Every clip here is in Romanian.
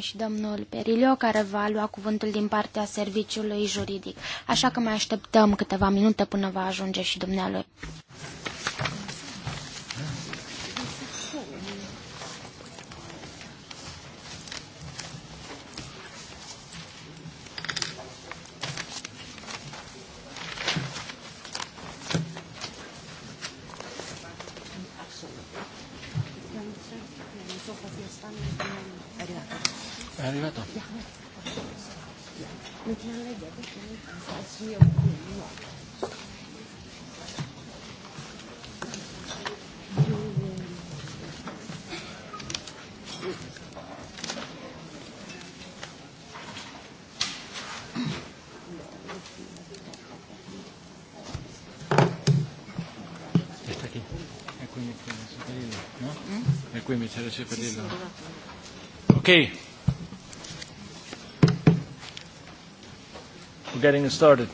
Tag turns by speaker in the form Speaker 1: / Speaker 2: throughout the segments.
Speaker 1: și domnul Perilio, care va lua cuvântul din partea serviciului juridic. Așa că mai așteptăm câteva minute până va ajunge și dumnealui.
Speaker 2: qui mi c'era Cepelino. Ok. We're getting started.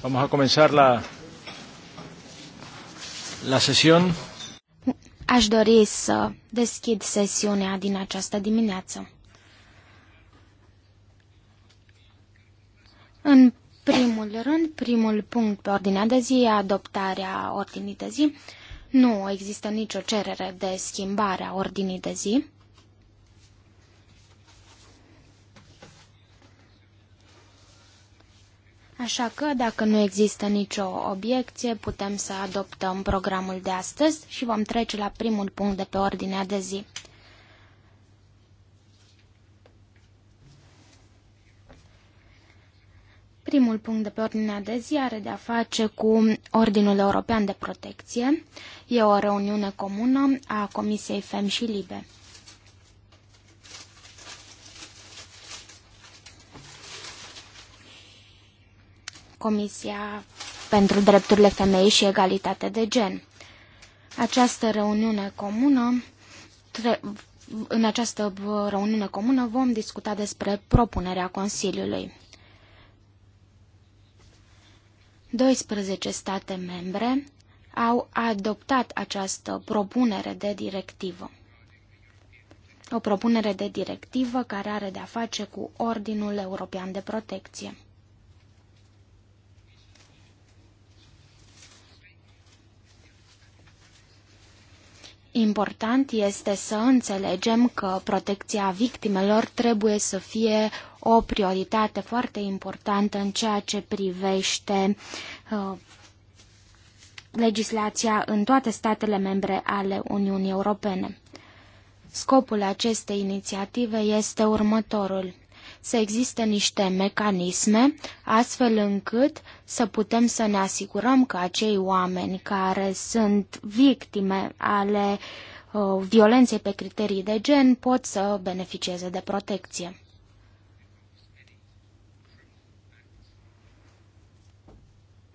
Speaker 2: Vamos a comenzar la, la sesión.
Speaker 1: Aș dori să deschid sesiunea din această dimineață. În primul rând, primul punct pe ordinea de zi e adoptarea ordinii de zi. Uh, nu există nicio cerere de schimbare a ordinii de zi. Așa că, dacă nu există nicio obiecție, putem să adoptăm programul de astăzi și vom trece la primul punct de pe ordinea de zi. Primul punct de pe ordinea de zi are de a face cu Ordinul European de Protecție. E o reuniune comună a Comisiei FEM și LIBE. Comisia pentru Drepturile Femeii și Egalitate de Gen. Această reuniune comună în această reuniune comună vom discuta despre propunerea Consiliului. 12 state membre au adoptat această propunere de directivă. O propunere de directivă care are de-a face cu Ordinul European de Protecție. Important este să înțelegem că protecția victimelor trebuie să fie o prioritate foarte importantă în ceea ce privește uh, legislația în toate statele membre ale Uniunii Europene. Scopul acestei inițiative este următorul – să existe niște mecanisme astfel încât să putem să ne asigurăm că acei oameni care sunt victime ale uh, violenței pe criterii de gen pot să beneficieze de protecție.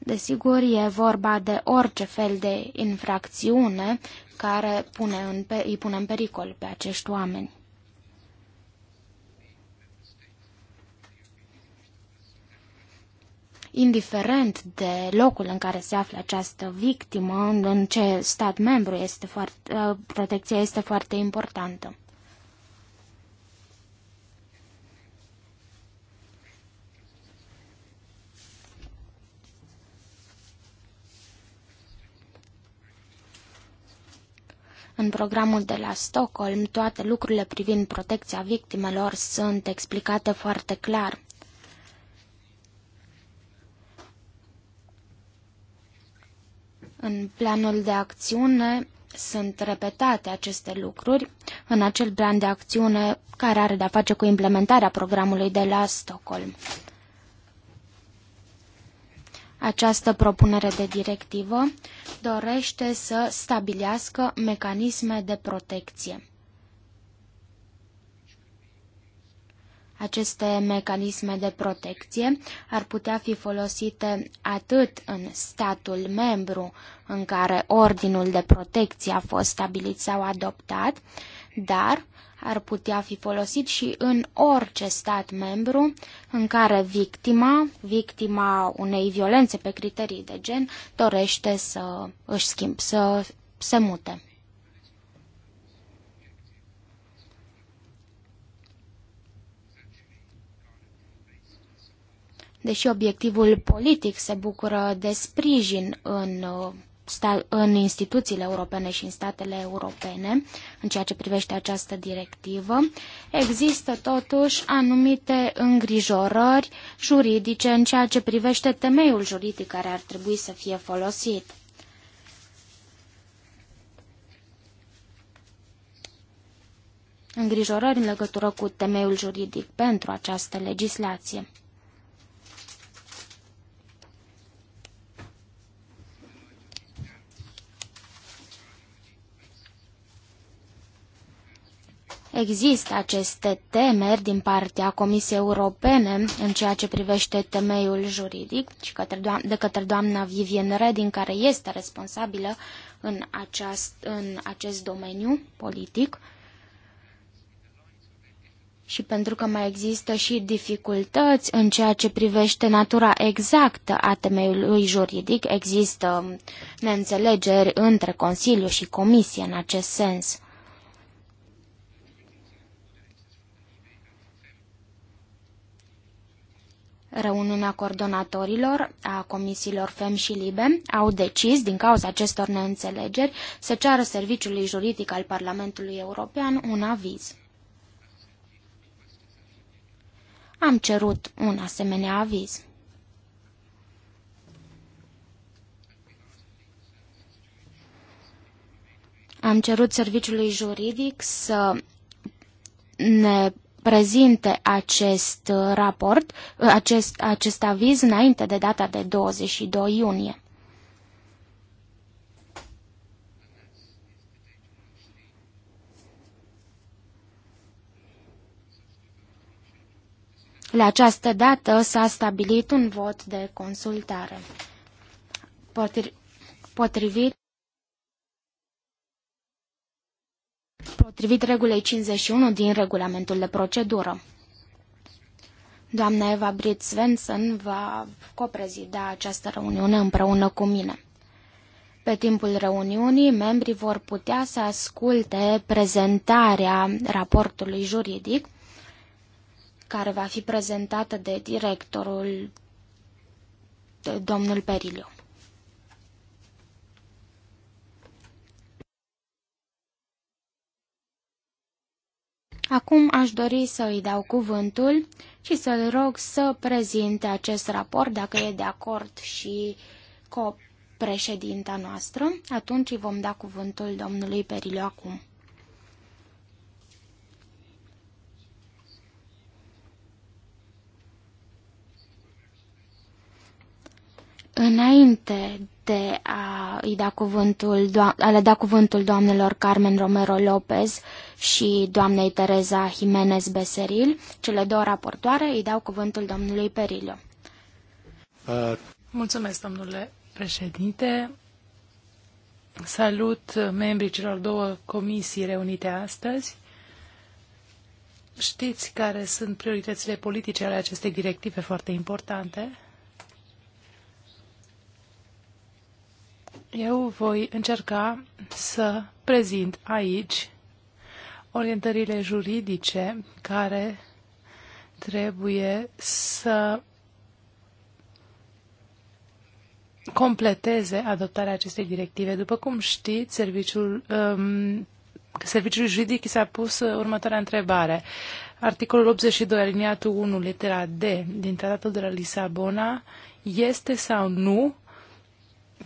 Speaker 1: Desigur, e vorba de orice fel de infracțiune care pune în, îi pune în pericol pe acești oameni. indiferent de locul în care se află această victimă, în ce stat membru este foarte, uh, protecția este foarte importantă. În programul de la Stockholm, toate lucrurile privind protecția victimelor sunt explicate foarte clar. În planul de acțiune sunt repetate aceste lucruri, în acel plan de acțiune care are de-a face cu implementarea programului de la Stockholm. Această propunere de directivă dorește să stabilească mecanisme de protecție. Aceste mecanisme de protecție ar putea fi folosite atât în statul membru în care ordinul de protecție a fost stabilit sau adoptat, dar ar putea fi folosit și în orice stat membru în care victima, victima unei violențe pe criterii de gen, dorește să își schimb, să se mute. Deși obiectivul politic se bucură de sprijin în, în instituțiile europene și în statele europene, în ceea ce privește această directivă, există totuși anumite îngrijorări juridice în ceea ce privește temeiul juridic care ar trebui să fie folosit. îngrijorări în legătură cu temeiul juridic pentru această legislație. Există aceste temeri din partea Comisiei Europene în ceea ce privește temeiul juridic și către doamna, de către doamna Vivien Reding, care este responsabilă în, aceast, în acest domeniu politic. Și pentru că mai există și dificultăți în ceea ce privește natura exactă a temeiului juridic, există neînțelegeri între Consiliu și Comisie în acest sens. reuniunea coordonatorilor a comisiilor FEM și LIBE au decis, din cauza acestor neînțelegeri, să ceară serviciului juridic al Parlamentului European un aviz. Am cerut un asemenea aviz. Am cerut serviciului juridic să ne prezinte acest uh, raport, uh, acest, acest aviz înainte de data de 22 iunie. La această dată s-a stabilit un vot de consultare. Potri potrivit potrivit regulei 51 din regulamentul de procedură. Doamna Eva Brit Svensson va coprezida această reuniune împreună cu mine. Pe timpul reuniunii, membrii vor putea să asculte prezentarea raportului juridic, care va fi prezentată de directorul de domnul Periliu. Acum aș dori să îi dau cuvântul și să-l rog să prezinte acest raport, dacă e de acord și cu președinta noastră. Atunci îi vom da cuvântul domnului Perileu acum. Înainte de a, îi da cuvântul, a le da cuvântul doamnelor Carmen Romero Lopez și doamnei Teresa Jimenez Beseril, cele două raportoare, îi dau cuvântul domnului Perillo.
Speaker 2: Uh.
Speaker 3: Mulțumesc, domnule președinte. Salut membrii celor două comisii reunite astăzi. Știți care sunt prioritățile politice ale acestei directive foarte importante? Eu voi încerca să prezint aici orientările juridice care trebuie să completeze adoptarea acestei directive. După cum știți, serviciul, um, serviciul juridic s-a pus următoarea întrebare. Articolul 82, aliniatul 1, litera D din Tratatul de la Lisabona, este sau nu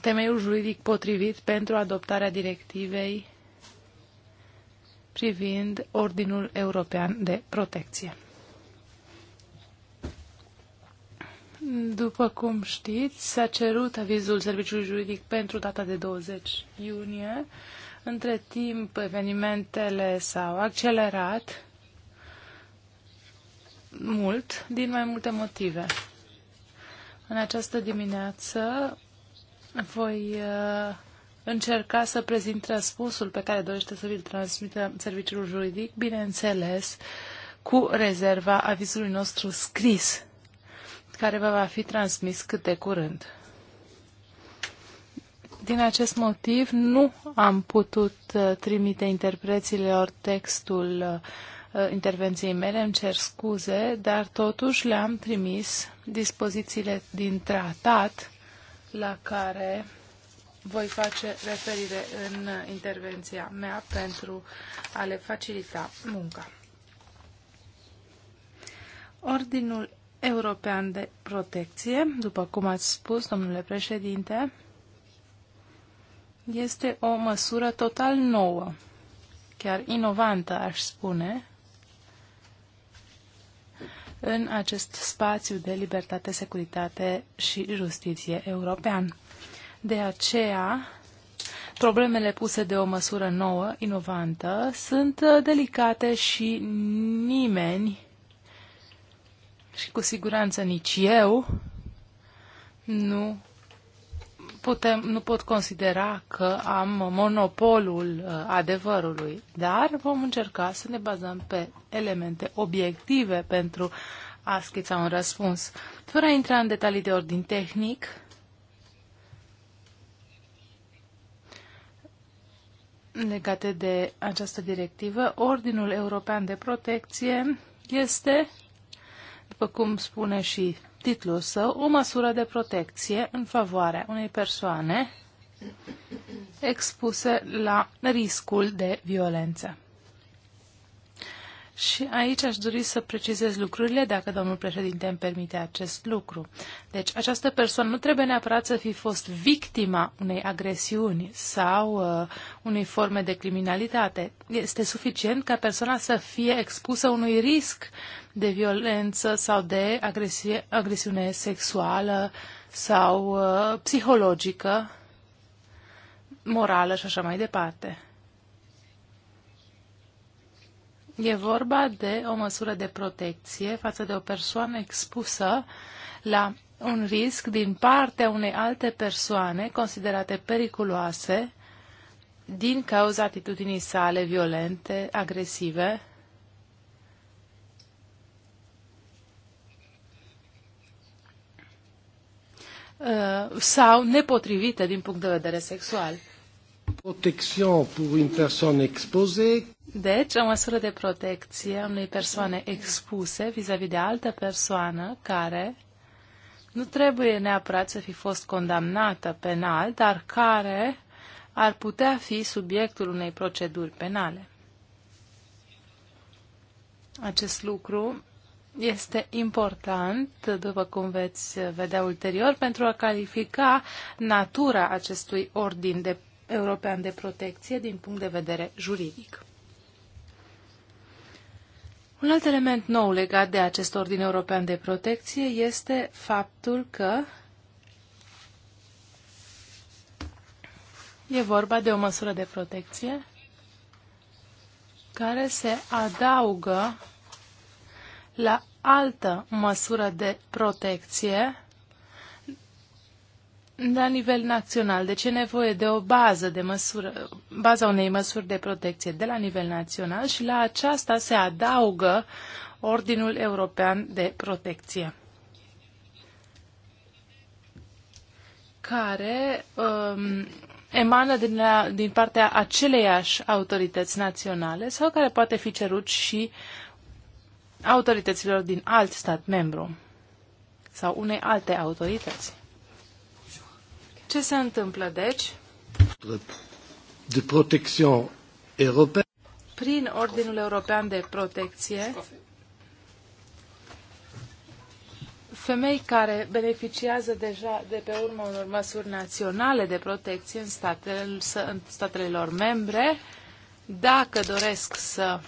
Speaker 3: temeiul juridic potrivit pentru adoptarea directivei privind Ordinul European de Protecție. După cum știți, s-a cerut avizul serviciului juridic pentru data de 20 iunie. Între timp, evenimentele s-au accelerat mult din mai multe motive. În această dimineață, voi uh, încerca să prezint răspunsul pe care dorește să vi-l transmită serviciul juridic, bineînțeles, cu rezerva avizului nostru scris, care vă va fi transmis cât de curând. Din acest motiv nu am putut uh, trimite interpreților textul uh, intervenției mele, îmi cer scuze, dar totuși le-am trimis dispozițiile din tratat la care voi face referire în intervenția mea pentru a le facilita munca. Ordinul European de Protecție, după cum ați spus, domnule președinte, este o măsură total nouă, chiar inovantă, aș spune, în acest spațiu de libertate, securitate și justiție european. De aceea, problemele puse de o măsură nouă, inovantă, sunt uh, delicate și nimeni, și cu siguranță nici eu, nu putem, nu pot considera că am monopolul uh, adevărului, dar vom încerca să ne bazăm pe elemente obiective pentru a schița un răspuns. Fără a intra în detalii de ordin tehnic, legate de această directivă, Ordinul European de Protecție este, după cum spune și titlul său o măsură de protecție în favoarea unei persoane expuse la riscul de violență. Și aici aș dori să precizez lucrurile, dacă domnul președinte îmi permite acest lucru. Deci, această persoană nu trebuie neapărat să fi fost victima unei agresiuni sau uh, unei forme de criminalitate. Este suficient ca persoana să fie expusă unui risc de violență sau de agresie, agresiune sexuală sau uh, psihologică, morală și așa mai departe. E vorba de o măsură de protecție față de o persoană expusă la un risc din partea unei alte persoane considerate periculoase din cauza atitudinii sale violente, agresive, uh, sau nepotrivite din punct de vedere sexual.
Speaker 2: Protection pentru une persoană expusă
Speaker 3: deci, o măsură de protecție a unei persoane expuse vis-a-vis -vis de altă persoană care nu trebuie neapărat să fi fost condamnată penal, dar care ar putea fi subiectul unei proceduri penale. Acest lucru este important, după cum veți vedea ulterior, pentru a califica natura acestui ordin de, european de protecție din punct de vedere juridic. Un alt element nou legat de acest ordin european de protecție este faptul că e vorba de o măsură de protecție care se adaugă la altă măsură de protecție la nivel național. de deci e nevoie de o bază de măsură, baza unei măsuri de protecție de la nivel național și la aceasta se adaugă Ordinul European de Protecție. care um, emană din, la, din partea aceleiași autorități naționale sau care poate fi cerut și autorităților din alt stat membru sau unei alte autorități. Ce se întâmplă, deci? De protecție europeană. Prin Ordinul European de Protecție, femei care beneficiază deja de pe urmă unor măsuri naționale de protecție în statele, în statele lor membre, dacă doresc să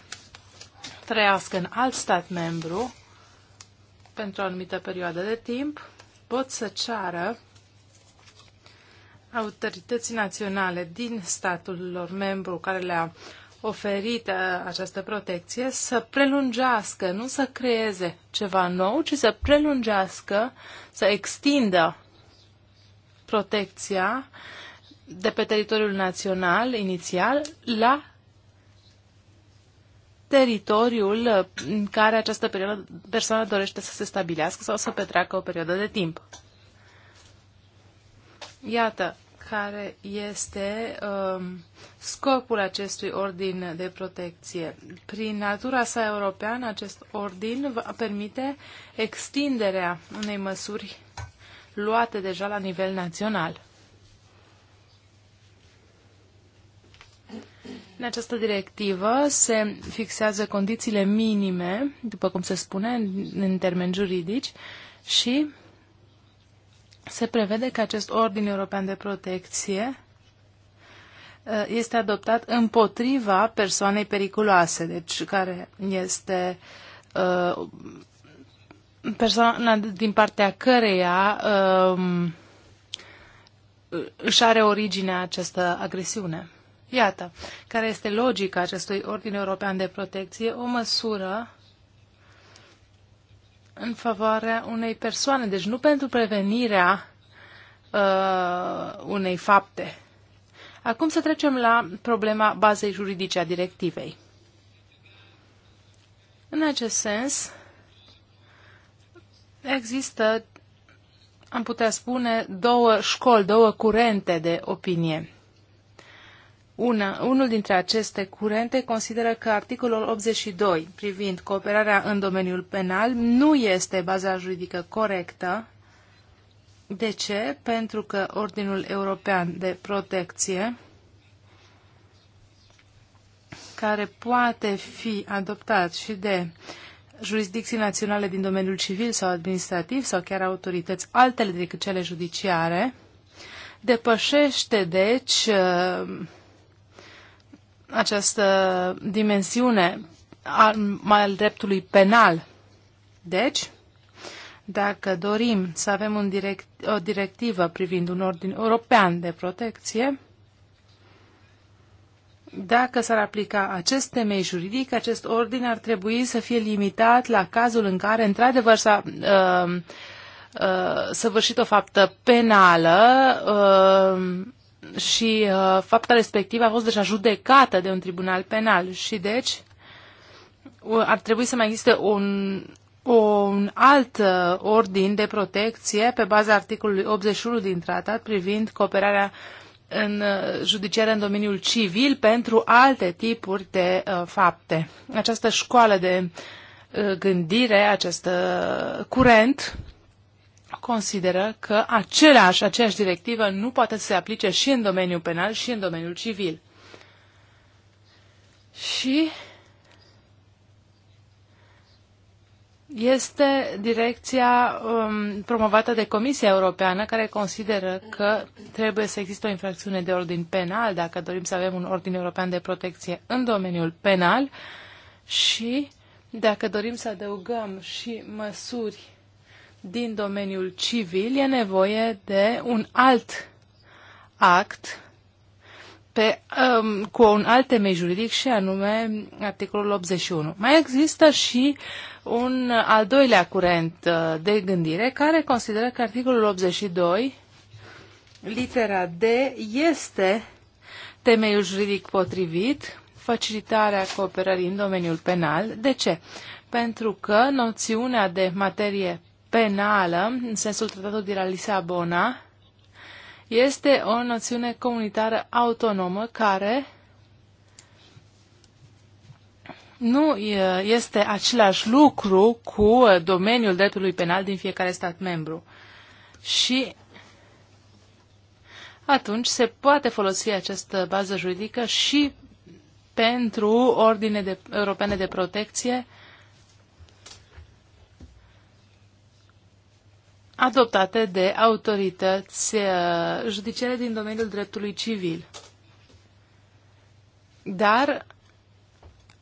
Speaker 3: trăiască în alt stat membru pentru o anumită perioadă de timp, pot să ceară autorității naționale din statul lor membru care le-a oferit uh, această protecție să prelungească, nu să creeze ceva nou, ci să prelungească, să extindă protecția de pe teritoriul național inițial la teritoriul uh, în care această perioadă persoană dorește să se stabilească sau să petreacă o perioadă de timp. Iată care este um, scopul acestui ordin de protecție. Prin natura sa europeană, acest ordin va permite extinderea unei măsuri luate deja la nivel național. În această directivă se fixează condițiile minime, după cum se spune în, în termeni juridici, și se prevede că acest ordin european de protecție uh, este adoptat împotriva persoanei periculoase, deci care este uh, persoana din partea căreia um, își are originea această agresiune. Iată, care este logica acestui ordin european de protecție, o măsură în favoarea unei persoane, deci nu pentru prevenirea uh, unei fapte. Acum să trecem la problema bazei juridice a directivei. În acest sens, există, am putea spune, două școli, două curente de opinie. Una, unul dintre aceste curente consideră că articolul 82 privind cooperarea în domeniul penal nu este baza juridică corectă. De ce? Pentru că Ordinul European de Protecție, care poate fi adoptat și de jurisdicții naționale din domeniul civil sau administrativ sau chiar autorități altele decât cele judiciare, depășește, deci, această dimensiune mai al dreptului penal. Deci, dacă dorim să avem un direct, o directivă privind un ordin european de protecție, dacă s-ar aplica acest temei juridic, acest ordin ar trebui să fie limitat la cazul în care, într-adevăr, s-a uh, uh, săvârșit o faptă penală uh, și uh, fapta respectivă a fost deja judecată de un tribunal penal și deci ar trebui să mai existe un, un alt uh, ordin de protecție pe baza articolului 81 din tratat privind cooperarea în uh, judiciară în domeniul civil pentru alte tipuri de uh, fapte. Această școală de uh, gândire, acest uh, curent uh, consideră că aceleași, aceeași directivă nu poate să se aplice și în domeniul penal și în domeniul civil. Și este direcția um, promovată de Comisia Europeană, care consideră că trebuie să existe o infracțiune de ordin penal dacă dorim să avem un ordin european de protecție în domeniul penal și dacă dorim să adăugăm și măsuri din domeniul civil, e nevoie de un alt act pe, um, cu un alt temei juridic și anume articolul 81. Mai există și un al doilea curent uh, de gândire care consideră că articolul 82, litera D, este temeiul juridic potrivit, facilitarea cooperării în domeniul penal. De ce? Pentru că noțiunea de materie penală, în sensul tratatului de la Lisabona, este o noțiune comunitară autonomă care nu este același lucru cu domeniul dreptului penal din fiecare stat membru. Și atunci se poate folosi această bază juridică și pentru ordine de, europene de protecție adoptate de autorități uh, judiciare din domeniul dreptului civil. Dar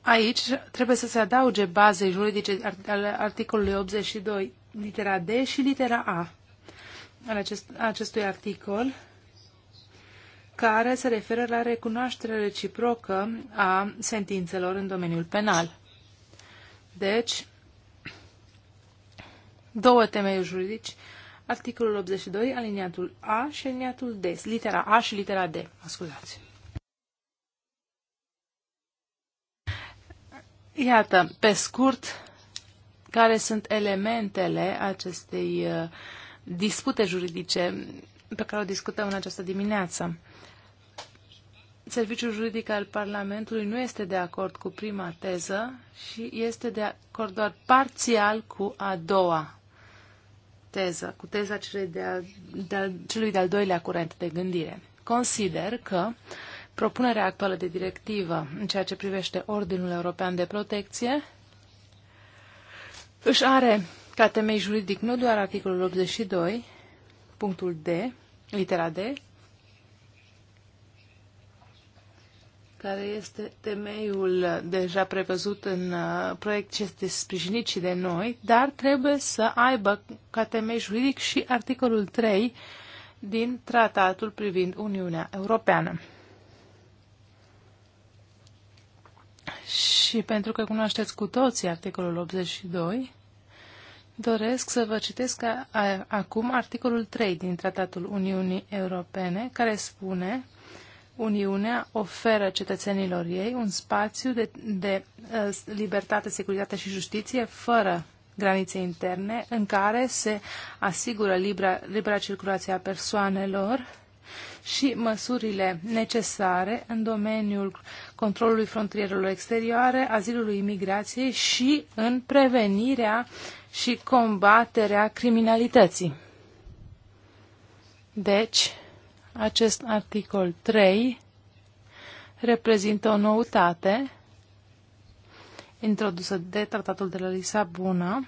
Speaker 3: aici trebuie să se adauge baze juridice ale articolului 82, litera D și litera A al acest, acestui articol, care se referă la recunoașterea reciprocă a sentințelor în domeniul penal. Deci, două temei juridici, articolul 82, aliniatul A și aliniatul D, litera A și litera D. Ascultați. Iată, pe scurt, care sunt elementele acestei uh, dispute juridice pe care o discutăm în această dimineață. Serviciul juridic al Parlamentului nu este de acord cu prima teză și este de acord doar parțial cu a doua teză, cu teza celui de-al, de-al, celui de-al doilea curent de gândire. Consider că propunerea actuală de directivă în ceea ce privește Ordinul European de Protecție își are ca temei juridic nu doar articolul 82, punctul D, litera D, care este temeiul deja prevăzut în uh, proiect ce este sprijinit și de noi, dar trebuie să aibă ca temei juridic și articolul 3 din tratatul privind Uniunea Europeană. Și pentru că cunoașteți cu toții articolul 82, doresc să vă citesc acum articolul 3 din Tratatul Uniunii Europene, care spune Uniunea oferă cetățenilor ei un spațiu de, de uh, libertate, securitate și justiție fără granițe interne, în care se asigură libera, libera circulație a persoanelor și măsurile necesare în domeniul controlului frontierelor exterioare, azilului imigrației și în prevenirea și combaterea criminalității. Deci, acest articol 3 reprezintă o noutate introdusă de Tratatul de la Lisabona,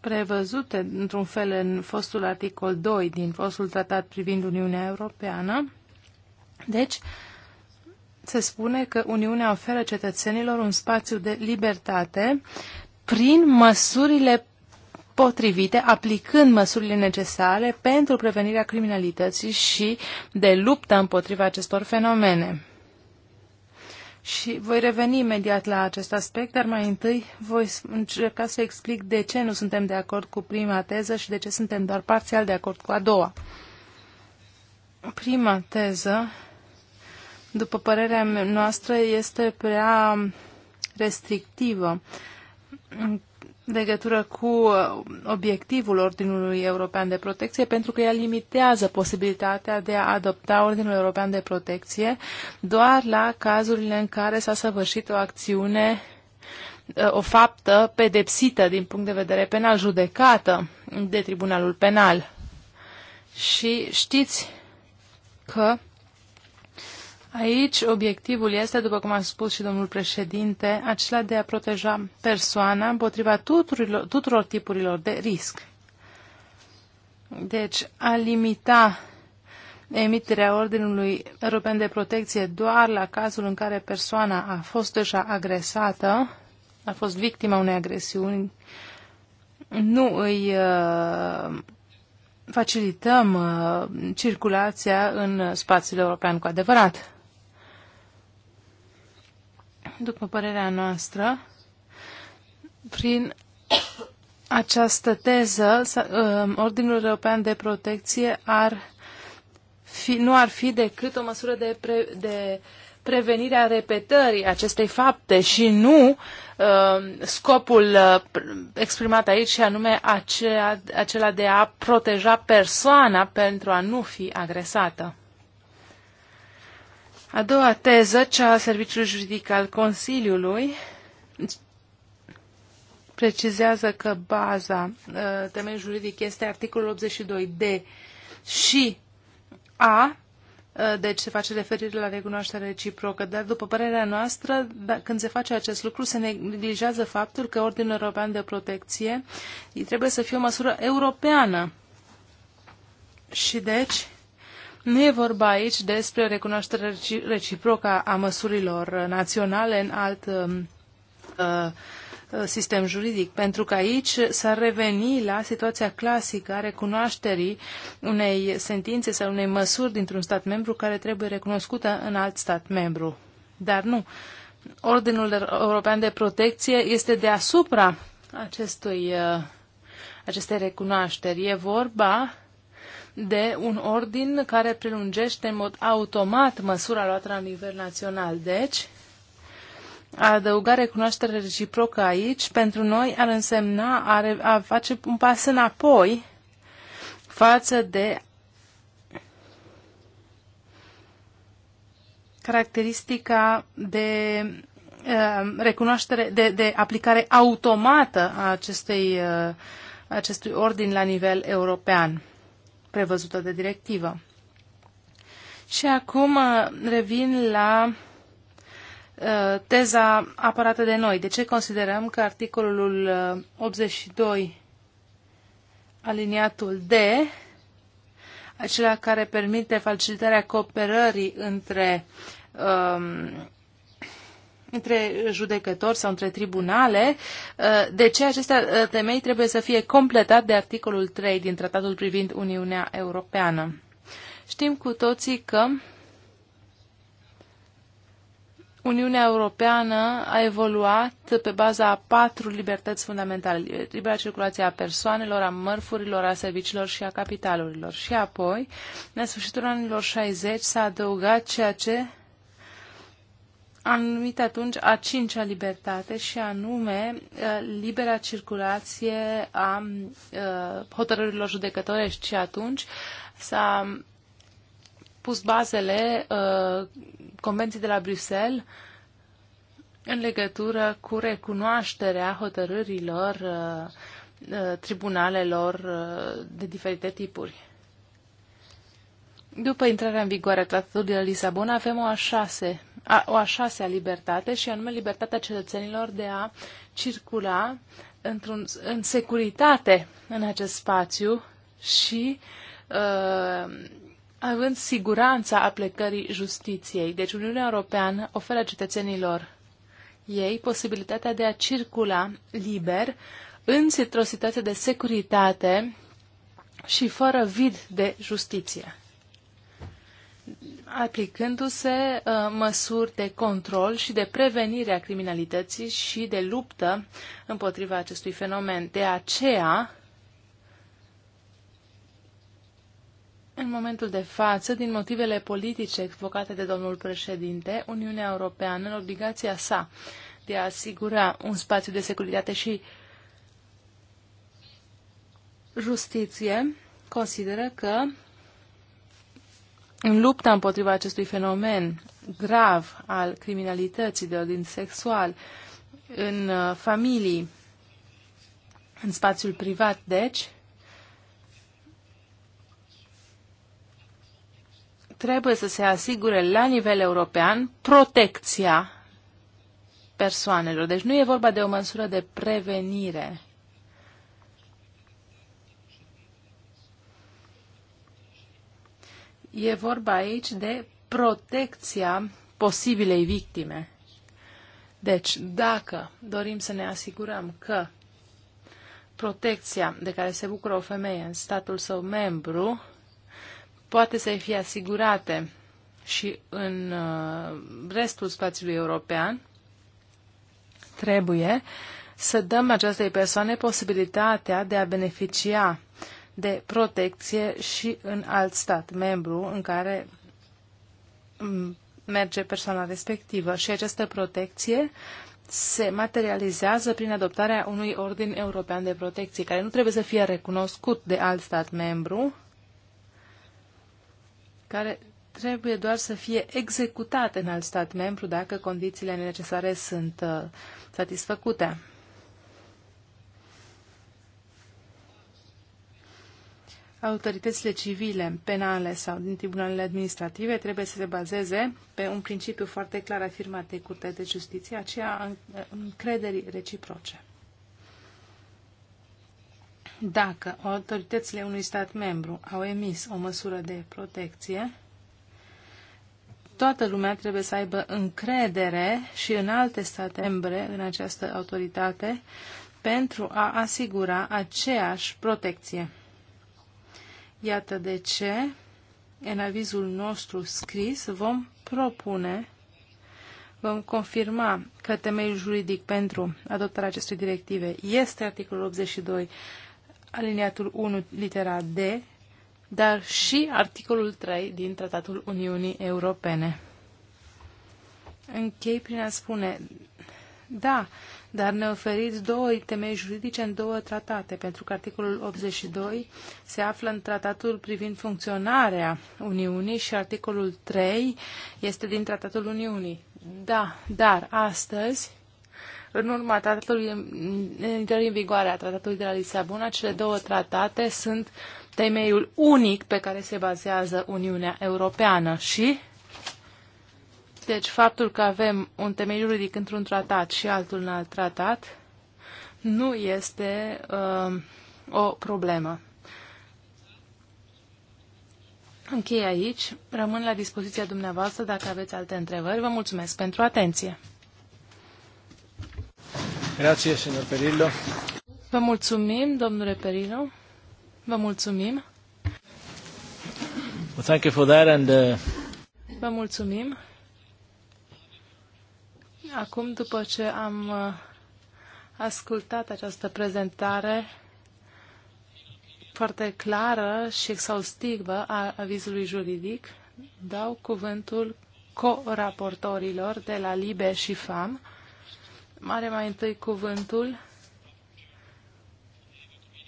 Speaker 3: prevăzute într-un fel în fostul articol 2 din fostul tratat privind Uniunea Europeană. Deci, se spune că Uniunea oferă cetățenilor un spațiu de libertate prin măsurile potrivite, aplicând măsurile necesare pentru prevenirea criminalității și de luptă împotriva acestor fenomene. Și voi reveni imediat la acest aspect, dar mai întâi voi încerca să explic de ce nu suntem de acord cu prima teză și de ce suntem doar parțial de acord cu a doua. Prima teză, după părerea noastră, este prea restrictivă legătură cu uh, obiectivul Ordinului European de Protecție, pentru că ea limitează posibilitatea de a adopta Ordinul European de Protecție doar la cazurile în care s-a săvârșit o acțiune, uh, o faptă pedepsită din punct de vedere penal, judecată de Tribunalul Penal. Și știți că Aici obiectivul este, după cum a spus și domnul președinte, acela de a proteja persoana împotriva tuturor, tuturor tipurilor de risc. Deci, a limita emiterea Ordinului European de Protecție doar la cazul în care persoana a fost deja agresată, a fost victima unei agresiuni, nu îi uh, facilităm uh, circulația în spațiul european cu adevărat după părerea noastră, prin această teză, um, Ordinul European de Protecție ar fi, nu ar fi decât o măsură de, pre, de prevenire a repetării acestei fapte și nu um, scopul uh, exprimat aici și anume acela de a proteja persoana pentru a nu fi agresată. A doua teză, cea a Serviciului Juridic al Consiliului, precizează că baza uh, temeiul juridic este articolul 82d și a, uh, deci se face referire la recunoaștere reciprocă, dar după părerea noastră, da, când se face acest lucru, se neglijează faptul că Ordinul European de Protecție trebuie să fie o măsură europeană. Și deci, nu e vorba aici despre o recunoaștere reciprocă a măsurilor naționale în alt um, uh, uh, sistem juridic, pentru că aici s-ar reveni la situația clasică a recunoașterii unei sentințe sau unei măsuri dintr-un stat membru care trebuie recunoscută în alt stat membru. Dar nu. Ordinul European de Protecție este deasupra acestui, uh, acestei recunoașteri. E vorba de un ordin care prelungește în mod automat măsura luată la nivel național. Deci, a adăuga recunoaștere reciprocă aici, pentru noi ar însemna a, a face un pas înapoi față de caracteristica de uh, recunoaștere, de, de aplicare automată a acestei, uh, acestui ordin la nivel european prevăzută de directivă. Și acum uh, revin la uh, teza apărată de noi. De ce considerăm că articolul 82 uh, aliniatul D, acela care permite facilitarea cooperării între um, între judecători sau între tribunale, uh, de ce aceste uh, temei trebuie să fie completat de articolul 3 din Tratatul privind Uniunea Europeană. Știm cu toții că Uniunea Europeană a evoluat pe baza a patru libertăți fundamentale. Libera circulație a persoanelor, a mărfurilor, a serviciilor și a capitalurilor. Și apoi, în sfârșitul anilor 60, s-a adăugat ceea ce anumit atunci a cincea libertate și anume uh, libera circulație a uh, hotărârilor judecătorești și atunci s-a pus bazele uh, Convenției de la Bruxelles în legătură cu recunoașterea hotărârilor tribunalelor de diferite tipuri. După intrarea în vigoare a Tratatului de la Lisabona, avem o a șase a, o a șasea libertate și anume libertatea cetățenilor de a circula într-un, în securitate în acest spațiu și uh, având siguranța aplicării justiției. Deci Uniunea Europeană oferă cetățenilor ei posibilitatea de a circula liber într-o situație de securitate și fără vid de justiție aplicându-se uh, măsuri de control și de prevenire a criminalității și de luptă împotriva acestui fenomen. De aceea, în momentul de față, din motivele politice evocate de domnul președinte, Uniunea Europeană, în obligația sa de a asigura un spațiu de securitate și justiție, consideră că în lupta împotriva acestui fenomen grav al criminalității de ordin sexual în uh, familii, în spațiul privat, deci, trebuie să se asigure la nivel european protecția persoanelor. Deci nu e vorba de o măsură de prevenire E vorba aici de protecția posibilei victime. Deci, dacă dorim să ne asigurăm că protecția de care se bucură o femeie în statul său membru poate să fie asigurate și în uh, restul spațiului european, trebuie să dăm acestei persoane posibilitatea de a beneficia de protecție și în alt stat membru în care mm, merge persoana respectivă. Și această protecție se materializează prin adoptarea unui ordin european de protecție, care nu trebuie să fie recunoscut de alt stat membru, care trebuie doar să fie executat în alt stat membru dacă condițiile necesare sunt uh, satisfăcute. autoritățile civile, penale sau din tribunalele administrative trebuie să se bazeze pe un principiu foarte clar afirmat de Curtea de Justiție, aceea încrederii reciproce. Dacă autoritățile unui stat membru au emis o măsură de protecție, toată lumea trebuie să aibă încredere și în alte state membre în această autoritate pentru a asigura aceeași protecție. Iată de ce, în avizul nostru scris, vom propune, vom confirma că temeiul juridic pentru adoptarea acestei directive este articolul 82, aliniatul 1, litera D, dar și articolul 3 din Tratatul Uniunii Europene. Închei prin a spune, da, dar ne oferiți două temei juridice în două tratate, pentru că articolul 82 se află în tratatul privind funcționarea Uniunii și articolul 3 este din tratatul Uniunii. Da, dar astăzi, în urma tratatului, în intrării în vigoare a tratatului de la Lisabona, cele două tratate sunt temeiul unic pe care se bazează Uniunea Europeană și deci faptul că avem un temei juridic într-un tratat și altul în alt tratat nu este uh, o problemă. Închei aici. Rămân la dispoziția dumneavoastră dacă aveți alte întrebări. Vă mulțumesc pentru atenție.
Speaker 2: Grazie, signor Perillo.
Speaker 3: Vă mulțumim, domnule Perillo. Vă mulțumim.
Speaker 2: Well, thank you for that and, uh...
Speaker 3: Vă mulțumim. Acum, după ce am uh, ascultat această prezentare foarte clară și exhaustivă a avizului juridic, dau cuvântul co-raportorilor de la LIBE și FAM. Mare mai întâi cuvântul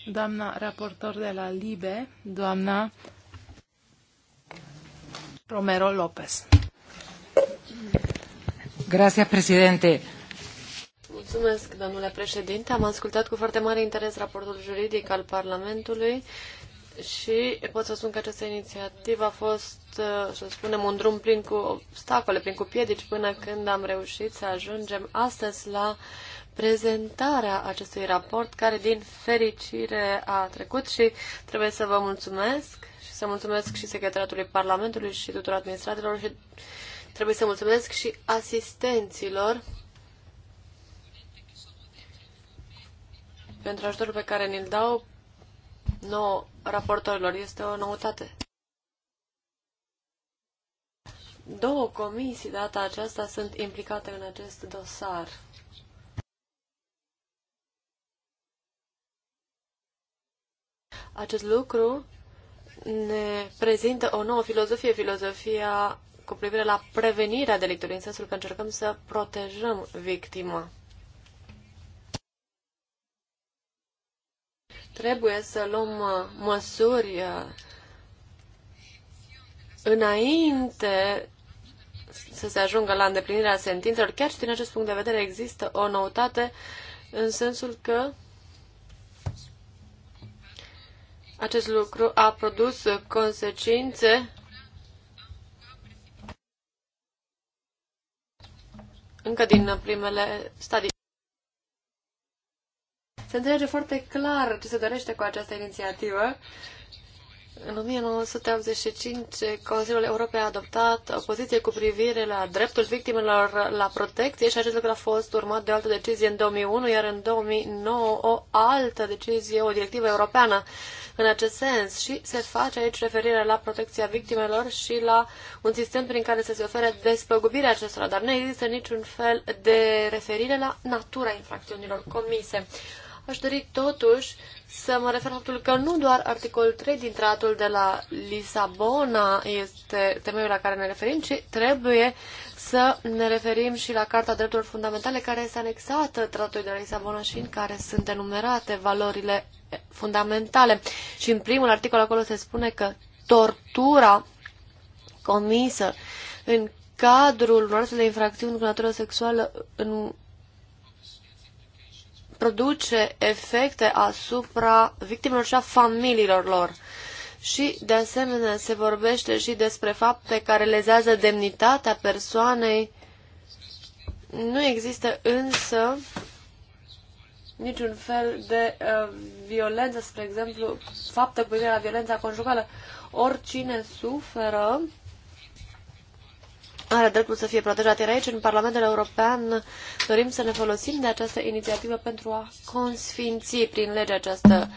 Speaker 3: doamna raportor de la LIBE, doamna Romero Lopez.
Speaker 2: Mulțumesc, domnule președinte. Am ascultat cu foarte mare interes raportul juridic al Parlamentului și pot să spun că această inițiativă a fost, uh, să spunem, un drum plin cu obstacole, plin cu piedici, până când am reușit să ajungem astăzi la prezentarea acestui raport, care din fericire a trecut și trebuie să vă mulțumesc și să mulțumesc și Secretariatului Parlamentului și tuturor administratorilor și Trebuie să mulțumesc și asistenților pentru ajutorul pe care ne-l dau nouă raportorilor. Este o noutate. Două comisii data aceasta sunt implicate în acest dosar. Acest lucru ne prezintă o nouă filozofie, filozofia cu privire la prevenirea delictului, în sensul că încercăm să protejăm victima. Trebuie să luăm uh, măsuri uh, înainte să se ajungă la îndeplinirea sentințelor. Chiar și din acest punct de vedere există o noutate în sensul că acest lucru a produs consecințe încă din primele stadii. Se înțelege foarte clar ce se dorește cu această inițiativă în 1985, Consiliul Europei a adoptat o poziție cu privire la dreptul victimelor la protecție și acest lucru a fost urmat de o altă decizie în 2001, iar în 2009 o altă decizie, o directivă europeană în acest sens și se face aici referire la protecția victimelor și la un sistem prin care să se ofere despăgubirea acestora, dar nu există niciun fel de referire la natura infracțiunilor comise. Aș dori totuși să mă refer la faptul că nu doar articolul 3 din tratul de la Lisabona este temeiul la care ne referim, ci trebuie să ne referim și la Carta Drepturilor Fundamentale care este anexată tratului de la Lisabona și în care sunt enumerate valorile fundamentale. Și în primul articol acolo se spune că tortura comisă în cadrul unor astfel de infracțiuni cu natură sexuală în produce efecte asupra victimelor și a familiilor lor. Și, de asemenea, se vorbește și despre fapte care lezează demnitatea persoanei. Nu există însă niciun fel de uh, violență, spre exemplu, faptă cu la violența conjugală. Oricine suferă are dreptul să fie protejat. Iar aici, în Parlamentul European, dorim să ne folosim de această inițiativă pentru a consfinți prin lege această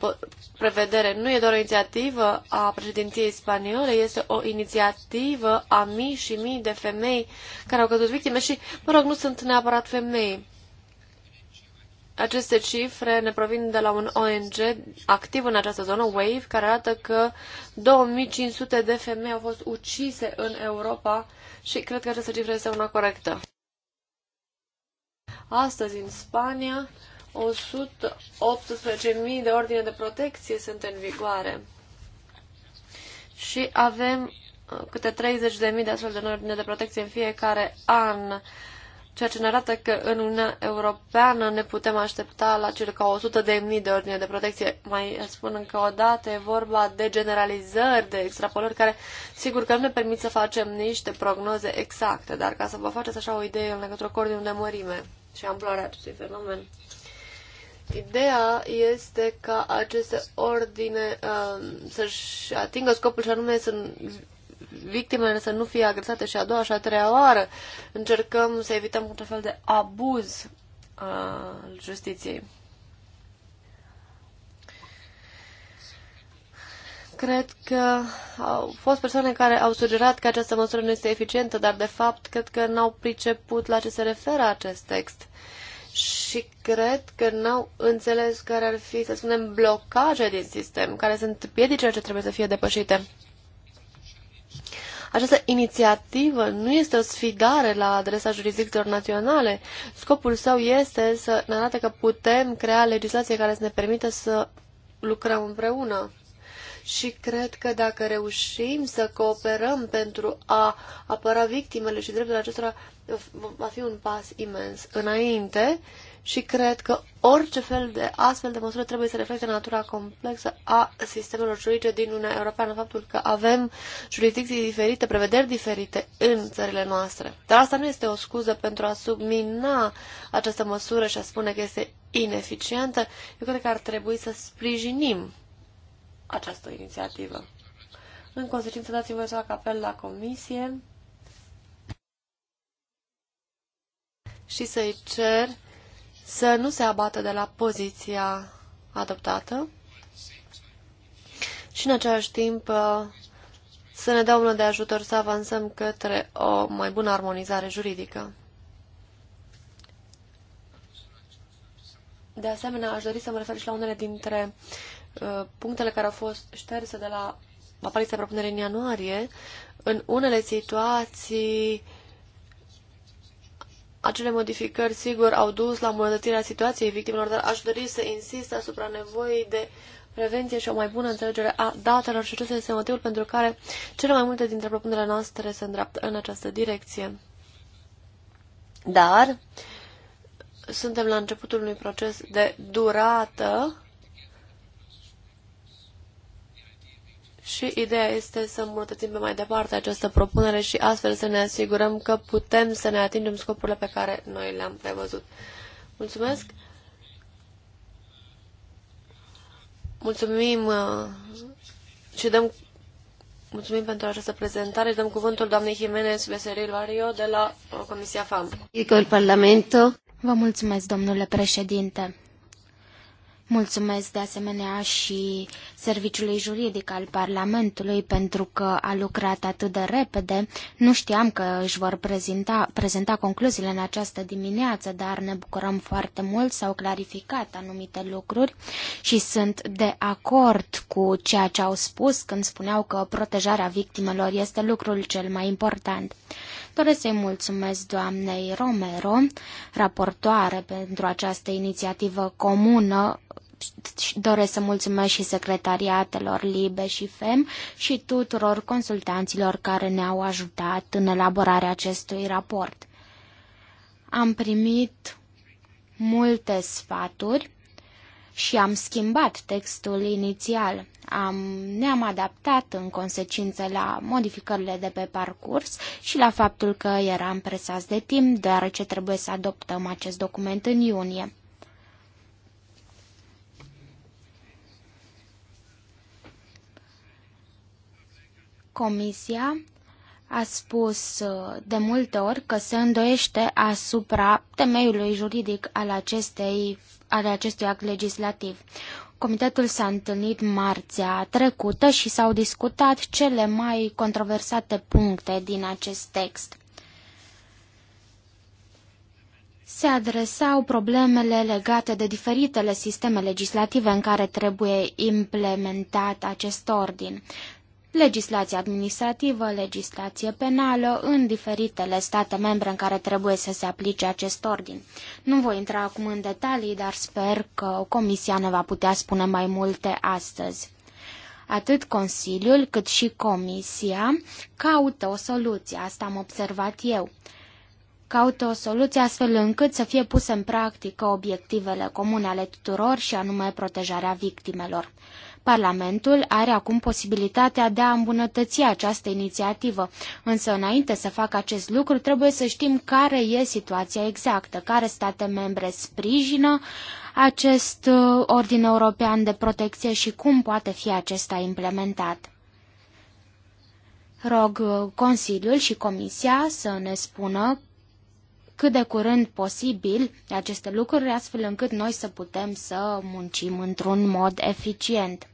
Speaker 2: uh, prevedere. Nu e doar o inițiativă a președinției spaniole, este o inițiativă a mii și mii de femei care au căzut victime și, mă rog, nu sunt neapărat femei. Aceste cifre ne provin de la un ONG activ în această zonă, WAVE, care arată că 2500 de femei au fost ucise în Europa și cred că această cifră este una corectă. Astăzi, în Spania, 118.000 de ordine de protecție sunt în vigoare și avem uh, câte 30.000 de astfel de ordine de protecție în fiecare an ceea ce ne arată că în Uniunea Europeană ne putem aștepta la circa 100 de mii de ordine de protecție. Mai spun încă o dată, e vorba de generalizări, de extrapolări, care sigur că nu ne permit să facem niște prognoze exacte, dar ca să vă faceți așa o idee în legătură cu ordinul de mărime și amploarea acestui fenomen. Ideea este ca aceste ordine uh, să-și atingă scopul și anume să victimele să nu fie agresate și a doua și a treia oară. Încercăm să evităm un fel de abuz
Speaker 1: al
Speaker 2: justiției. Cred că au fost persoane care au sugerat că această măsură nu este eficientă, dar de fapt cred că n-au priceput la ce se referă acest text și cred că n-au înțeles care ar fi, să spunem, blocaje din sistem, care sunt piedicele ce trebuie să fie depășite. Această inițiativă nu este o sfidare la adresa jurisdicțiilor naționale. Scopul său este să ne arate că putem crea legislație care să ne permită să lucrăm împreună și cred că dacă reușim să cooperăm pentru a apăra victimele și drepturile acestora, va fi un pas imens înainte și cred că orice fel de astfel de măsură trebuie să reflecte natura complexă a sistemelor juridice din Uniunea Europeană, faptul că avem jurisdicții diferite, prevederi diferite în țările noastre. Dar asta nu este o scuză pentru a submina această măsură și a spune că este ineficientă. Eu cred că ar trebui să sprijinim această inițiativă. În consecință, dați-mi voi să fac apel la Comisie și să-i cer să nu se abată de la poziția adoptată și în același timp uh, să ne dea unul de ajutor să avansăm către o mai bună armonizare juridică. De asemenea, aș dori să mă refer și la unele dintre uh, punctele care au fost șterse de la apariția propunerii în ianuarie. În unele situații acele modificări, sigur, au dus la îmbunătățirea situației victimelor, dar aș dori să insist asupra nevoii de prevenție și o mai bună înțelegere a datelor și acesta este motivul pentru care cele mai multe dintre propunerile noastre se îndreaptă în această direcție. Dar suntem la începutul unui proces de durată Și ideea este să îmbunătățim pe mai departe această propunere și astfel să ne asigurăm că putem să ne atingem scopurile pe care noi le-am prevăzut. Mulțumesc! Mulțumim uh, și dăm Mulțumim pentru această prezentare. Dăm cuvântul doamnei Jimenez Veseril Vario de la uh, Comisia FAM.
Speaker 1: Vă mulțumesc, domnule președinte. Mulțumesc de asemenea și Serviciului Juridic al Parlamentului pentru că a lucrat atât de repede. Nu știam că își vor prezenta, prezenta concluziile în această dimineață, dar ne bucurăm foarte mult, s-au clarificat anumite lucruri și sunt de acord cu ceea ce au spus când spuneau că protejarea victimelor este lucrul cel mai important. Doresc să-i mulțumesc doamnei Romero, raportoare pentru această inițiativă comună doresc să mulțumesc și secretariatelor LIBE și FEM și tuturor consultanților care ne-au ajutat în elaborarea acestui raport. Am primit multe sfaturi și am schimbat textul inițial. Am, ne-am adaptat în consecință la modificările de pe parcurs și la faptul că eram presați de timp, deoarece trebuie să adoptăm acest document în iunie. Comisia a spus uh, de multe ori că se îndoiește asupra temeiului juridic al, acestei, al acestui act legislativ. Comitetul s-a întâlnit marțea trecută și s-au discutat cele mai controversate puncte din acest text. Se adresau problemele legate de diferitele sisteme legislative în care trebuie implementat acest ordin legislație administrativă, legislație penală în diferitele state membre în care trebuie să se aplice acest ordin. Nu voi intra acum în detalii, dar sper că Comisia ne va putea spune mai multe astăzi. Atât Consiliul cât și Comisia caută o soluție, asta am observat eu caută o soluție astfel încât să fie puse în practică obiectivele comune ale tuturor și anume protejarea victimelor. Parlamentul are acum posibilitatea de a îmbunătăți această inițiativă, însă înainte să facă acest lucru trebuie să știm care e situația exactă, care state membre sprijină acest uh, ordin european de protecție și cum poate fi acesta implementat. Rog uh, Consiliul și Comisia să ne spună cât de curând posibil aceste lucruri, astfel încât noi să putem să muncim într-un mod eficient.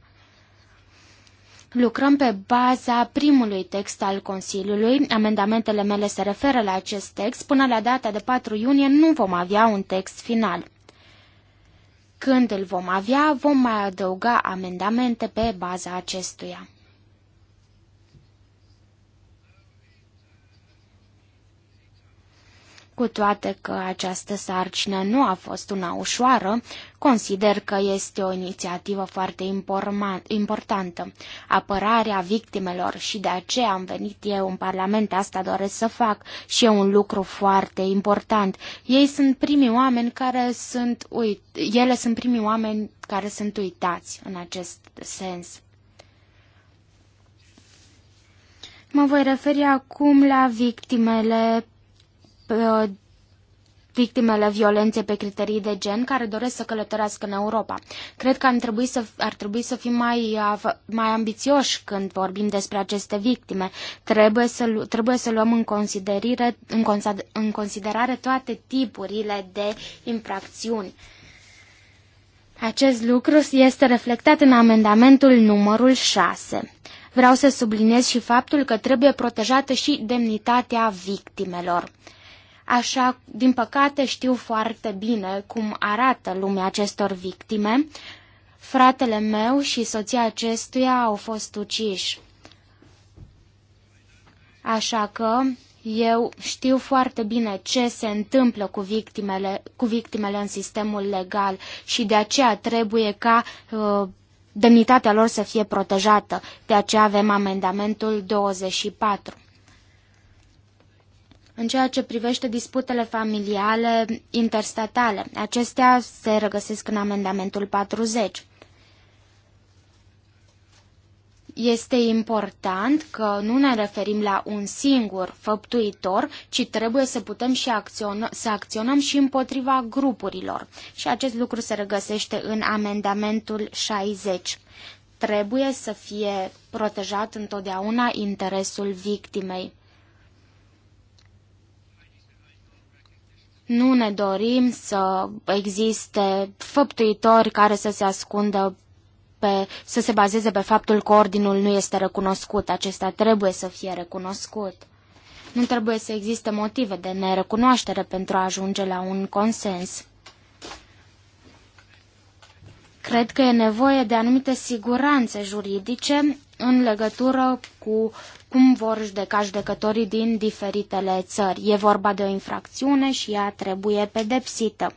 Speaker 1: Lucrăm pe baza primului text al Consiliului. Amendamentele mele se referă la acest text. Până la data de 4 iunie nu vom avea un text final. Când îl vom avea, vom mai adăuga amendamente pe baza acestuia. Cu toate că această sarcină nu a fost una ușoară, consider că este o inițiativă foarte importantă. Apărarea victimelor și de aceea am venit eu în Parlament, asta doresc să fac și e un lucru foarte important. Ei sunt primii oameni care sunt uit... ele sunt primii oameni care sunt uitați în acest sens. Mă voi referi acum la victimele Uh, victimele violenței pe criterii de gen care doresc să călătorească în Europa. Cred că ar trebui să, ar trebui să fim mai, uh, mai ambițioși când vorbim despre aceste victime. Trebuie să, trebuie să luăm în, considerire, în, în considerare toate tipurile de infracțiuni. Acest lucru este reflectat în amendamentul numărul 6. Vreau să subliniez și faptul că trebuie protejată și demnitatea victimelor. Așa, din păcate, știu foarte bine cum arată lumea acestor victime. Fratele meu și soția acestuia au fost uciși. Așa că eu știu foarte bine ce se întâmplă cu victimele, cu victimele în sistemul legal și de aceea trebuie ca uh, demnitatea lor să fie protejată. De aceea avem amendamentul 24. În ceea ce privește disputele familiale interstatale, acestea se regăsesc în amendamentul 40. Este important că nu ne referim la un singur făptuitor, ci trebuie să putem și acționă, să acționăm și împotriva grupurilor. Și acest lucru se regăsește în amendamentul 60. Trebuie să fie protejat întotdeauna interesul victimei. Nu ne dorim să existe făptuitori care să se ascundă pe, să se bazeze pe faptul că ordinul nu este recunoscut. Acesta trebuie să fie recunoscut. Nu trebuie să existe motive de nerecunoaștere pentru a ajunge la un consens. Cred că e nevoie de anumite siguranțe juridice în legătură cu cum vor judeca judecătorii din diferitele țări. E vorba de o infracțiune și ea trebuie pedepsită.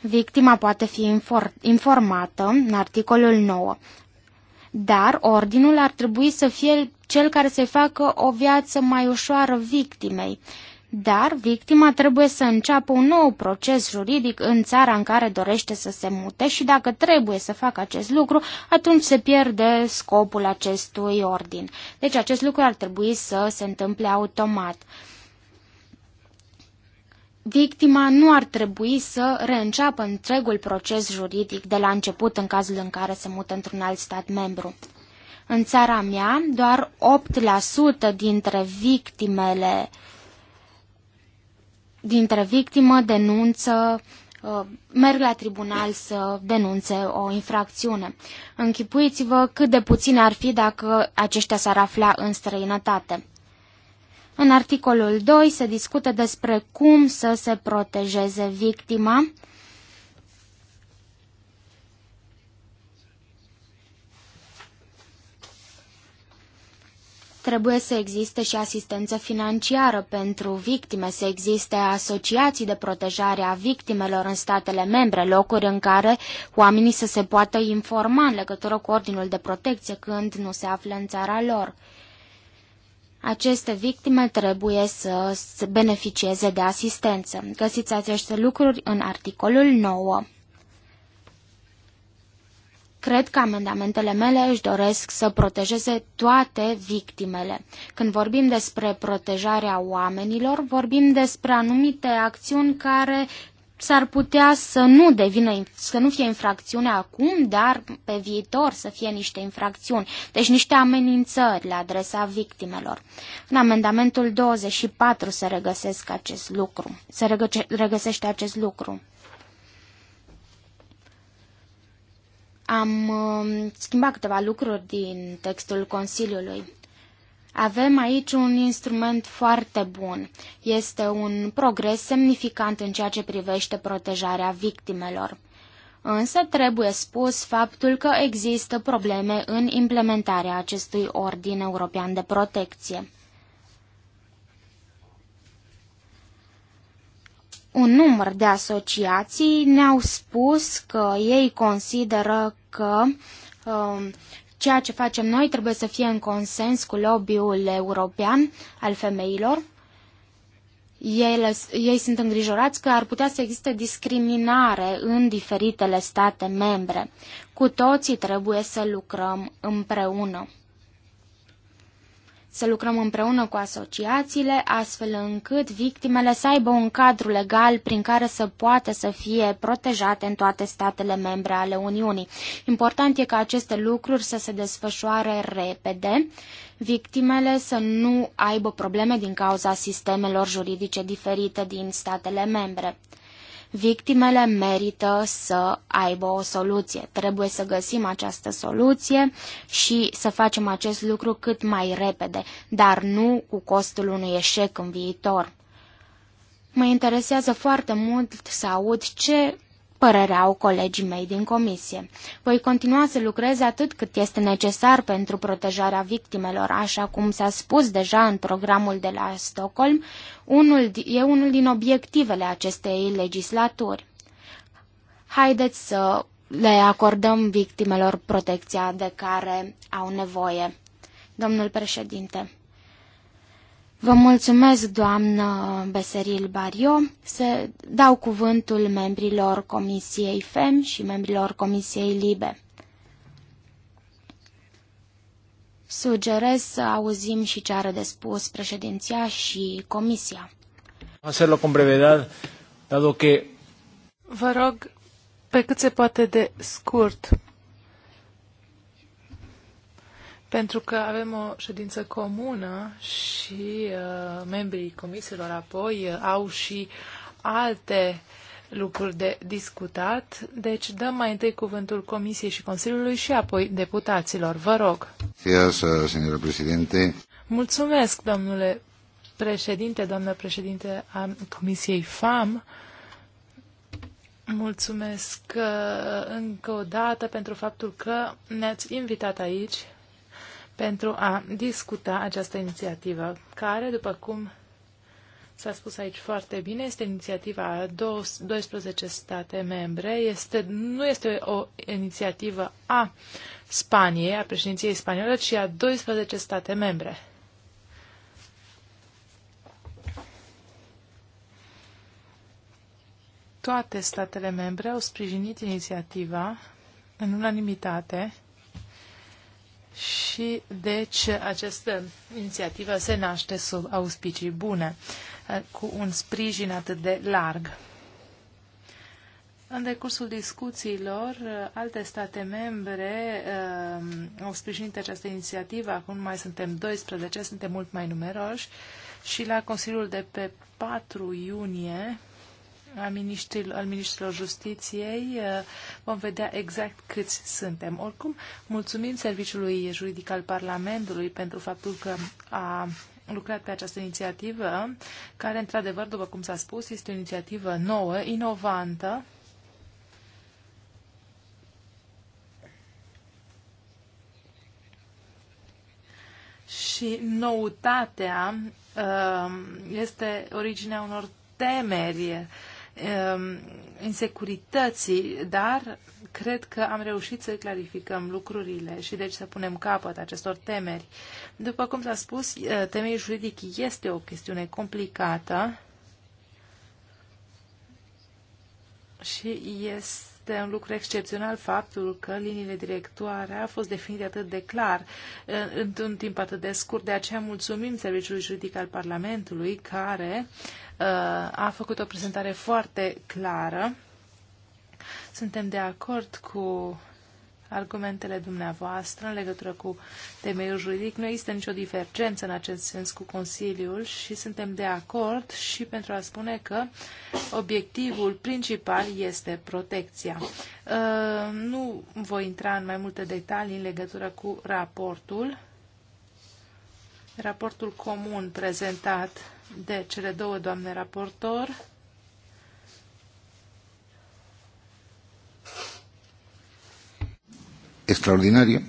Speaker 1: Victima poate fi informată în articolul 9, dar ordinul ar trebui să fie cel care să facă o viață mai ușoară victimei dar victima trebuie să înceapă un nou proces juridic în țara în care dorește să se mute și dacă trebuie să facă acest lucru, atunci se pierde scopul acestui ordin. Deci acest lucru ar trebui să se întâmple automat. Victima nu ar trebui să reînceapă întregul proces juridic de la început în cazul în care se mută într-un alt stat membru. În țara mea, doar 8% dintre victimele uh, dintre victimă denunță, uh, merg la tribunal să denunțe o infracțiune. Închipuiți-vă cât de puțin ar fi dacă aceștia s-ar afla în străinătate. În articolul 2 se discută despre cum să se protejeze victima Trebuie să existe și asistență financiară pentru victime, să existe asociații de protejare a victimelor în statele membre, locuri în care oamenii să se poată informa în legătură cu ordinul de protecție când nu se află în țara lor. Aceste victime trebuie să beneficieze de asistență. Găsiți aceste lucruri în articolul 9. Cred că amendamentele mele își doresc să protejeze toate victimele. Când vorbim despre protejarea oamenilor, vorbim despre anumite acțiuni care s-ar putea să nu devină, să nu fie infracțiune acum, dar pe viitor să fie niște infracțiuni, deci niște amenințări la adresa victimelor. În amendamentul 24 se regăsesc acest lucru, se regăsește acest lucru. am um, schimbat câteva lucruri din textul Consiliului. Avem aici un instrument foarte bun. Este un progres semnificant în ceea ce privește protejarea victimelor. Însă trebuie spus faptul că există probleme în implementarea acestui ordin european de protecție. un număr de asociații ne-au spus că ei consideră că um, ceea ce facem noi trebuie să fie în consens cu lobby-ul european al femeilor. Ele, ei sunt îngrijorați că ar putea să existe discriminare în diferitele state membre. Cu toții trebuie să lucrăm împreună să lucrăm împreună cu asociațiile, astfel încât victimele să aibă un cadru legal prin care să poată să fie protejate în toate statele membre ale Uniunii. Important e ca aceste lucruri să se desfășoare repede, victimele să nu aibă probleme din cauza sistemelor juridice diferite din statele membre. Victimele merită să aibă o soluție. Trebuie să găsim această soluție și să facem acest lucru cât mai repede, dar nu cu costul unui eșec în viitor. Mă interesează foarte mult să aud ce părerea au colegii mei din comisie. Voi continua să lucrez atât cât este necesar pentru protejarea victimelor, așa cum s-a spus deja în programul de la Stockholm, unul, e unul din obiectivele acestei legislaturi. Haideți să le acordăm victimelor protecția de care au nevoie. Domnul președinte. Vă mulțumesc, doamnă Beseril Bario. Se dau cuvântul membrilor Comisiei FEM și membrilor Comisiei LIBE. Sugerez să auzim și ce are de spus președinția și Comisia.
Speaker 3: Vă rog, pe cât se poate de scurt, pentru că avem o ședință comună și uh, membrii comisiilor apoi uh, au și alte lucruri de discutat, deci dăm mai întâi cuvântul Comisiei și Consiliului și apoi deputaților. Vă rog. Uh, Mulțumesc, domnule președinte, doamnă președinte a Comisiei FAM. Mulțumesc uh, încă o dată pentru faptul că ne-ați invitat aici pentru a discuta această inițiativă, care, după cum s-a spus aici foarte bine, este inițiativa a 12 state membre, este, nu este o inițiativă a Spaniei, a președinției spaniole, ci a 12 state membre. Toate statele membre au sprijinit inițiativa în unanimitate și deci această inițiativă se naște sub auspicii bune, cu un sprijin atât de larg. În decursul discuțiilor, alte state membre uh, au sprijinit această inițiativă. Acum mai suntem 12, suntem mult mai numeroși și la Consiliul de pe 4 iunie a ministril, al ministrilor justiției. Uh, vom vedea exact câți suntem. Oricum, mulțumim Serviciului Juridic al Parlamentului pentru faptul că a lucrat pe această inițiativă, care, într-adevăr, după cum s-a spus, este o inițiativă nouă, inovantă. Și noutatea uh, este originea unor temeri Um, insecurității, dar cred că am reușit să clarificăm lucrurile și deci să punem capăt acestor temeri. După cum s-a spus, uh, temeiul juridic este o chestiune complicată și este este un lucru excepțional faptul că liniile directoare a fost definite atât de clar într-un timp atât de scurt. De aceea mulțumim Serviciului Juridic al Parlamentului care uh, a făcut o prezentare foarte clară. Suntem de acord cu argumentele dumneavoastră în legătură cu temeiul juridic. Nu există nicio divergență în acest sens cu Consiliul și suntem de acord și pentru a spune că obiectivul principal este protecția. Uh, nu voi intra în mai multe detalii în legătură cu raportul. Raportul comun prezentat de cele două doamne raportor extraordinario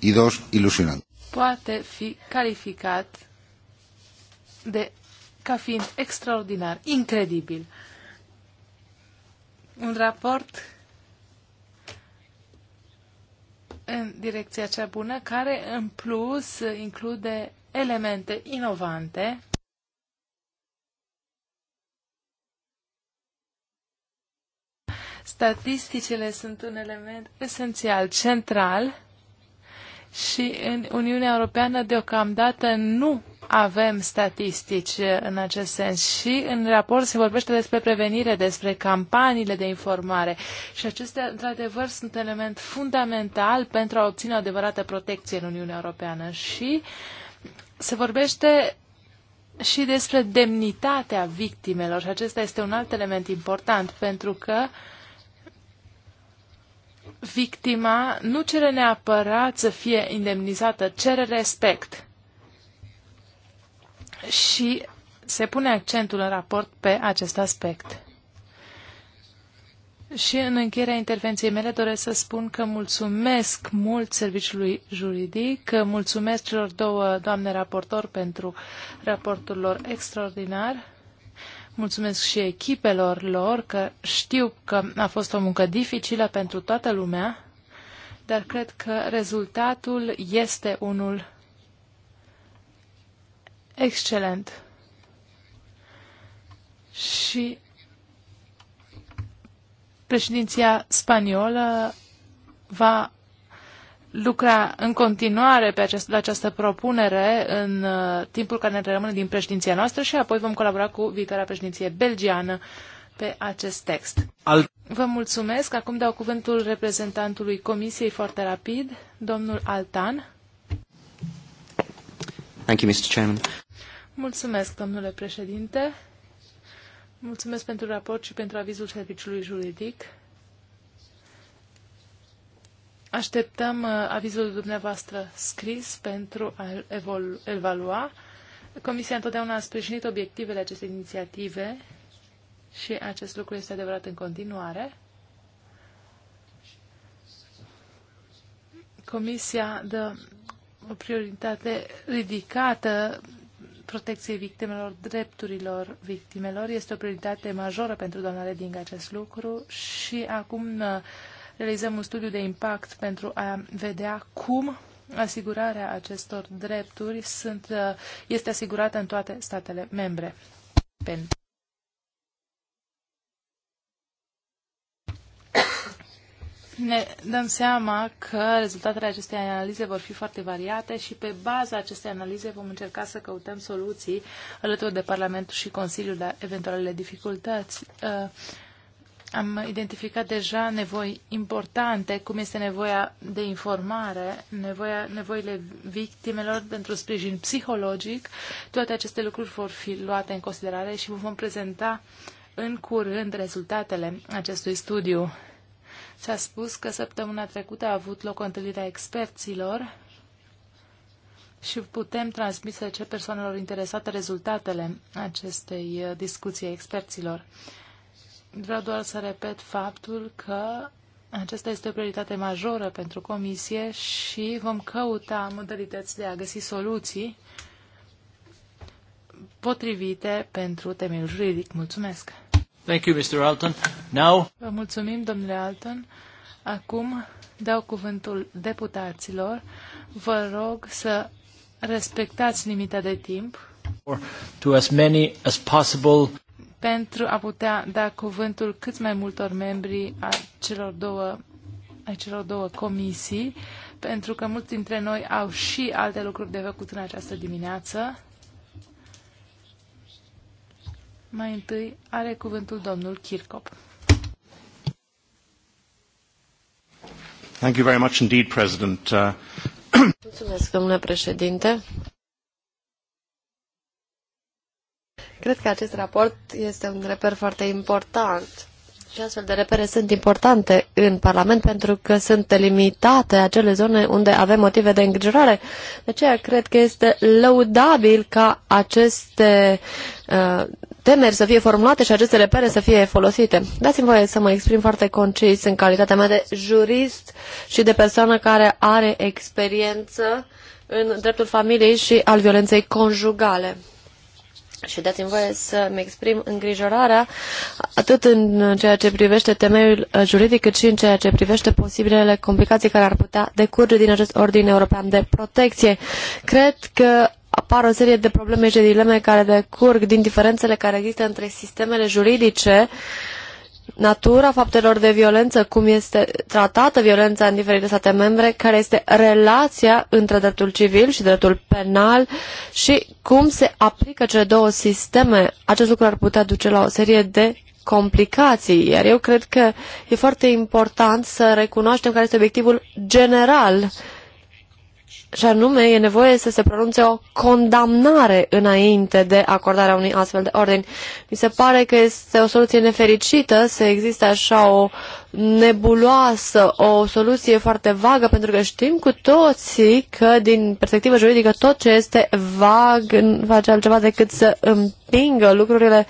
Speaker 3: y dos, ilusionante. Poate fi calificat de ca fiind extraordinar, incredibil. Un raport în direcția cea bună, care în plus include elemente inovante Statisticile sunt un element esențial, central și în Uniunea Europeană deocamdată nu avem statistici în acest sens și în raport se vorbește despre prevenire, despre campaniile de informare și acestea, într-adevăr, sunt element fundamental pentru a obține o adevărată protecție în Uniunea Europeană și se vorbește și despre demnitatea victimelor și acesta este un alt element important pentru că uh, victima nu cere neapărat să fie indemnizată, cere respect. Și se pune accentul în raport pe acest aspect. Și în încheierea intervenției mele doresc să spun că mulțumesc mult serviciului juridic, mulțumesc celor două doamne raportor pentru raportul lor extraordinar Mulțumesc și echipelor lor că știu că a fost o muncă dificilă pentru toată lumea, dar cred că rezultatul este unul excelent. Și președinția spaniolă va lucra în continuare pe acest, la această propunere în uh, timpul care ne rămâne din președinția noastră și apoi vom colabora cu viitoarea președinție belgiană pe acest text. Al... Vă mulțumesc. Acum dau cuvântul reprezentantului Comisiei foarte rapid, domnul Altan.
Speaker 2: Thank you, Mr. Chairman.
Speaker 3: Mulțumesc, domnule președinte. Mulțumesc pentru raport și pentru avizul serviciului juridic. Așteptăm uh, avizul dumneavoastră scris pentru a evalua. Comisia întotdeauna a sprijinit obiectivele acestei inițiative și acest lucru este adevărat în continuare. Comisia dă o prioritate ridicată protecției victimelor, drepturilor victimelor. Este o prioritate majoră pentru doamna Reding acest lucru și acum uh, realizăm un studiu de impact pentru a vedea cum asigurarea acestor drepturi sunt, uh, este asigurată în toate statele membre. Ne dăm seama că rezultatele acestei analize vor fi foarte variate și pe baza acestei analize vom încerca să căutăm soluții alături de Parlament și Consiliul la eventualele dificultăți. Uh, am identificat deja nevoi importante, cum este nevoia de informare, nevoia, nevoile victimelor pentru sprijin psihologic. Toate aceste lucruri vor fi luate în considerare și vă vom prezenta în curând rezultatele acestui studiu. S-a spus că săptămâna trecută a avut loc o întâlnire a experților și putem transmite ce persoanelor interesate rezultatele acestei uh, discuții a experților. Vreau doar să repet faptul că aceasta este o prioritate majoră pentru Comisie și vom căuta modalități de a găsi soluții potrivite pentru temeiul juridic. Mulțumesc!
Speaker 2: Thank you, Mr. Alton. Now...
Speaker 3: Vă mulțumim, domnule Alton. Acum dau cuvântul deputaților. Vă rog să respectați limita de timp.
Speaker 2: To as many as possible
Speaker 3: pentru a putea da cuvântul cât mai multor membri a celor două, a celor două comisii, pentru că mulți dintre noi au și alte lucruri de făcut în această dimineață. Mai întâi are cuvântul domnul Kirkop. Thank you very much indeed, President. Uh,
Speaker 2: Mulțumesc, domnule președinte. Cred că acest raport este un reper foarte important. Și astfel de repere sunt importante în Parlament pentru că sunt delimitate acele zone unde avem motive de îngrijorare. De aceea cred că este lăudabil ca aceste uh, temeri să fie formulate și aceste repere să fie folosite. Dați-mi voie să mă exprim foarte concis în calitatea mea de jurist și de persoană care are experiență în dreptul familiei și al violenței conjugale. Și dați-mi voie să-mi exprim îngrijorarea atât în ceea ce privește temeiul juridic, cât și în ceea ce privește posibilele complicații care ar putea decurge din acest ordin european de protecție. Cred că apar o serie de probleme și dileme care decurg din diferențele care există între sistemele juridice uh, natura faptelor de violență, cum este tratată violența în diferite state membre, care este relația între dreptul civil și dreptul penal și cum se aplică cele două sisteme. Acest lucru ar putea duce la o serie de complicații, iar eu cred că e foarte important să recunoaștem care este obiectivul general și anume e nevoie să se pronunțe o condamnare înainte de acordarea unui astfel de ordin. Mi se pare că este o soluție nefericită să existe așa o nebuloasă, o soluție foarte vagă, pentru că știm cu toții că din perspectivă juridică tot ce este vag nu face altceva decât să împingă lucrurile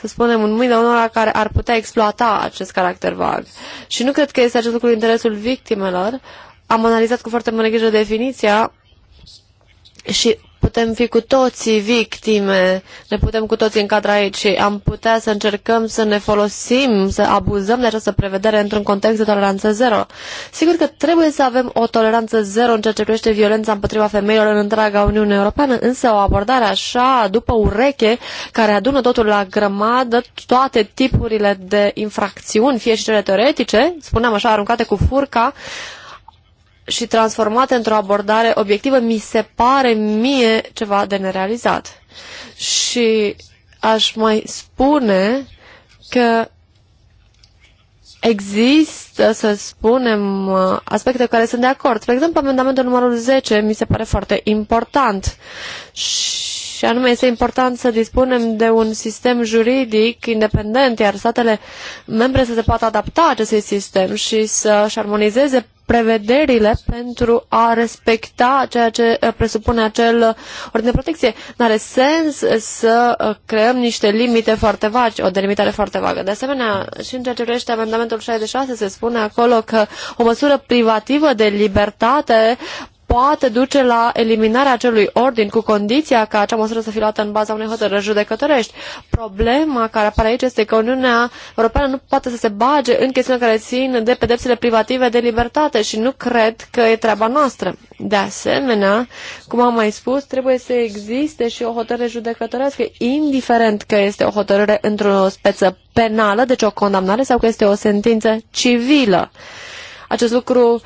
Speaker 2: să spunem, în mâinile unora care ar putea exploata acest caracter vag. Și nu cred că este acest lucru interesul victimelor, am analizat cu foarte mare grijă definiția și putem fi cu toții victime, ne putem cu toții încadra aici și am putea să încercăm să ne folosim, să abuzăm de această prevedere într-un context de toleranță zero. Sigur că trebuie să avem o toleranță zero în ceea ce privește violența împotriva femeilor în întreaga Uniune Europeană, însă o abordare așa, după ureche, care adună totul la grămadă, toate tipurile de infracțiuni, fie și cele teoretice, spuneam așa, aruncate cu furca, și transformate într-o abordare obiectivă, mi se pare mie ceva de nerealizat. Și aș mai spune că există, să spunem, aspecte care sunt de acord. Spre exemplu, amendamentul numărul 10 mi se pare foarte important și și anume este important să dispunem de un sistem juridic independent, iar statele membre să se poată adapta acestui sistem și să-și armonizeze prevederile pentru a respecta ceea ce uh, presupune acel ordin de protecție. N-are sens să uh, creăm niște limite foarte vagi, o delimitare foarte vagă. De asemenea, și în ceea ce privește amendamentul 66, se spune acolo că o măsură privativă de libertate poate duce la eliminarea acelui ordin cu condiția ca acea măsură să fie luată în baza unei hotărâri judecătorești. Problema care apare aici este că Uniunea Europeană nu poate să se bage în chestiuni care țin de pedepsele privative de libertate și nu cred că e treaba noastră. De asemenea, cum am mai spus, trebuie să existe și o hotărâre judecătorească, indiferent că este o hotărâre într-o speță penală, deci o condamnare sau că este o sentință civilă. Acest lucru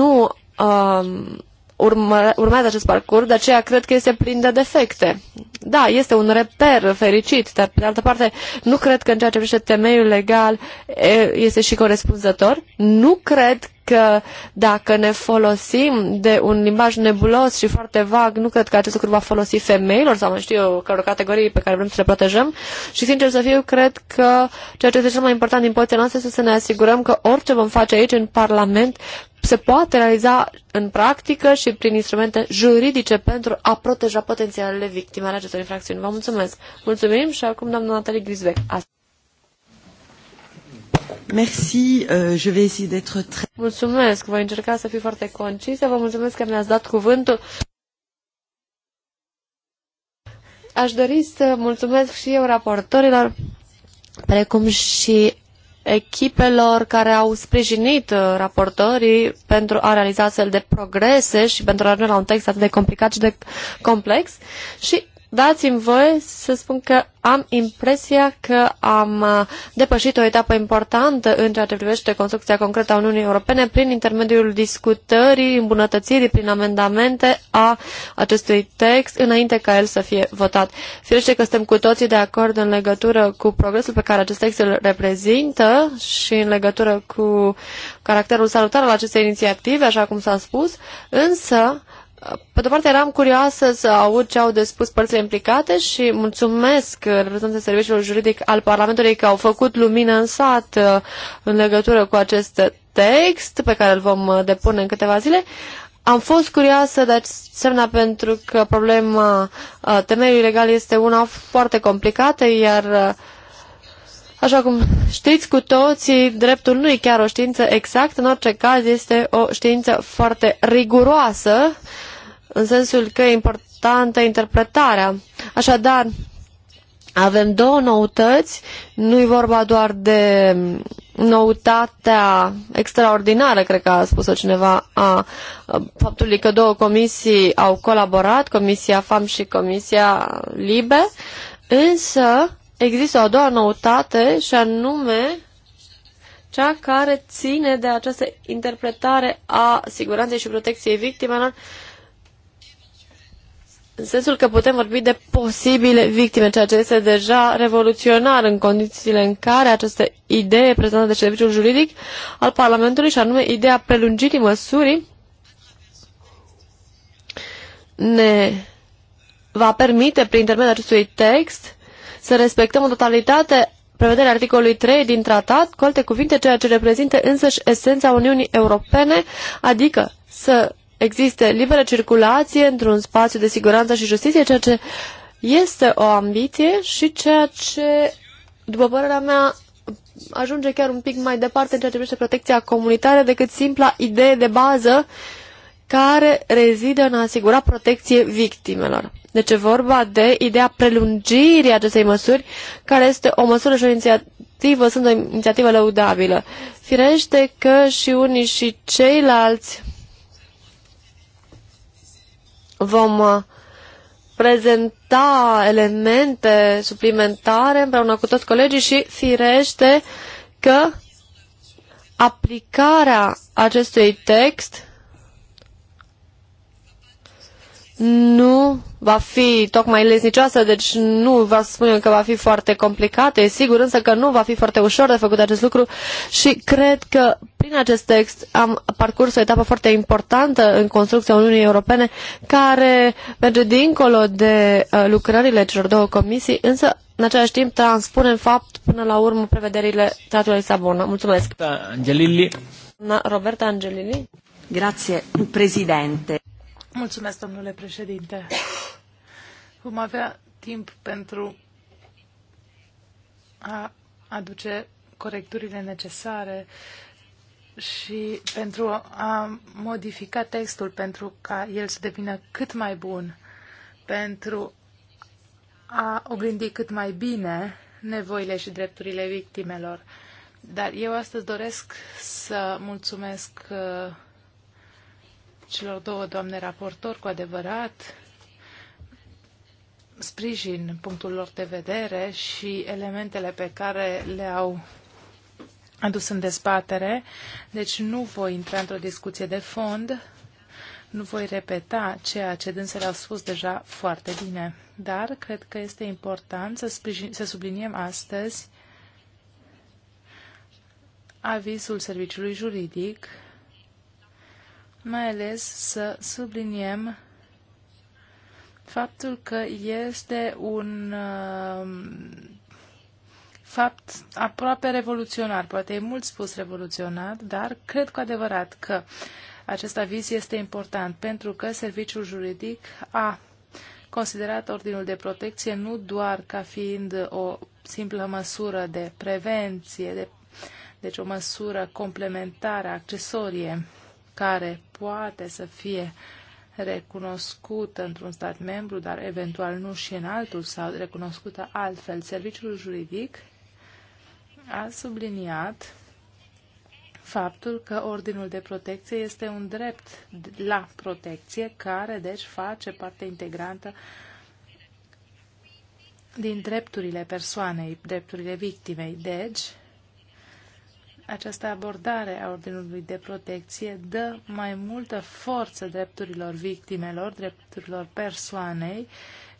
Speaker 2: nu um, urmă, urmează acest parcurs, de aceea cred că este plin de defecte. Da, este un reper fericit, dar pe de altă parte nu cred că în ceea ce privește temeiul legal este și corespunzător. Nu cred că dacă ne folosim de un limbaj nebulos și foarte vag, nu cred că acest lucru va folosi femeilor sau nu știu căror categorii pe care vrem să le protejăm. Și sincer să fiu, cred că ceea ce este cel mai important din poziția noastră este să ne asigurăm că orice vom face aici în Parlament se poate realiza în practică și prin instrumente juridice pentru a proteja potențialele victime ale acestor infracțiuni. Vă mulțumesc! Mulțumim și acum doamna Natalie Grisbeck. Merci, euh, je vais essayer d'être très... Mulțumesc, voi încerca să fiu foarte concisă. Vă mulțumesc că mi-ați dat cuvântul. Aș dori să mulțumesc și eu raportorilor, precum și echipelor care au sprijinit uh, raportorii pentru a realiza astfel de progrese și pentru a ajunge la un text atât de complicat și de complex și dați-mi voi să spun că am impresia că am uh, depășit o etapă importantă în ceea ce privește construcția concretă a Uniunii Europene prin intermediul discutării, îmbunătățirii prin amendamente a acestui text înainte ca el să fie votat. Firește că suntem cu toții de acord în legătură cu progresul pe care acest text îl reprezintă și în legătură cu caracterul salutar al acestei inițiative, așa cum s-a spus, însă pe de parte, eram curioasă să aud ce au de spus părțile implicate și mulțumesc reprezentanții Serviciului Juridic al Parlamentului că au făcut lumină în sat uh, în legătură cu acest text pe care îl vom uh, depune în câteva zile. Am fost curioasă dar semna pentru că problema uh, temeiului legal este una foarte complicată, iar Așa cum știți cu toții, dreptul nu e chiar o știință exactă, în orice caz este o știință foarte riguroasă în sensul că e importantă interpretarea. Așadar, avem două noutăți, nu e vorba doar de noutatea extraordinară, cred că a spus-o cineva, a faptului că două comisii au colaborat, Comisia FAM și Comisia LIBE, însă există o a doua noutate și anume cea care ține de această interpretare a siguranței și protecției victimelor în sensul că putem vorbi de posibile victime, ceea ce este deja revoluționar în condițiile în care această idee prezentată de serviciul juridic al Parlamentului, și anume ideea prelungirii măsurii, ne va permite, prin intermediul acestui text, să respectăm în totalitate prevederea articolului 3 din tratat, cu alte cuvinte, ceea ce reprezintă însăși esența Uniunii Europene, adică să existe liberă circulație într-un spațiu de siguranță și justiție, ceea ce este o ambiție și ceea ce, după părerea mea, ajunge chiar un pic mai departe în ceea ce privește protecția comunitară decât simpla idee de bază care rezidă în a asigura protecție victimelor. Deci e vorba de ideea prelungirii acestei măsuri, care este o măsură și o inițiativă, sunt o inițiativă lăudabilă. Firește că și unii și ceilalți Vom uh, prezenta elemente suplimentare împreună cu toți colegii și firește că aplicarea acestui text nu va fi tocmai leznicioasă, deci nu vă eu că va fi foarte complicat, e sigur, însă că nu va fi foarte ușor de făcut acest lucru și cred că prin acest text am parcurs o etapă foarte importantă în construcția Uniunii Europene care merge dincolo de uh, lucrările celor două comisii, însă în același timp transpune în fapt până la urmă prevederile Tratului Lisabona. Mulțumesc! Angelilli. Roberta Angelilli. Grazie, Presidente.
Speaker 3: Mulțumesc, domnule președinte. Vom avea timp pentru a aduce corecturile necesare și pentru a modifica textul pentru ca el să devină cât mai bun, pentru a oglindi cât mai bine nevoile și drepturile victimelor. Dar eu astăzi doresc să mulțumesc uh, celor două doamne raportor cu adevărat sprijin punctul lor de vedere și elementele pe care le-au adus în dezbatere, deci nu voi intra într-o discuție de fond, nu voi repeta ceea ce dânsele au spus deja foarte bine, dar cred că este important să, sprijin, să subliniem astăzi avizul serviciului juridic mai ales să subliniem faptul că este un uh, fapt aproape revoluționar, poate e mult spus revoluționar, dar cred cu adevărat că acest aviz este important pentru că serviciul juridic a considerat ordinul de protecție nu doar ca fiind o simplă măsură de prevenție, de, deci o măsură complementară, accesorie care poate să fie recunoscută într-un stat membru, dar eventual nu și în altul sau recunoscută altfel. Serviciul juridic a subliniat faptul că ordinul de protecție este un drept la protecție care deci face parte integrantă din drepturile persoanei, drepturile victimei. Deci, această abordare a Ordinului de Protecție dă mai multă forță drepturilor victimelor, drepturilor persoanei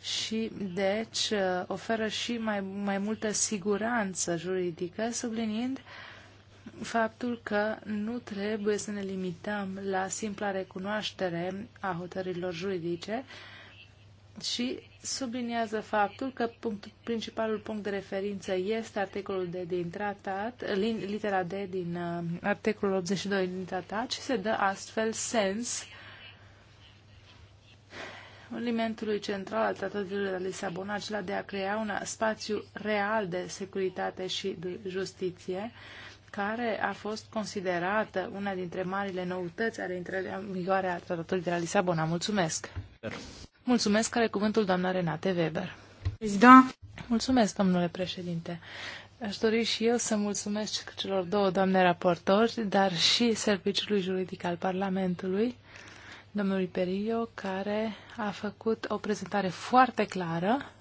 Speaker 3: și, deci, oferă și mai, mai multă siguranță juridică, subliniind faptul că nu trebuie să ne limităm la simpla recunoaștere a hotărârilor juridice, și subliniază faptul că punct, principalul punct de referință este articolul D din tratat, litera D din uh, articolul 82 din tratat și se dă astfel sens alimentului central al tratatului de la Lisabona, acela de a crea un spațiu real de securitate și de justiție, care a fost considerată una dintre marile noutăți ale intrării în vigoare a tratatului de la Lisabona. Mulțumesc! Mulțumesc, care cuvântul doamna Renate Weber. Da. Mulțumesc, domnule președinte. Aș dori și eu să mulțumesc celor două doamne raportori, dar și Serviciului Juridic al Parlamentului, domnului Perio, care a făcut o prezentare foarte clară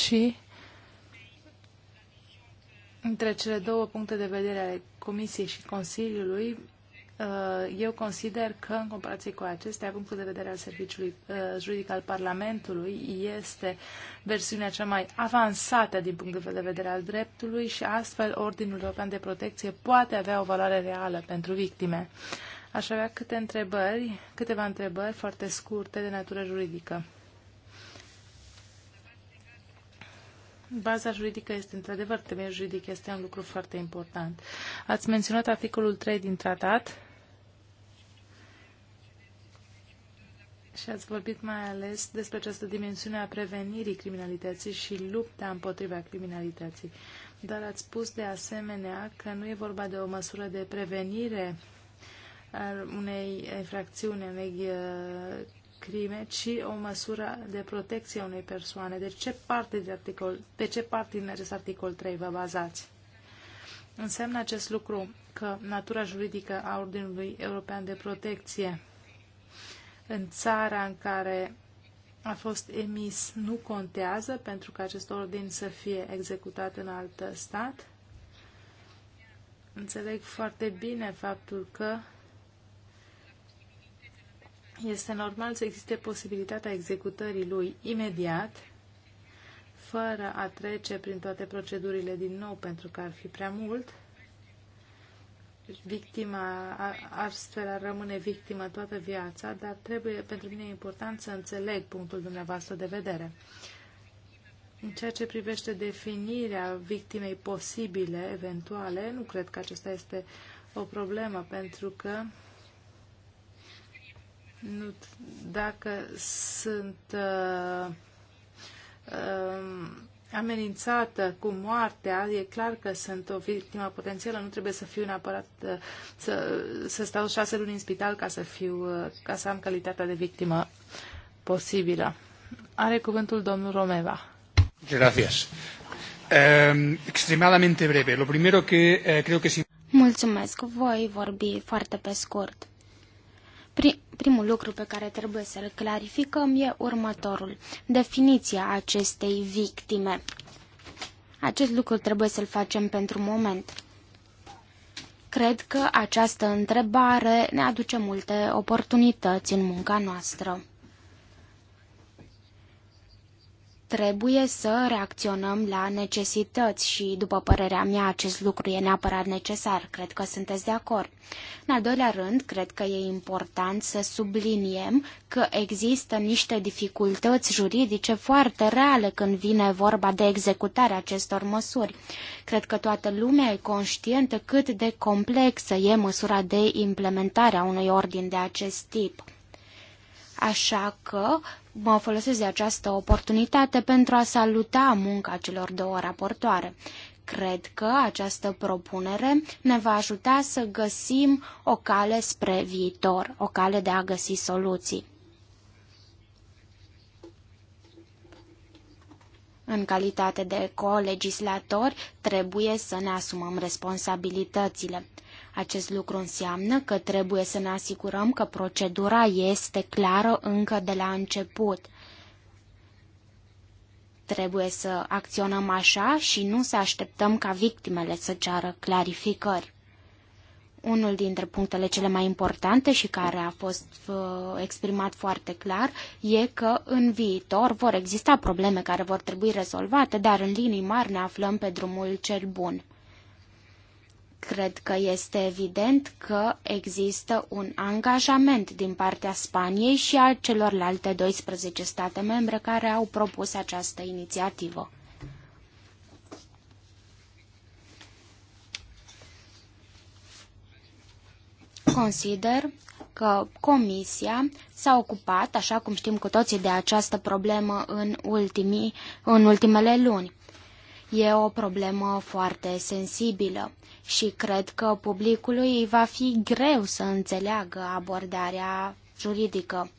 Speaker 3: și între cele două puncte de vedere ale Comisiei și Consiliului Uh, eu consider că, în comparație cu acestea, punctul de vedere al Serviciului uh, Juridic al Parlamentului este versiunea cea mai avansată din punct de vedere al dreptului și astfel Ordinul European de Protecție poate avea o valoare reală pentru victime. Aș avea câte întrebări, câteva întrebări foarte scurte de natură juridică. Baza juridică este, într-adevăr, temeiul juridic este un lucru foarte important. Ați menționat articolul 3 din tratat, Și ați vorbit mai ales despre această dimensiune a prevenirii criminalității și lupta împotriva criminalității. Dar ați spus de asemenea că nu e vorba de o măsură de prevenire unei infracțiuni, unei uh, crime, ci o măsură de protecție a unei persoane. Deci ce parte de articol, pe ce parte din acest articol 3 vă bazați? Înseamnă acest lucru că natura juridică a Ordinului European de Protecție în țara în care a fost emis nu contează pentru că acest ordin să fie executat în alt stat. Înțeleg foarte bine faptul că este normal să existe posibilitatea executării lui imediat, fără a trece prin toate procedurile din nou, pentru că ar fi prea mult victima, astfel ar rămâne victimă toată viața, dar trebuie, pentru mine e important să înțeleg punctul dumneavoastră de vedere. În ceea ce privește definirea victimei posibile, eventuale, nu cred că acesta este o problemă, pentru că nu, dacă sunt uh, uh, amenințată cu moartea, e clar că sunt o victimă potențială, nu trebuie să fiu neapărat să, să stau șase luni în spital ca să, fiu, ca să am calitatea de victimă posibilă. Are
Speaker 1: cuvântul domnul Romeva. Gracias. Eh, extremadamente breve. Lo primero que eh, creo que... Mulțumesc. Voi vorbi foarte pe scurt. Pri Primul lucru pe care trebuie să-l clarificăm e următorul. Definiția acestei victime. Acest lucru trebuie să-l facem pentru moment. Cred că această întrebare ne aduce multe oportunități în munca noastră. Trebuie să reacționăm la necesități și, după părerea mea, acest lucru e neapărat necesar. Cred că sunteți de acord. În al doilea rând, cred că e important să subliniem că există niște dificultăți juridice foarte reale când vine vorba de executarea acestor măsuri. Cred că toată lumea e conștientă cât de complexă e măsura de implementare a unui ordin de acest tip. Așa că mă folosesc de această oportunitate pentru a saluta munca celor două raportoare. Cred că această propunere ne va ajuta să găsim o cale spre viitor, o cale de a găsi soluții. În calitate de co-legislatori, trebuie să ne asumăm responsabilitățile. Acest lucru înseamnă că trebuie să ne asigurăm că procedura este clară încă de la început. Trebuie să acționăm așa și nu să așteptăm ca victimele să ceară clarificări. Unul dintre punctele cele mai importante și care a fost uh, exprimat foarte clar e că în viitor vor exista probleme care vor trebui rezolvate, dar în linii mari ne aflăm pe drumul cel bun. Cred că este evident că există un angajament din partea Spaniei și a celorlalte 12 state membre care au propus această inițiativă. Consider că Comisia s-a ocupat, așa cum știm cu toții, de această problemă în, ultimii, în ultimele luni. E o problemă foarte sensibilă și cred că publicului îi va fi greu să înțeleagă abordarea juridică.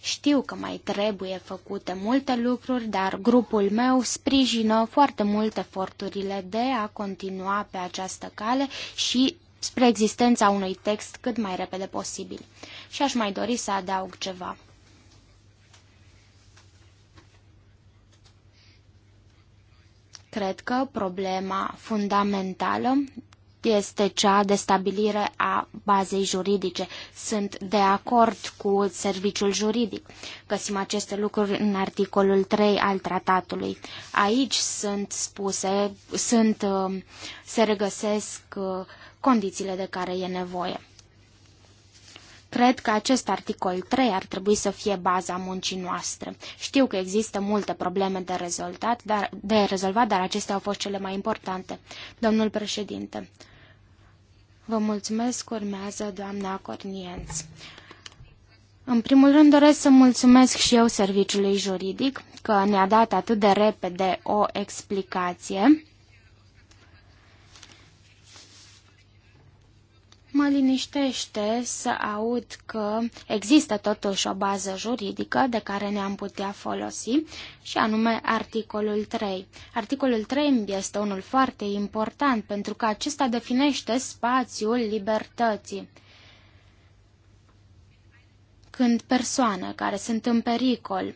Speaker 1: Știu că mai trebuie făcute multe lucruri, dar grupul meu sprijină foarte mult eforturile de a continua pe această cale și spre existența unui text cât mai repede posibil. Și aș mai dori să adaug ceva. Cred că problema fundamentală este cea de stabilire a bazei juridice. Sunt de acord cu serviciul juridic. Găsim aceste lucruri în articolul 3 al tratatului. Aici sunt spuse, sunt, uh, se regăsesc uh, condițiile de care e nevoie. Cred că acest articol 3 ar trebui să fie baza muncii noastre. Știu că există multe probleme de, rezolvat, dar, de rezolvat, dar acestea au fost cele mai importante. Domnul președinte, vă mulțumesc, urmează doamna Cornienț. În primul rând doresc să mulțumesc și eu serviciului juridic că ne-a dat atât de repede o explicație. Mă liniștește să aud că există totuși o bază juridică de care ne-am putea folosi și anume articolul 3. Articolul 3 este unul foarte important pentru că acesta definește spațiul libertății. Când persoane care sunt în pericol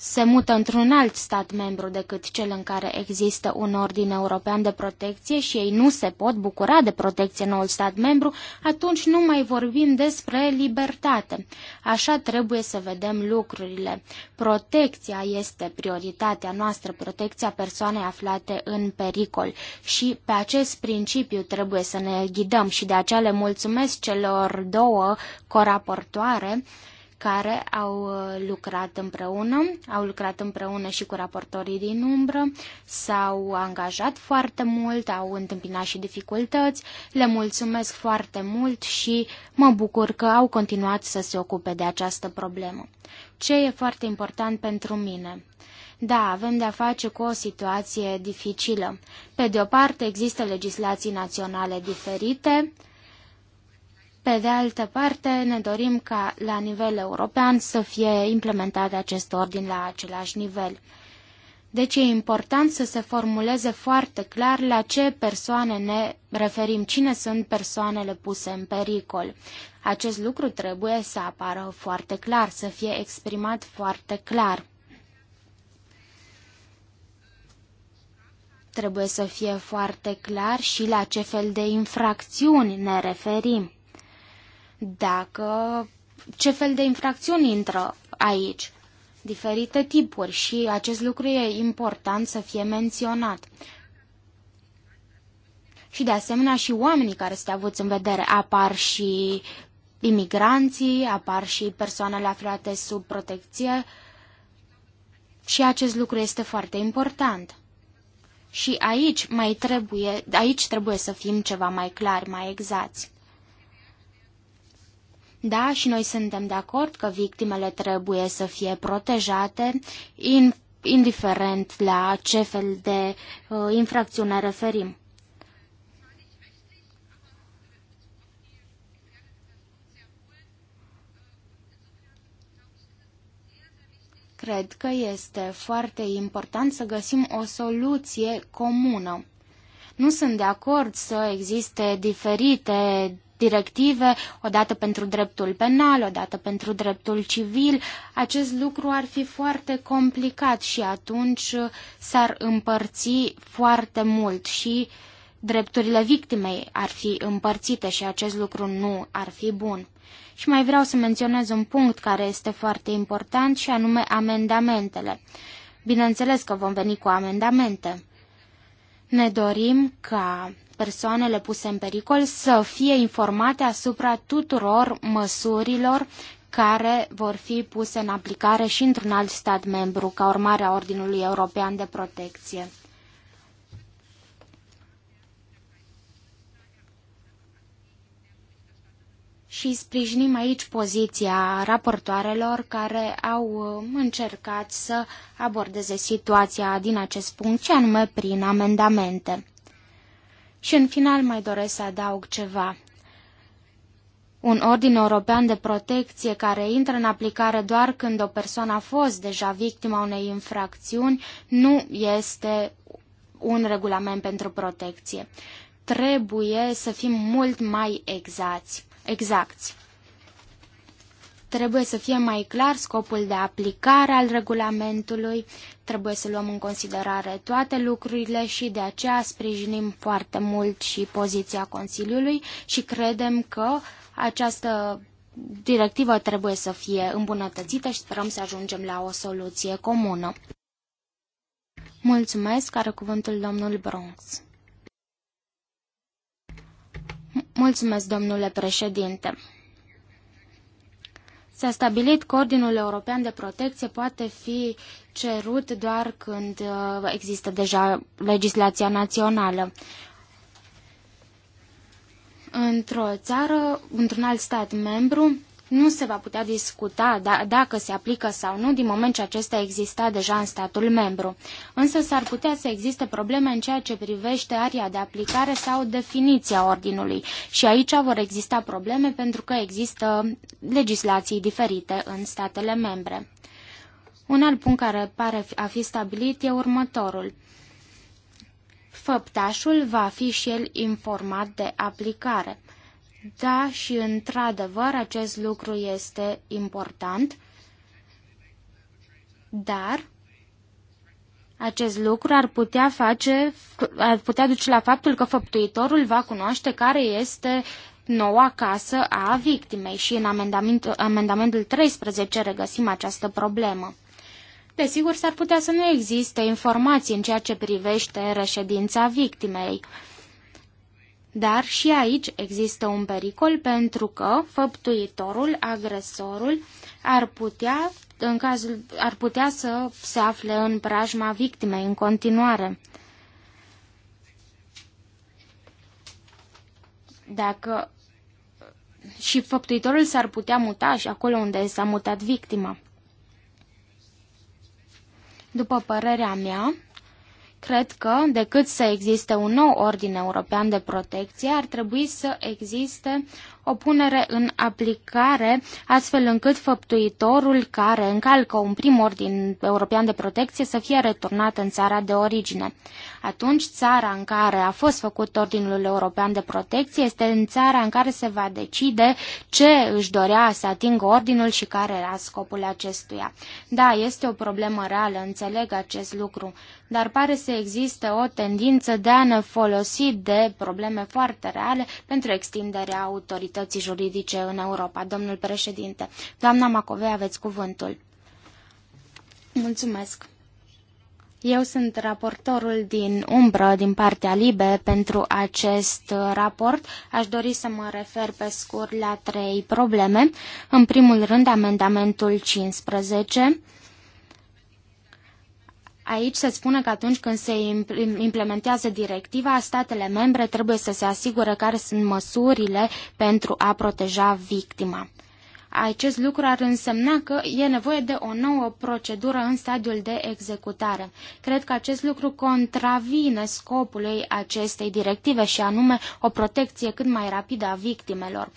Speaker 1: se mută într-un alt stat membru decât cel în care există un ordin european de protecție și ei nu se pot bucura de protecție în noul stat membru, atunci nu mai vorbim despre libertate. Așa trebuie să vedem lucrurile. Protecția este prioritatea noastră, protecția persoanei aflate în pericol și pe acest principiu trebuie să ne ghidăm și de aceea le mulțumesc celor două coraportoare care au uh, lucrat împreună, au lucrat împreună și cu raportorii din umbră, s-au angajat foarte mult, au întâmpinat și dificultăți. Le mulțumesc foarte mult și mă bucur că au continuat să se ocupe de această problemă. Ce e foarte important pentru mine? Da, avem de-a face cu o situație dificilă. Pe de o parte există legislații naționale diferite, pe de altă parte, ne dorim ca la nivel european să fie implementat acest ordin la același nivel. Deci e important să se formuleze foarte clar la ce persoane ne referim, cine sunt persoanele puse în pericol. Acest lucru trebuie să apară foarte clar, să fie exprimat foarte clar. Trebuie să fie foarte clar și la ce fel de infracțiuni ne referim dacă ce fel de infracțiuni intră aici, diferite tipuri și acest lucru e important să fie menționat. Și de asemenea și oamenii care sunt avuți în vedere apar și imigranții, apar și persoanele aflate sub protecție și acest lucru este foarte important. Și aici mai trebuie, aici trebuie să fim ceva mai clari, mai exați. Da, și noi suntem de acord că victimele trebuie să fie protejate, indiferent la ce fel de uh, infracțiune referim. Cred că este foarte important să găsim o soluție comună. Nu sunt de acord să existe diferite directive, o dată pentru dreptul penal, o dată pentru dreptul civil. Acest lucru ar fi foarte complicat și atunci uh, s-ar împărți foarte mult și drepturile victimei ar fi împărțite și acest lucru nu ar fi bun. Și mai vreau să menționez un punct care este foarte important și anume amendamentele. Bineînțeles că vom veni cu amendamente. Ne dorim ca persoanele puse în pericol să fie informate asupra tuturor măsurilor care vor fi puse în aplicare și într-un alt stat membru ca urmare a Ordinului European de Protecție. și sprijinim aici poziția raportoarelor care au uh, încercat să abordeze situația din acest punct, ce anume prin amendamente. Și în final mai doresc să adaug ceva. Un ordin european de protecție care intră în aplicare doar când o persoană a fost deja victima unei infracțiuni nu este un regulament pentru protecție. Trebuie să fim mult mai exacti. exacti. Trebuie să fie mai clar scopul de aplicare al regulamentului, trebuie să luăm în considerare toate lucrurile și de aceea sprijinim foarte mult și poziția Consiliului și credem că această directivă trebuie să fie îmbunătățită și sperăm să ajungem la o soluție comună. Mulțumesc, are cuvântul domnul Bronx. Mulțumesc, domnule președinte. S-a stabilit că Ordinul European de Protecție poate fi cerut doar când uh, există deja legislația națională. Într-o țară, într-un alt stat membru, nu se va putea discuta da, dacă se aplică sau nu din moment ce acesta exista deja în statul membru. Însă s-ar putea să existe probleme în ceea ce privește aria de aplicare sau definiția ordinului și aici vor exista probleme pentru că există legislații diferite în statele membre. Un alt punct care pare a fi stabilit e următorul. Făptașul va fi și el informat de aplicare. Da, și într-adevăr acest lucru este important, dar acest lucru ar putea face, ar putea duce la faptul că făptuitorul va cunoaște care este noua casă a victimei și în amendamentul, amendamentul 13 regăsim această problemă. Desigur, s-ar putea să nu existe informații în ceea ce privește reședința victimei. Dar și aici există un pericol pentru că făptuitorul, agresorul, ar putea, în cazul, ar putea să se afle în prajma victimei în continuare. Dacă și făptuitorul s-ar putea muta și acolo unde s-a mutat victima. După părerea mea, Cred că, decât să existe un nou ordin european de protecție, ar trebui să existe o punere în aplicare astfel încât făptuitorul care încalcă un prim ordin european de protecție să fie returnat în țara de origine. Atunci, țara în care a fost făcut ordinul european de protecție este în țara în care se va decide ce își dorea să atingă ordinul și care era scopul acestuia. Da, este o problemă reală, înțeleg acest lucru, dar pare să existe o tendință de a ne folosi de probleme foarte reale pentru extinderea autorității securității juridice în Europa. Domnul președinte, doamna Macovei, aveți cuvântul. Mulțumesc. Eu sunt raportorul din umbră din partea LIBE pentru acest raport. Aș dori să mă refer pe scurt la trei probleme. În primul rând, amendamentul 15 Aici se spune că atunci când se implementează directiva, statele membre trebuie să se asigure care sunt măsurile pentru a proteja victima. Acest lucru ar însemna că e nevoie de o nouă procedură în stadiul de executare. Cred că acest lucru contravine scopului acestei directive și anume o protecție cât mai rapidă a victimelor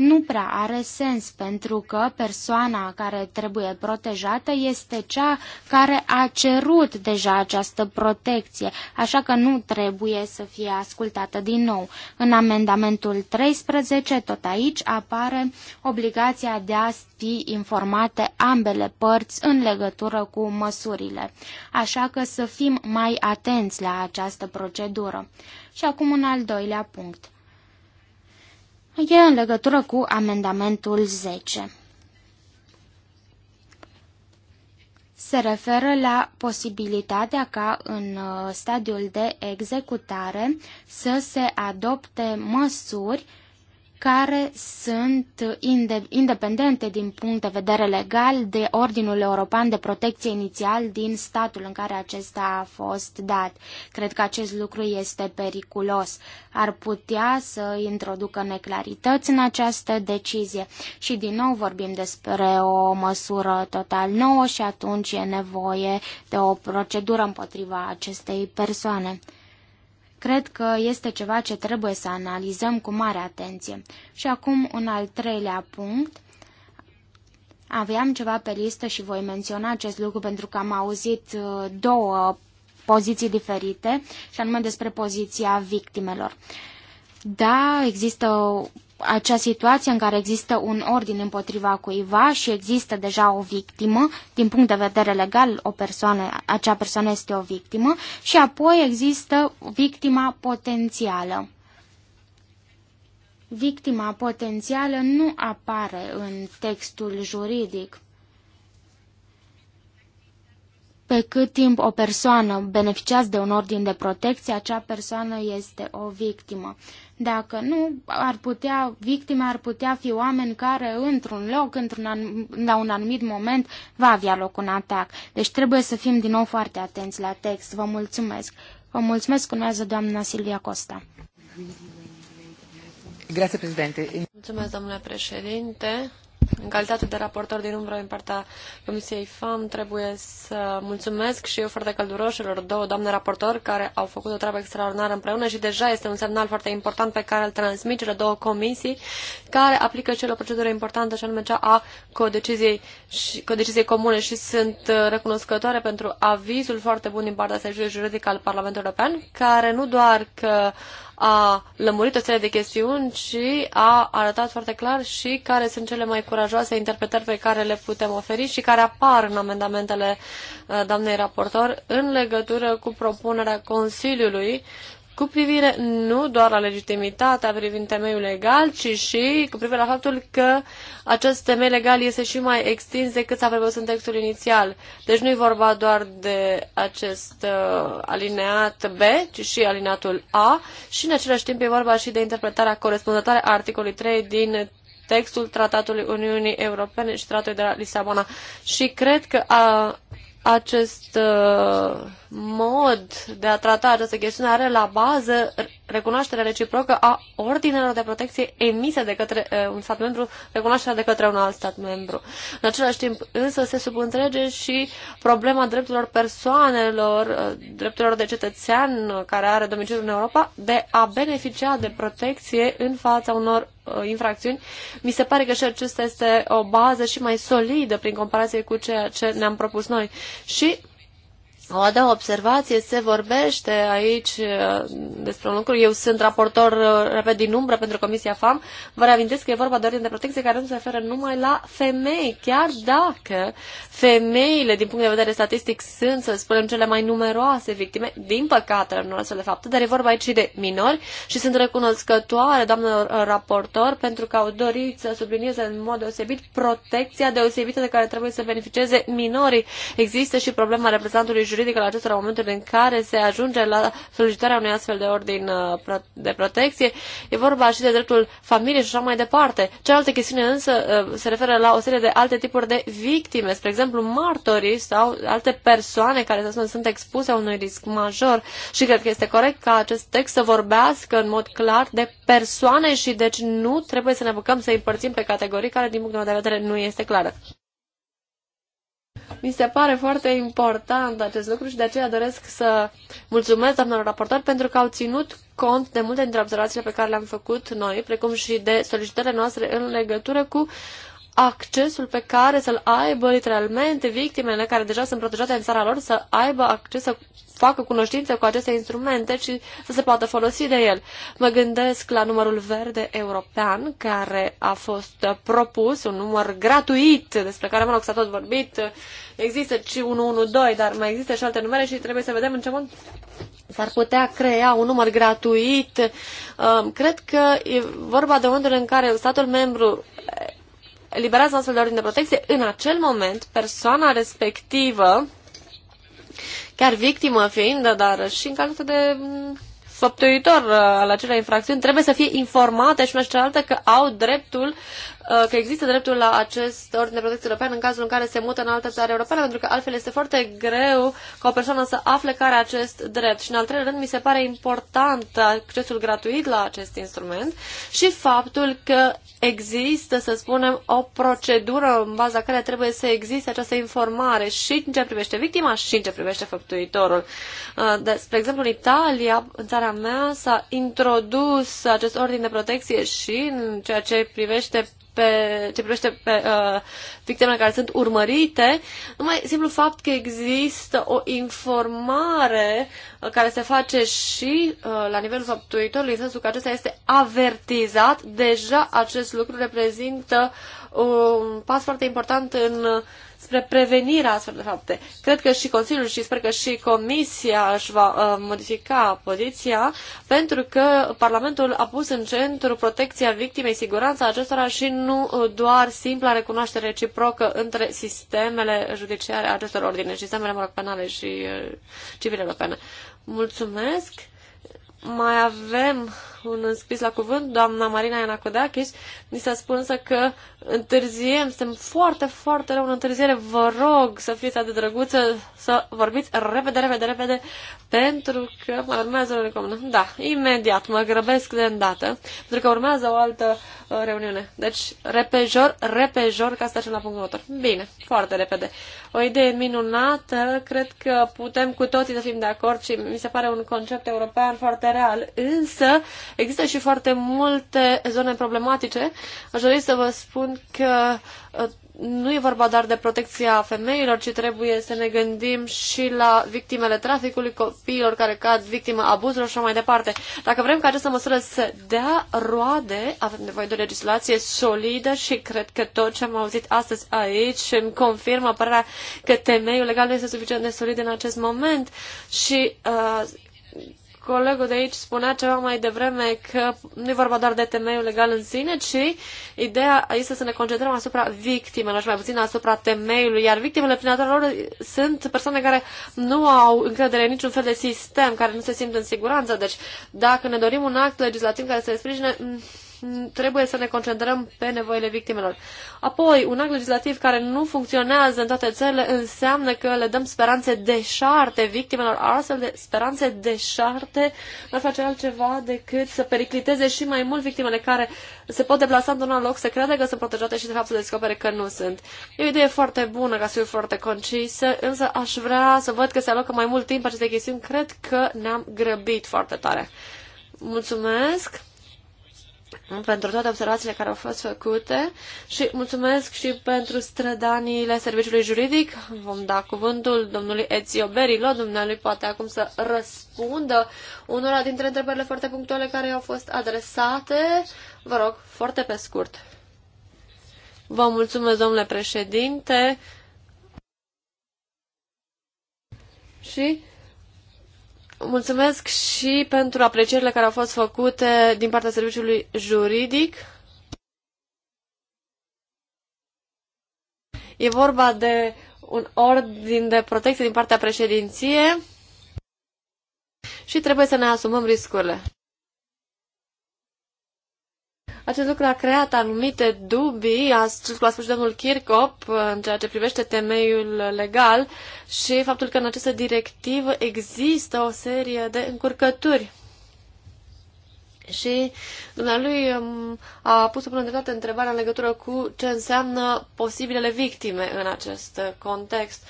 Speaker 1: nu prea are sens pentru că persoana care trebuie protejată este cea care a cerut deja această protecție, așa că nu trebuie să fie ascultată din nou. În amendamentul 13, tot aici, apare obligația de a fi informate ambele părți în legătură cu măsurile, așa că să fim mai atenți la această procedură. Și acum un al doilea punct e în legătură cu amendamentul 10. Se referă la posibilitatea ca în uh, stadiul de executare să se adopte măsuri care sunt independente din punct de vedere legal de Ordinul European de Protecție Inițial din statul în care acesta a fost dat. Cred că acest lucru este periculos. Ar putea să introducă neclarități în această decizie și din nou vorbim despre o măsură total nouă și atunci e nevoie de o procedură împotriva acestei persoane. Cred că este ceva ce trebuie să analizăm cu mare atenție. Și acum un al treilea punct. Aveam ceva pe listă și voi menționa acest lucru pentru că am auzit uh, două poziții diferite, și anume despre poziția victimelor. Da, există acea situație în care există un ordin împotriva cuiva și există deja o victimă, din punct de vedere legal, o persoană, acea persoană este o victimă și apoi există victima potențială. Victima potențială nu apare în textul juridic. Pe cât timp o persoană beneficiază de un ordin de protecție, acea persoană este o victimă. Dacă nu, ar putea, victime ar putea fi oameni care într-un loc, într-un la un anumit moment, va avea loc un atac. Deci trebuie să fim din nou foarte atenți la text. Vă mulțumesc. Vă mulțumesc, urmează doamna Silvia Costa. Grazie, președinte.
Speaker 2: Mulțumesc, domnule președinte. În calitate de raportor din umbră din partea Comisiei FAM, trebuie să mulțumesc și eu foarte călduroșilor două doamne raportori care au făcut o treabă extraordinară împreună și deja este un semnal foarte important pe care îl transmit cele două comisii care aplică cele o procedură importantă și anume cea a codeciziei, și, codeciziei comune și sunt uh, recunoscătoare pentru avizul foarte bun din partea Serviciului Juridic al Parlamentului European care nu doar că a lămurit o serie de chestiuni și a arătat foarte clar și care sunt cele mai curajoase interpretări pe care le putem oferi și care apar în amendamentele uh, doamnei raportor în legătură cu propunerea Consiliului cu privire nu doar la legitimitatea privind temeiul legal, ci și cu privire la faptul că acest temei legal este și mai extins decât s-a prevăzut în textul inițial. Deci nu e vorba doar de acest uh, alineat B, ci și alineatul A și în același timp e vorba și de interpretarea corespunzătoare a articolului 3 din textul Tratatului Uniunii Europene și Tratatului de la Lisabona. Și cred că a, acest uh, mod de a trata această chestiune are la bază recunoașterea reciprocă a ordinelor de protecție emise de către eh, un stat membru, recunoașterea de către un alt stat membru. În același timp, însă, se subîntrege și problema drepturilor persoanelor, eh, drepturilor de cetățean care are domiciliul în Europa, de a beneficia de protecție în fața unor eh, infracțiuni. Mi se pare că și acesta este o bază și mai solidă prin comparație cu ceea ce ne-am propus noi. Și o a doua observație, se vorbește aici uh, despre un lucru. Eu sunt raportor uh, repet din umbră pentru Comisia FAM. Vă reamintesc că e vorba de ordine de protecție care nu se referă numai la femei, chiar dacă femeile, din punct de vedere statistic, sunt, să spunem, cele mai numeroase victime, din păcate, în astfel de fapte, dar e vorba aici și de minori și sunt recunoscătoare, doamnă uh, raportor, pentru că au dorit să sublinieze în mod deosebit protecția deosebită de care trebuie să beneficieze minorii. Există și problema reprezentantului juridic juridică la acestora în momentul în care se ajunge la solicitarea unui astfel de ordin uh, de protecție. E vorba și de dreptul familiei și așa mai departe. Cealaltă chestiune însă uh, se referă la o serie de alte tipuri de victime, spre exemplu martorii sau alte persoane care să spun, sunt expuse unui risc major și cred că este corect ca acest text să vorbească în mod clar de persoane și deci nu trebuie să ne apucăm să îi împărțim pe categorii care din punct de vedere nu este clară. Mi se pare foarte important acest lucru și de aceea doresc să mulțumesc doamnelor raportor pentru că au ținut cont de multe dintre observațiile pe care le-am făcut noi, precum și de solicitările noastre în legătură cu accesul pe care să-l aibă literalmente victimele care deja sunt protejate în țara lor să aibă acces să facă cunoștință cu aceste instrumente și să se poată folosi de el. Mă gândesc la numărul verde european care a fost propus, un număr gratuit despre care, mă rog, s-a tot vorbit. Există și 112, dar mai există și alte numere și trebuie să vedem în ce mod s-ar putea crea un număr gratuit. Um, cred că e vorba de momentul în care statul membru eliberează astfel de ordine de protecție, în acel moment persoana respectivă, chiar victimă fiind, dar și în calitate de mm, făptuitor uh, al acelei infracțiuni, trebuie să fie informate și una și cealaltă că au dreptul Uh, că există dreptul la acest ordin de protecție european în cazul în care se mută în altă țară europeană, pentru că altfel este foarte greu ca o persoană să afle care are acest drept. Și în al treilea rând, mi se pare important accesul gratuit la acest instrument și faptul că există, să spunem, o procedură în baza care trebuie să existe această informare și în ce privește victima și în ce privește făptuitorul. Uh, spre exemplu, în Italia, în țara mea, s-a introdus acest ordin de protecție și în ceea ce privește pe, ce privește pe uh, victimele care sunt urmărite, numai simplu fapt că există o informare uh, care se face și uh, la nivelul făptuitorului, în sensul că acesta este avertizat, deja acest lucru reprezintă un pas foarte important în uh, despre prevenirea astfel de fapte. Cred că și Consiliul și sper că și Comisia își va uh, modifica poziția pentru că Parlamentul a pus în centru protecția victimei, siguranța acestora și nu uh, doar simpla recunoaștere reciprocă între sistemele judiciare acestor ordine, sistemele mă rog, penale și uh, civile europene. Mulțumesc! Mai avem un înscris la cuvânt, doamna Marina Ianacodakis. Mi s-a spus însă că întârziem, suntem foarte, foarte rău în întârziere. Vă rog să fiți atât de drăguță, să vorbiți repede, repede, repede, pentru că mă urmează o recomandă. Da, imediat, mă grăbesc de îndată, pentru că urmează o altă uh, reuniune. Deci, repejor, repejor, ca să trecem la punctul următor. Bine, foarte repede. O idee minunată, cred că putem cu toții să fim de acord și mi se pare un concept european foarte real, însă Există și foarte multe zone problematice. Aș dori să vă spun că uh, nu e vorba doar de protecția femeilor, ci trebuie să ne gândim și la victimele traficului, copiilor care cad victimă abuzurilor și așa mai departe. Dacă vrem ca această măsură să dea roade, avem nevoie de o legislație solidă și cred că tot ce am auzit astăzi aici îmi confirmă părerea că temeiul legal nu este suficient de solid în acest moment și uh, Colegul de aici spunea ceva mai devreme că nu e vorba doar de temeiul legal în sine, ci ideea este să ne concentrăm asupra victimelor și mai puțin asupra temeiului, iar victimele prin natura lor sunt persoane care nu au încredere în niciun fel de sistem, care nu se simt în siguranță. Deci, dacă ne dorim un act legislativ care să le sprijine, trebuie să ne concentrăm pe nevoile victimelor. Apoi, un act legislativ care nu funcționează în toate țările înseamnă că le dăm speranțe deșarte victimelor. Astfel de speranțe deșarte n-ar face altceva decât să pericliteze și mai mult victimele care se pot deplasa într-un loc, să crede că sunt protejate și de fapt să descopere că nu sunt. E o idee foarte bună, ca să fiu foarte concisă, însă aș vrea să văd că se alocă mai mult timp aceste chestiuni. Cred că ne-am grăbit foarte tare. Mulțumesc! pentru toate observațiile care au fost făcute și mulțumesc și pentru strădaniile serviciului juridic. Vom da cuvântul domnului Ezio Berilo, domnului poate acum să răspundă unora dintre întrebările foarte punctuale care au fost adresate. Vă rog, foarte pe scurt. Vă mulțumesc, domnule președinte. Și Mulțumesc și pentru aprecierile care au fost făcute din partea serviciului juridic. E vorba de un ordin de protecție din partea președinției și trebuie să ne asumăm riscurile. Acest lucru a creat anumite dubii, a spus și domnul Kirchhoff, în ceea ce privește temeiul legal și faptul că în această directivă există o serie de încurcături. Și dumnealui um, a pus până de toate întrebarea în legătură cu ce înseamnă posibilele victime în acest context.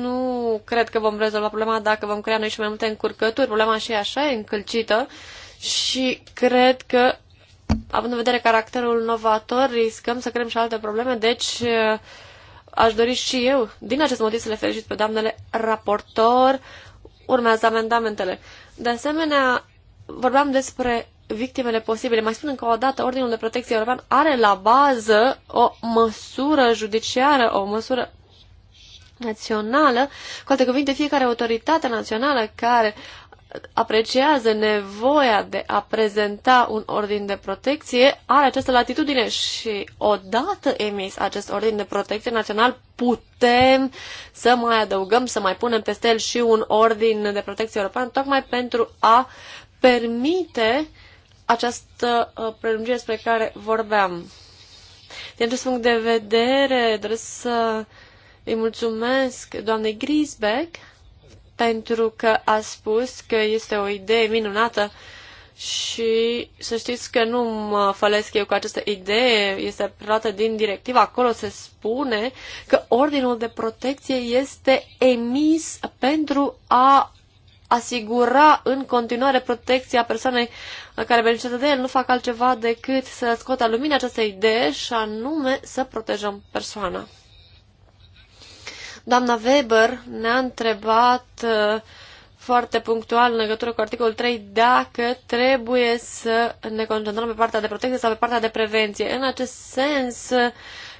Speaker 2: Nu cred că vom rezolva problema dacă vom crea noi și mai multe încurcături. Problema și așa e încălcită și cred că având în vedere caracterul novator, riscăm să creăm și alte probleme, deci eh, aș dori și eu, din acest motiv, să le felicit pe doamnele raportor. Urmează amendamentele. De asemenea, vorbeam despre victimele posibile. Mai spun încă o dată, Ordinul de Protecție European are la bază o măsură judiciară, o măsură națională. Cu alte cuvinte, fiecare autoritate națională care apreciază nevoia de a prezenta un ordin de protecție, are această latitudine și odată emis acest ordin de protecție național, putem să mai adăugăm, să mai punem peste el și un ordin de protecție european, tocmai pentru a permite această uh, prelungire despre care vorbeam. Din acest punct de vedere, doresc să îi mulțumesc doamnei Grisbeck pentru că a spus că este o idee minunată și să știți că nu mă fălesc eu cu această idee, este preluată din directiva, acolo se spune că ordinul de protecție este emis pentru a asigura în continuare protecția persoanei care beneficiază de el, nu fac altceva decât să scoată lumina această idee și anume să protejăm persoana. Doamna Weber ne-a întrebat uh, foarte punctual în legătură cu articolul 3 dacă trebuie să ne concentrăm pe partea de protecție sau pe partea de prevenție. În acest sens,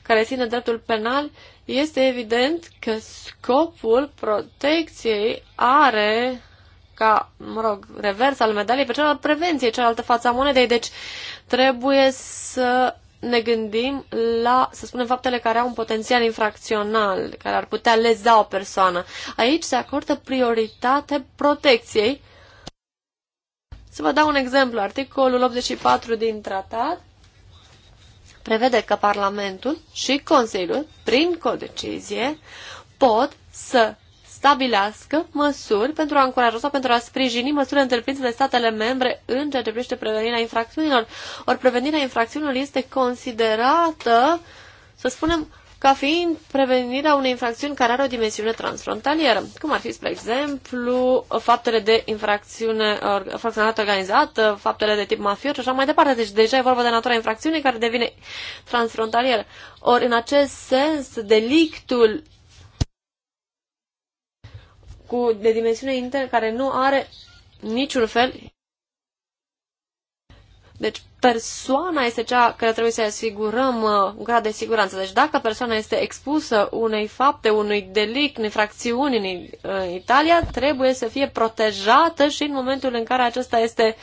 Speaker 2: care ține dreptul penal, este evident că scopul protecției are ca, mă rog, revers al medaliei pe cel al prevenției, cealaltă fața monedei. Deci trebuie să ne gândim la, să spunem, faptele care au un potențial infracțional, care ar putea leza o persoană. Aici se acordă prioritate protecției. Să vă dau un exemplu. Articolul 84 din tratat prevede că Parlamentul și Consiliul, prin codecizie, pot să stabilească măsuri pentru a încuraja sau pentru a sprijini măsuri întreprinse de statele membre în ceea ce privește prevenirea infracțiunilor. Ori prevenirea infracțiunilor este considerată, să spunem, ca fiind prevenirea unei infracțiuni care are o dimensiune transfrontalieră, cum ar fi, spre exemplu, faptele de infracțiune fracționată organizată, faptele de tip mafiot și așa mai departe. Deci deja e vorba de natura infracțiunii care devine transfrontalieră. Ori, în acest sens, delictul cu, de dimensiune internă care nu are niciun fel. Deci persoana este cea care trebuie să asigurăm uh, un grad de siguranță. Deci dacă persoana este expusă unei fapte, unui delict, unei fracțiuni în uh, Italia, trebuie să fie protejată și în momentul în care acesta este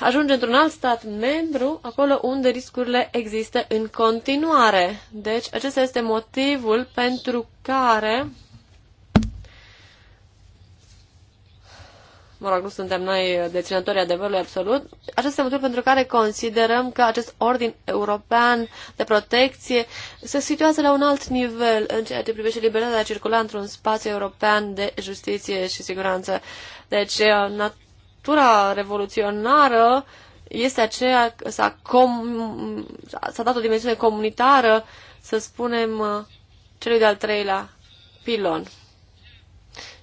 Speaker 2: ajunge într-un alt stat membru, acolo unde riscurile există în continuare. Deci acesta este motivul pentru care mă rog, nu suntem noi deținătorii adevărului absolut. Acesta este motivul pentru care considerăm că acest ordin european de protecție se situează la un alt nivel în ceea ce privește libertatea de a circula într-un spațiu european de justiție și siguranță. Deci, uh, natura revoluționară este aceea că s-a, com- s-a dat o dimensiune comunitară, să spunem, uh, celui de-al treilea pilon.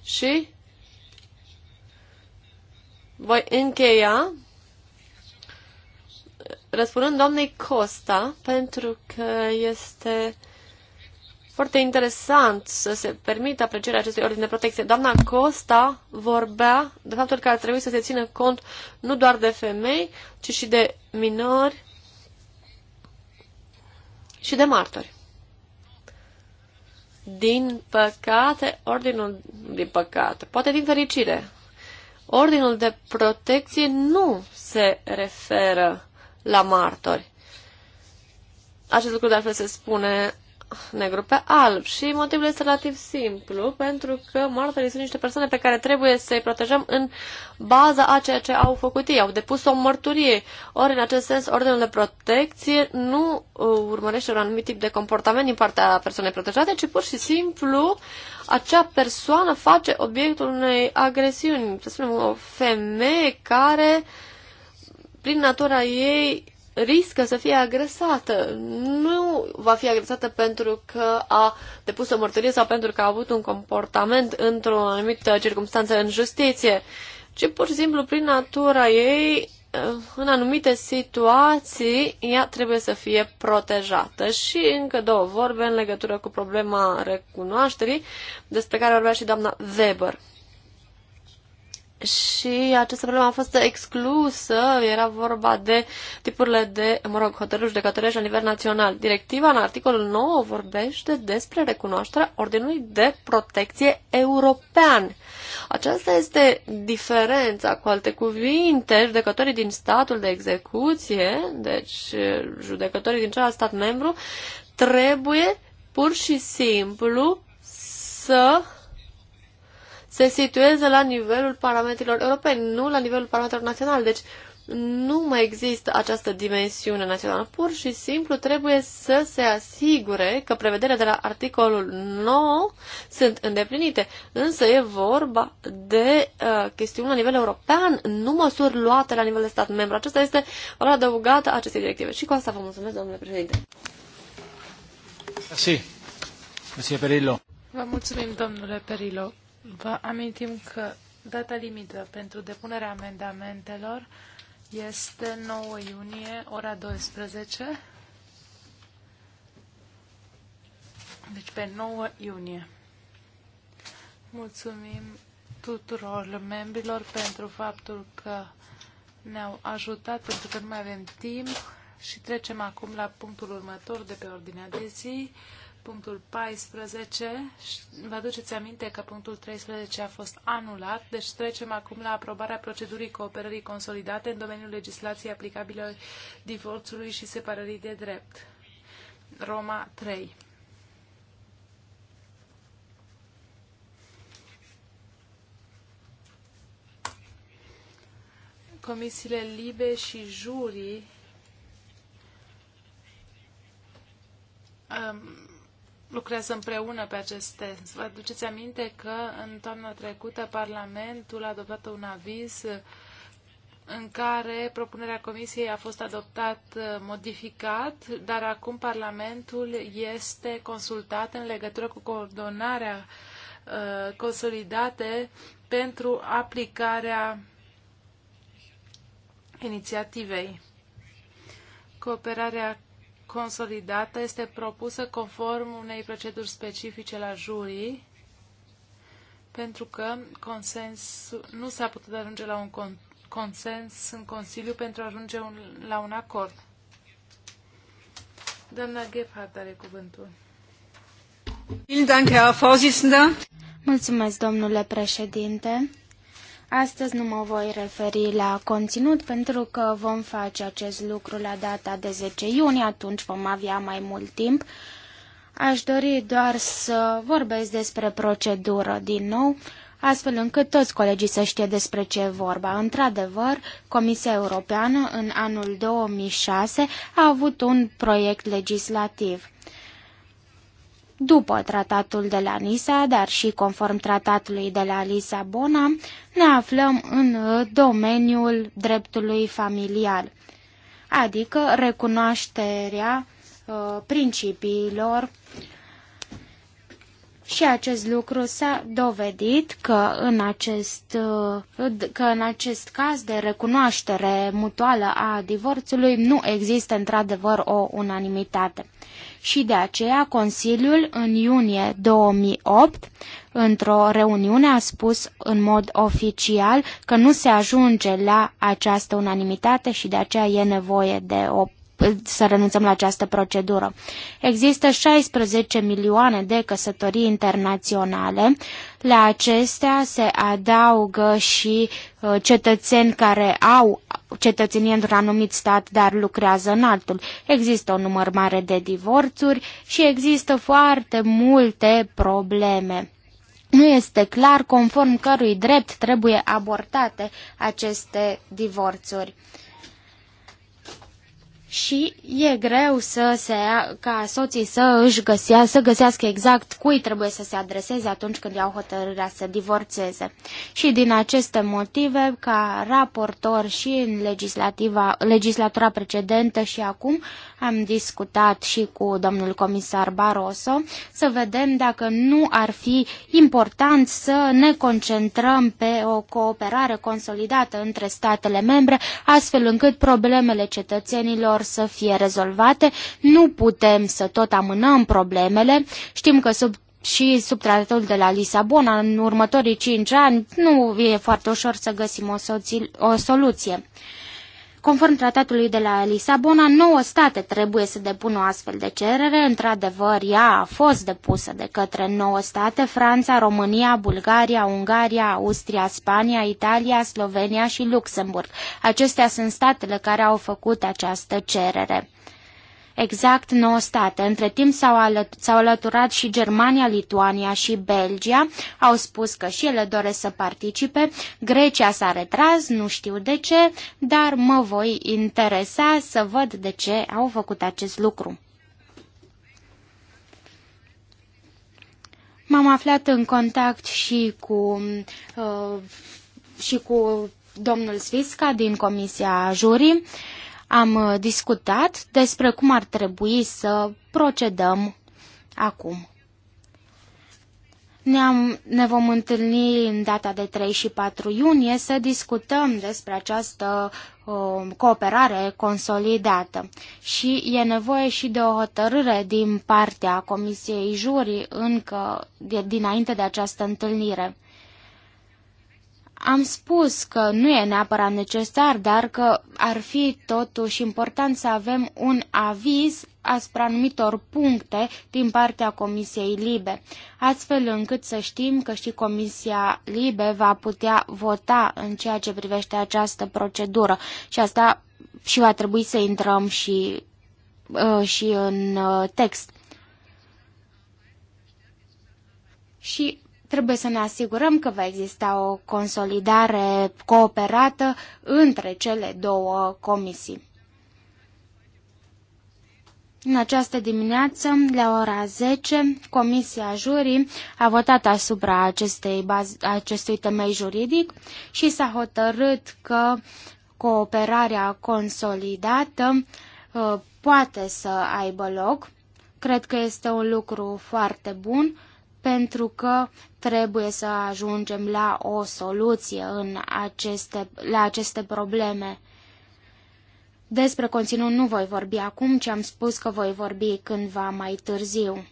Speaker 2: Și voi încheia răspunând doamnei Costa, pentru că este foarte interesant să se permită aprecierea acestui ordin de protecție. Doamna Costa vorbea de faptul că ar trebui să se țină cont nu doar de femei, ci și de minori și de martori. Din păcate, ordinul, din păcate, poate din fericire, ordinul de protecție nu se referă la martori. Acest lucru de altfel se spune negru pe alb. Și motivul este relativ simplu, pentru că martorii sunt niște persoane pe care trebuie să-i protejăm în baza a ceea ce au făcut ei. Au depus o mărturie. Ori, în acest sens, ordinul de protecție nu uh, urmărește un anumit tip de comportament din partea persoanei protejate, ci pur și simplu acea persoană face obiectul unei agresiuni. Să spunem, o femeie care, prin natura ei, riscă să fie agresată. Nu va fi agresată pentru că a depus o mărturie sau pentru că a avut un comportament într-o anumită circunstanță în justiție, ci pur și simplu prin natura ei, în anumite situații, ea trebuie să fie protejată. Și încă două vorbe în legătură cu problema recunoașterii, despre care vorbea și doamna Weber și această problemă a fost exclusă, era vorba de tipurile de, mă rog, hotărâri judecătorești la nivel național. Directiva în articolul 9 vorbește despre recunoașterea Ordinului de Protecție European. Aceasta este diferența, cu alte cuvinte, judecătorii din statul de execuție, deci judecătorii din celălalt stat membru, trebuie pur și simplu să se situeze la nivelul parametrilor europeni, nu la nivelul parametrilor naționale. Deci nu mai există această dimensiune națională. Pur și simplu trebuie să se asigure că prevederile de la articolul 9 sunt îndeplinite. Însă e vorba de uh, chestiuni la nivel european, nu măsuri luate la nivel de stat membru. Aceasta este valoarea adăugată a acestei directive. Și cu asta vă mulțumesc, domnule președinte. Merci. Merci, Perillo.
Speaker 1: Vă mulțumim, domnule
Speaker 3: Perilo. Vă amintim că data limită pentru depunerea amendamentelor este 9 iunie, ora 12. Deci pe 9 iunie. Mulțumim tuturor membrilor pentru faptul că ne-au ajutat, pentru că nu mai avem timp și trecem acum la punctul următor de pe ordinea de zi punctul 14. Vă aduceți aminte că punctul 13 a fost anulat, deci trecem acum la aprobarea procedurii cooperării consolidate în domeniul legislației aplicabile divorțului și separării de drept. Roma 3. Comisiile Libe și Jurii um, lucrează împreună pe acest test. Vă aduceți aminte că în toamna trecută Parlamentul a adoptat un aviz în care propunerea Comisiei a fost adoptat uh, modificat, dar acum Parlamentul este consultat în legătură cu coordonarea uh, consolidate pentru aplicarea inițiativei. Cooperarea consolidată este propusă conform unei proceduri specifice la jurii, pentru că consens, nu s-a putut ajunge la un consens în Consiliu pentru a ajunge un, la un acord. Doamna Gephardt are cuvântul.
Speaker 1: Mulțumesc, domnule președinte. Astăzi nu mă voi referi la conținut pentru că vom face acest lucru la data de 10 iunie, atunci vom avea mai mult timp. Aș dori doar să vorbesc despre procedură din nou, astfel încât toți colegii să știe despre ce e vorba. Într-adevăr, Comisia Europeană în anul 2006 a avut un proiect legislativ. După tratatul de la Nisa, dar și conform tratatului de la Lisabona, ne aflăm în domeniul dreptului familial, adică recunoașterea uh, principiilor și acest lucru s-a dovedit că în, acest, uh, că în acest caz de recunoaștere mutuală a divorțului nu există într-adevăr o unanimitate și de aceea Consiliul în iunie 2008 într-o reuniune a spus în mod oficial că nu se ajunge la această unanimitate și de aceea e nevoie de o să renunțăm la această procedură. Există 16 milioane de căsătorii internaționale. La acestea se adaugă și uh, cetățeni care au cetățenie într-un anumit stat, dar lucrează în altul. Există un număr mare de divorțuri și există foarte multe probleme. Nu este clar conform cărui drept trebuie abortate aceste divorțuri și e greu să se, ca soții să își găsea, să găsească exact cui trebuie să se adreseze atunci când iau hotărârea să divorțeze. Și din aceste motive, ca raportor și în legislativa, legislatura precedentă și acum, am discutat și cu domnul comisar Barroso să vedem dacă nu ar fi important să ne concentrăm pe o cooperare consolidată între statele membre, astfel încât problemele cetățenilor să fie rezolvate. Nu putem să tot amânăm problemele. Știm că sub și sub tratatul de la Lisabona, în următorii cinci ani, nu e foarte ușor să găsim o, soții, o soluție. Conform tratatului de la Lisabona, nouă state trebuie să depună o astfel de cerere. Într-adevăr, ea a fost depusă de către nouă state, Franța, România, Bulgaria, Ungaria, Austria, Spania, Italia, Slovenia și Luxemburg. Acestea sunt statele care au făcut această cerere exact 9 state. Între timp s-au, alăt- alăturat și Germania, Lituania și Belgia. Au spus că și ele doresc să participe. Grecia s-a retras, nu știu de ce, dar mă voi interesa să văd de ce au făcut acest lucru. M-am aflat în contact și cu, uh, și cu domnul Svisca din Comisia Jurii. Uh, am uh, discutat despre cum ar trebui să procedăm acum. Ne-am, ne vom întâlni în data de 3 și 4 iunie să discutăm despre această uh, cooperare consolidată și e nevoie și de o hotărâre din partea Comisiei Jurii încă de, dinainte de această întâlnire. Am spus că nu e neapărat necesar, dar că ar fi totuși important să avem un aviz asupra anumitor puncte din partea Comisiei Libe, astfel încât să știm că și Comisia Libe va putea vota în ceea ce privește această procedură și asta și va trebui să intrăm și, uh, și în uh, text. Și Trebuie să ne asigurăm că va exista o consolidare cooperată între cele două comisii. În această dimineață, la ora 10, Comisia Jurii a votat asupra acestei baz- acestui temei juridic și s-a hotărât că cooperarea consolidată uh, poate să aibă loc. Cred că este un lucru foarte bun pentru că trebuie să ajungem la o soluție în aceste, la aceste probleme. Despre conținut nu voi vorbi acum, ci am spus că voi vorbi cândva mai târziu.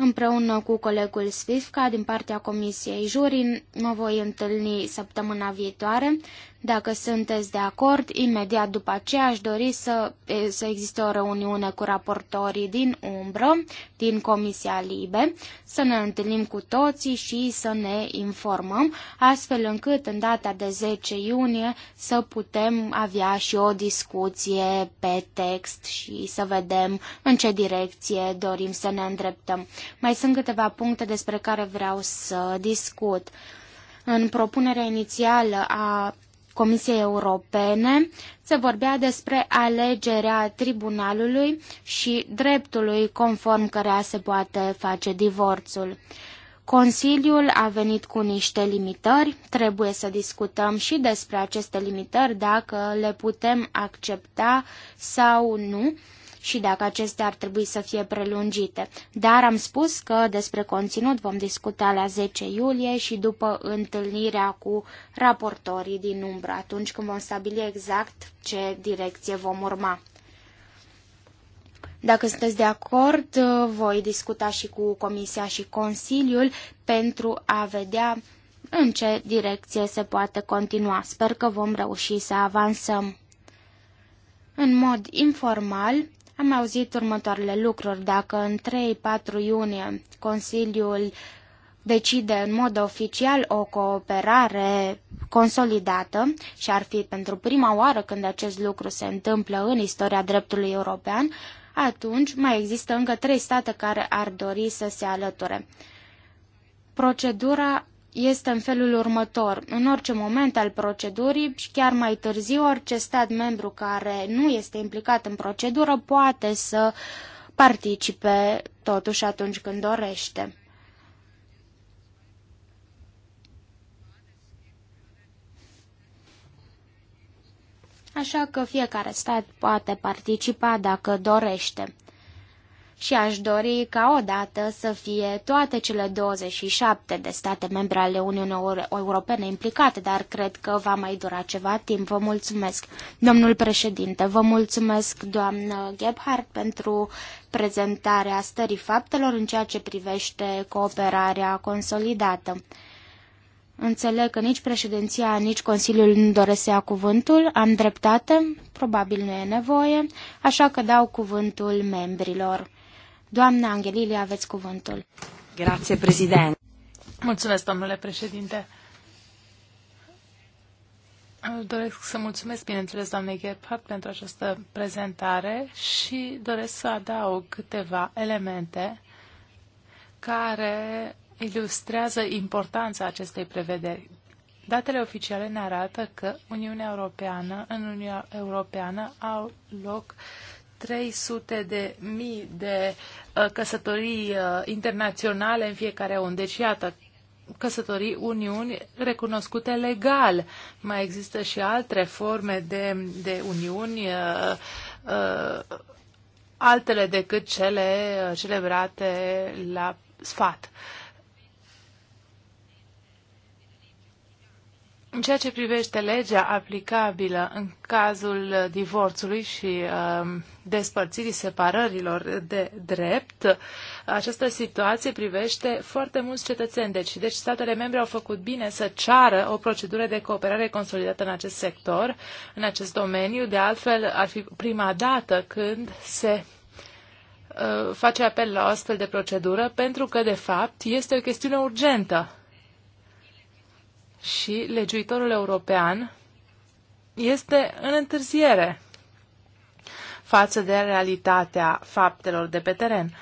Speaker 1: Împreună cu colegul Svifka din partea Comisiei Jurii mă voi întâlni săptămâna viitoare. Dacă sunteți de acord, imediat după aceea aș dori să, să existe o reuniune cu raportorii din umbră, din Comisia Libe, să ne întâlnim cu toții și să ne informăm, astfel încât în data de 10 iunie să putem avea și o discuție pe text și să vedem în ce direcție dorim să ne îndreptăm. Mai sunt câteva puncte despre care vreau să discut. În propunerea inițială a Comisiei Europene se vorbea despre alegerea tribunalului și dreptului conform cărea se poate face divorțul. Consiliul a venit cu niște limitări, trebuie să discutăm și despre aceste limitări, dacă le putem accepta sau nu, și dacă acestea ar trebui să fie prelungite. Dar am spus că despre conținut vom discuta la 10 iulie și după întâlnirea cu raportorii din umbră, atunci când vom stabili exact ce direcție vom urma. Dacă sunteți de acord, voi discuta și cu Comisia și Consiliul pentru a vedea în ce direcție se poate continua. Sper că vom reuși să avansăm. În mod informal, am auzit următoarele lucruri. Dacă în 3-4 iunie Consiliul decide în mod oficial o cooperare consolidată și ar fi pentru prima oară când acest lucru se întâmplă în istoria dreptului european, atunci mai există încă trei state care ar dori să se alăture. Procedura este în felul următor. În orice moment al procedurii și chiar mai târziu, orice stat membru care nu este implicat în procedură poate să participe totuși atunci când dorește. Așa că fiecare stat poate participa dacă dorește și aș dori ca odată să fie toate cele 27 de state membre ale Uniunii Europene implicate, dar cred că va mai dura ceva timp. Vă mulțumesc, domnul președinte, vă mulțumesc, doamnă Gebhardt, pentru prezentarea stării faptelor în ceea ce privește cooperarea consolidată. Înțeleg că nici președinția, nici Consiliul nu doresc să ia cuvântul. Am dreptate? Probabil nu e nevoie, așa că dau cuvântul membrilor. Doamna Angelile, aveți cuvântul. Grație, președinte.
Speaker 3: Mulțumesc, domnule președinte. Doresc să mulțumesc, bineînțeles, doamnei Gephardt pentru această prezentare și doresc să adaug câteva elemente care ilustrează importanța acestei prevederi. Datele oficiale ne arată că Uniunea Europeană, în Uniunea Europeană au loc 300 de mii de uh, căsătorii uh, internaționale în fiecare an. Deci, iată, căsătorii uniuni recunoscute legal. Mai există și alte forme de, de uniuni, uh, altele decât cele celebrate la sfat. În ceea ce privește legea aplicabilă în cazul divorțului și uh, despărțirii separărilor de drept, această situație privește foarte mulți cetățeni. Deci, deci statele membre au făcut bine să ceară o procedură de cooperare consolidată în acest sector, în acest domeniu. De altfel, ar fi prima dată când se uh, face apel la o astfel de procedură, pentru că, de fapt, este o chestiune urgentă și legiuitorul european este în întârziere față de realitatea faptelor de pe teren.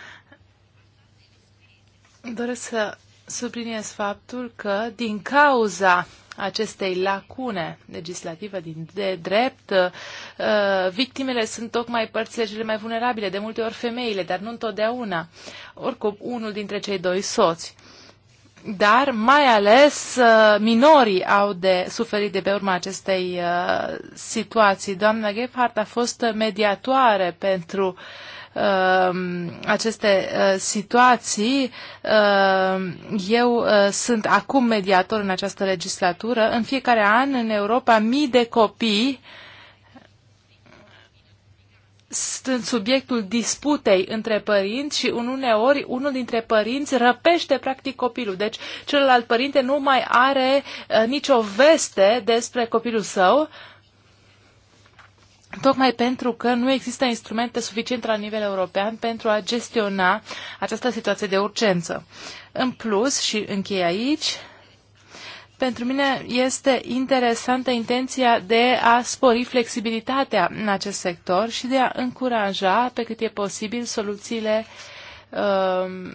Speaker 3: Doresc să subliniez faptul că din cauza acestei lacune legislative din de drept, uh, victimele sunt tocmai părțile cele mai vulnerabile, de multe ori femeile, dar nu întotdeauna. Oricum, unul dintre cei doi soți dar mai ales uh, minorii au de suferit de pe urma acestei uh, situații. Doamna Gephardt a fost mediatoare pentru um, aceste uh, situații. Eu sunt acum mediator în această legislatură. În fiecare an, în Europa, mii de copii uh, sunt subiectul disputei între părinți și în uneori unul dintre părinți răpește practic copilul. Deci celălalt părinte nu mai are uh, nicio veste despre copilul său, tocmai pentru că nu există instrumente suficiente la nivel european pentru a gestiona această situație de urgență. În plus, și închei aici, pentru mine este interesantă intenția de a spori flexibilitatea în acest sector și de a încuraja pe cât e posibil soluțiile uh,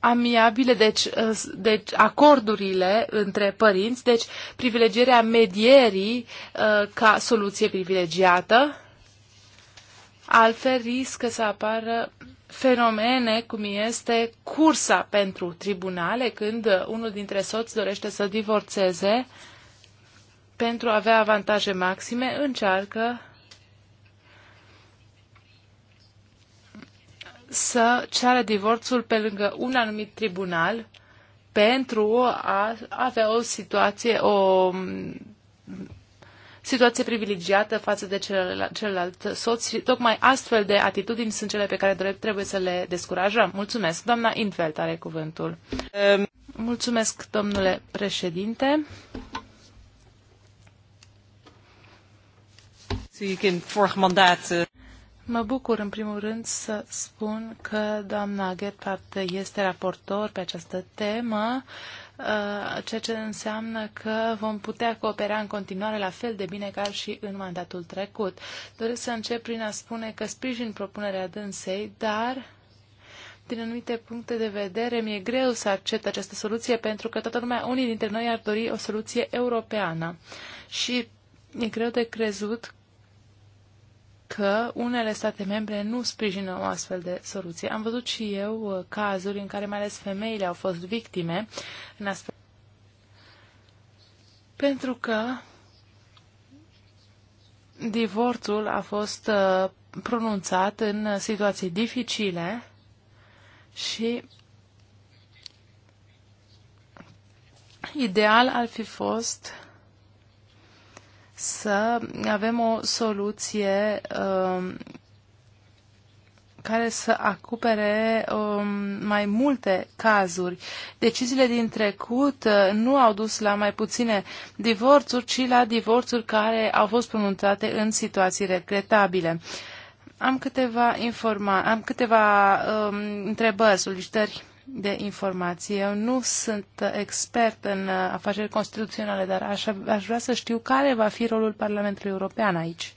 Speaker 3: amiabile, deci, uh, deci acordurile între părinți, deci privilegierea medierii uh, ca soluție privilegiată. Altfel riscă să apară fenomene cum este cursa pentru tribunale când unul dintre soți dorește să divorțeze pentru a avea avantaje maxime, încearcă să ceară divorțul pe lângă un anumit tribunal pentru a avea o situație, o situație privilegiată față de celălalt, celălalt soț și tocmai astfel de atitudini sunt cele pe care trebuie să le descurajăm. Mulțumesc. Doamna Infelt are cuvântul. Mulțumesc, domnule președinte.
Speaker 2: Eh,
Speaker 3: mă bucur, în primul rând, să spun că doamna Gephardt este raportor pe această temă. Uh, Uh, ceea ce înseamnă că vom putea coopera în continuare la fel de bine ca și în mandatul trecut. Doresc să încep prin a spune că sprijin propunerea dânsei, dar din anumite puncte de vedere, mi-e greu să accept această soluție pentru că toată lumea, unii dintre noi ar dori o soluție europeană. Și e greu de crezut că unele state membre nu sprijină o astfel de soluție. Am văzut și eu uh, cazuri în care mai ales femeile au fost victime în astfel pentru că divorțul a fost uh, pronunțat în situații dificile și ideal ar fi fost să avem o soluție um, care să acopere um, mai multe cazuri. Deciziile din trecut uh, nu au dus la mai puține divorțuri, ci la divorțuri care au fost pronunțate în situații regretabile. Am câteva, informa- am câteva um, întrebări, solicitări de informații. Eu nu sunt expert în afaceri constituționale, dar aș, aș vrea să știu care va fi rolul Parlamentului European aici.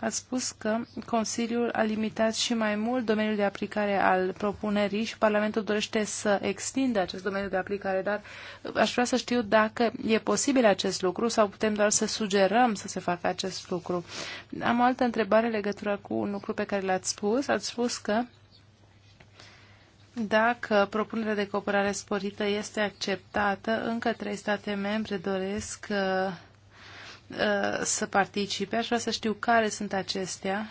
Speaker 3: Ați spus că Consiliul a limitat și mai mult domeniul de aplicare al propunerii și Parlamentul dorește să extindă acest domeniu de aplicare, dar aș vrea să știu dacă e posibil acest lucru sau putem doar să sugerăm să se facă acest lucru. Am o altă întrebare legătură cu un lucru pe care l-ați spus. Ați spus că dacă propunerea de cooperare sporită este acceptată, încă trei state membre doresc uh, uh, să participe. Aș vrea să știu care sunt acestea.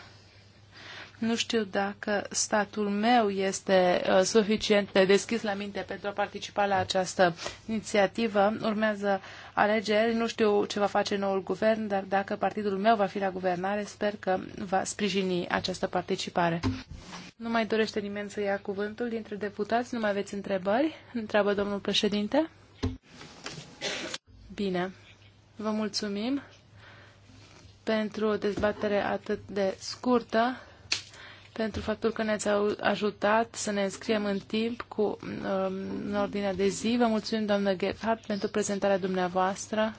Speaker 3: Nu știu dacă statul meu este uh, suficient de deschis la minte pentru a participa la această inițiativă. Urmează alegeri, nu știu ce va face noul guvern, dar dacă partidul meu va fi la guvernare, sper că va sprijini această participare. Nu mai dorește nimeni să ia cuvântul dintre deputați? Nu mai aveți întrebări? Întreabă domnul președinte. Bine. Vă mulțumim pentru o dezbatere atât de scurtă, pentru faptul că ne-ați ajutat să ne înscriem în timp cu um, în ordinea de zi. Vă mulțumim, doamnă Gephardt, pentru prezentarea dumneavoastră.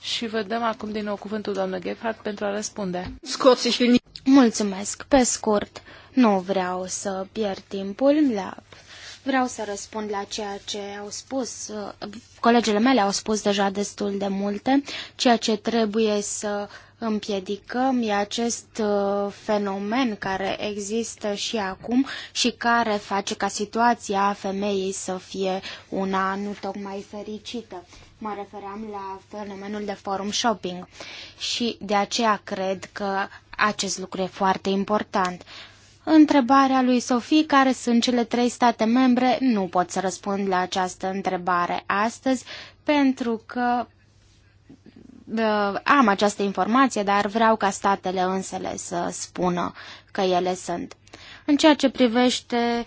Speaker 3: Și vă dăm acum din nou cuvântul, doamnă Gephardt pentru a răspunde.
Speaker 1: Scoți și Mulțumesc, pe scurt, nu vreau să pierd timpul la... Vreau să răspund la ceea ce au spus, uh, colegele mele au spus deja destul de multe, ceea ce trebuie să împiedicăm e acest uh, fenomen care există și acum și care face ca situația femeii să fie una nu tocmai fericită. Mă refeream la fenomenul de forum shopping și de aceea cred că acest lucru e foarte important. Întrebarea lui Sofie, care sunt cele trei state membre, nu pot să răspund la această întrebare astăzi, pentru că uh, am această informație, dar vreau ca statele însele să spună că ele sunt. În ceea ce privește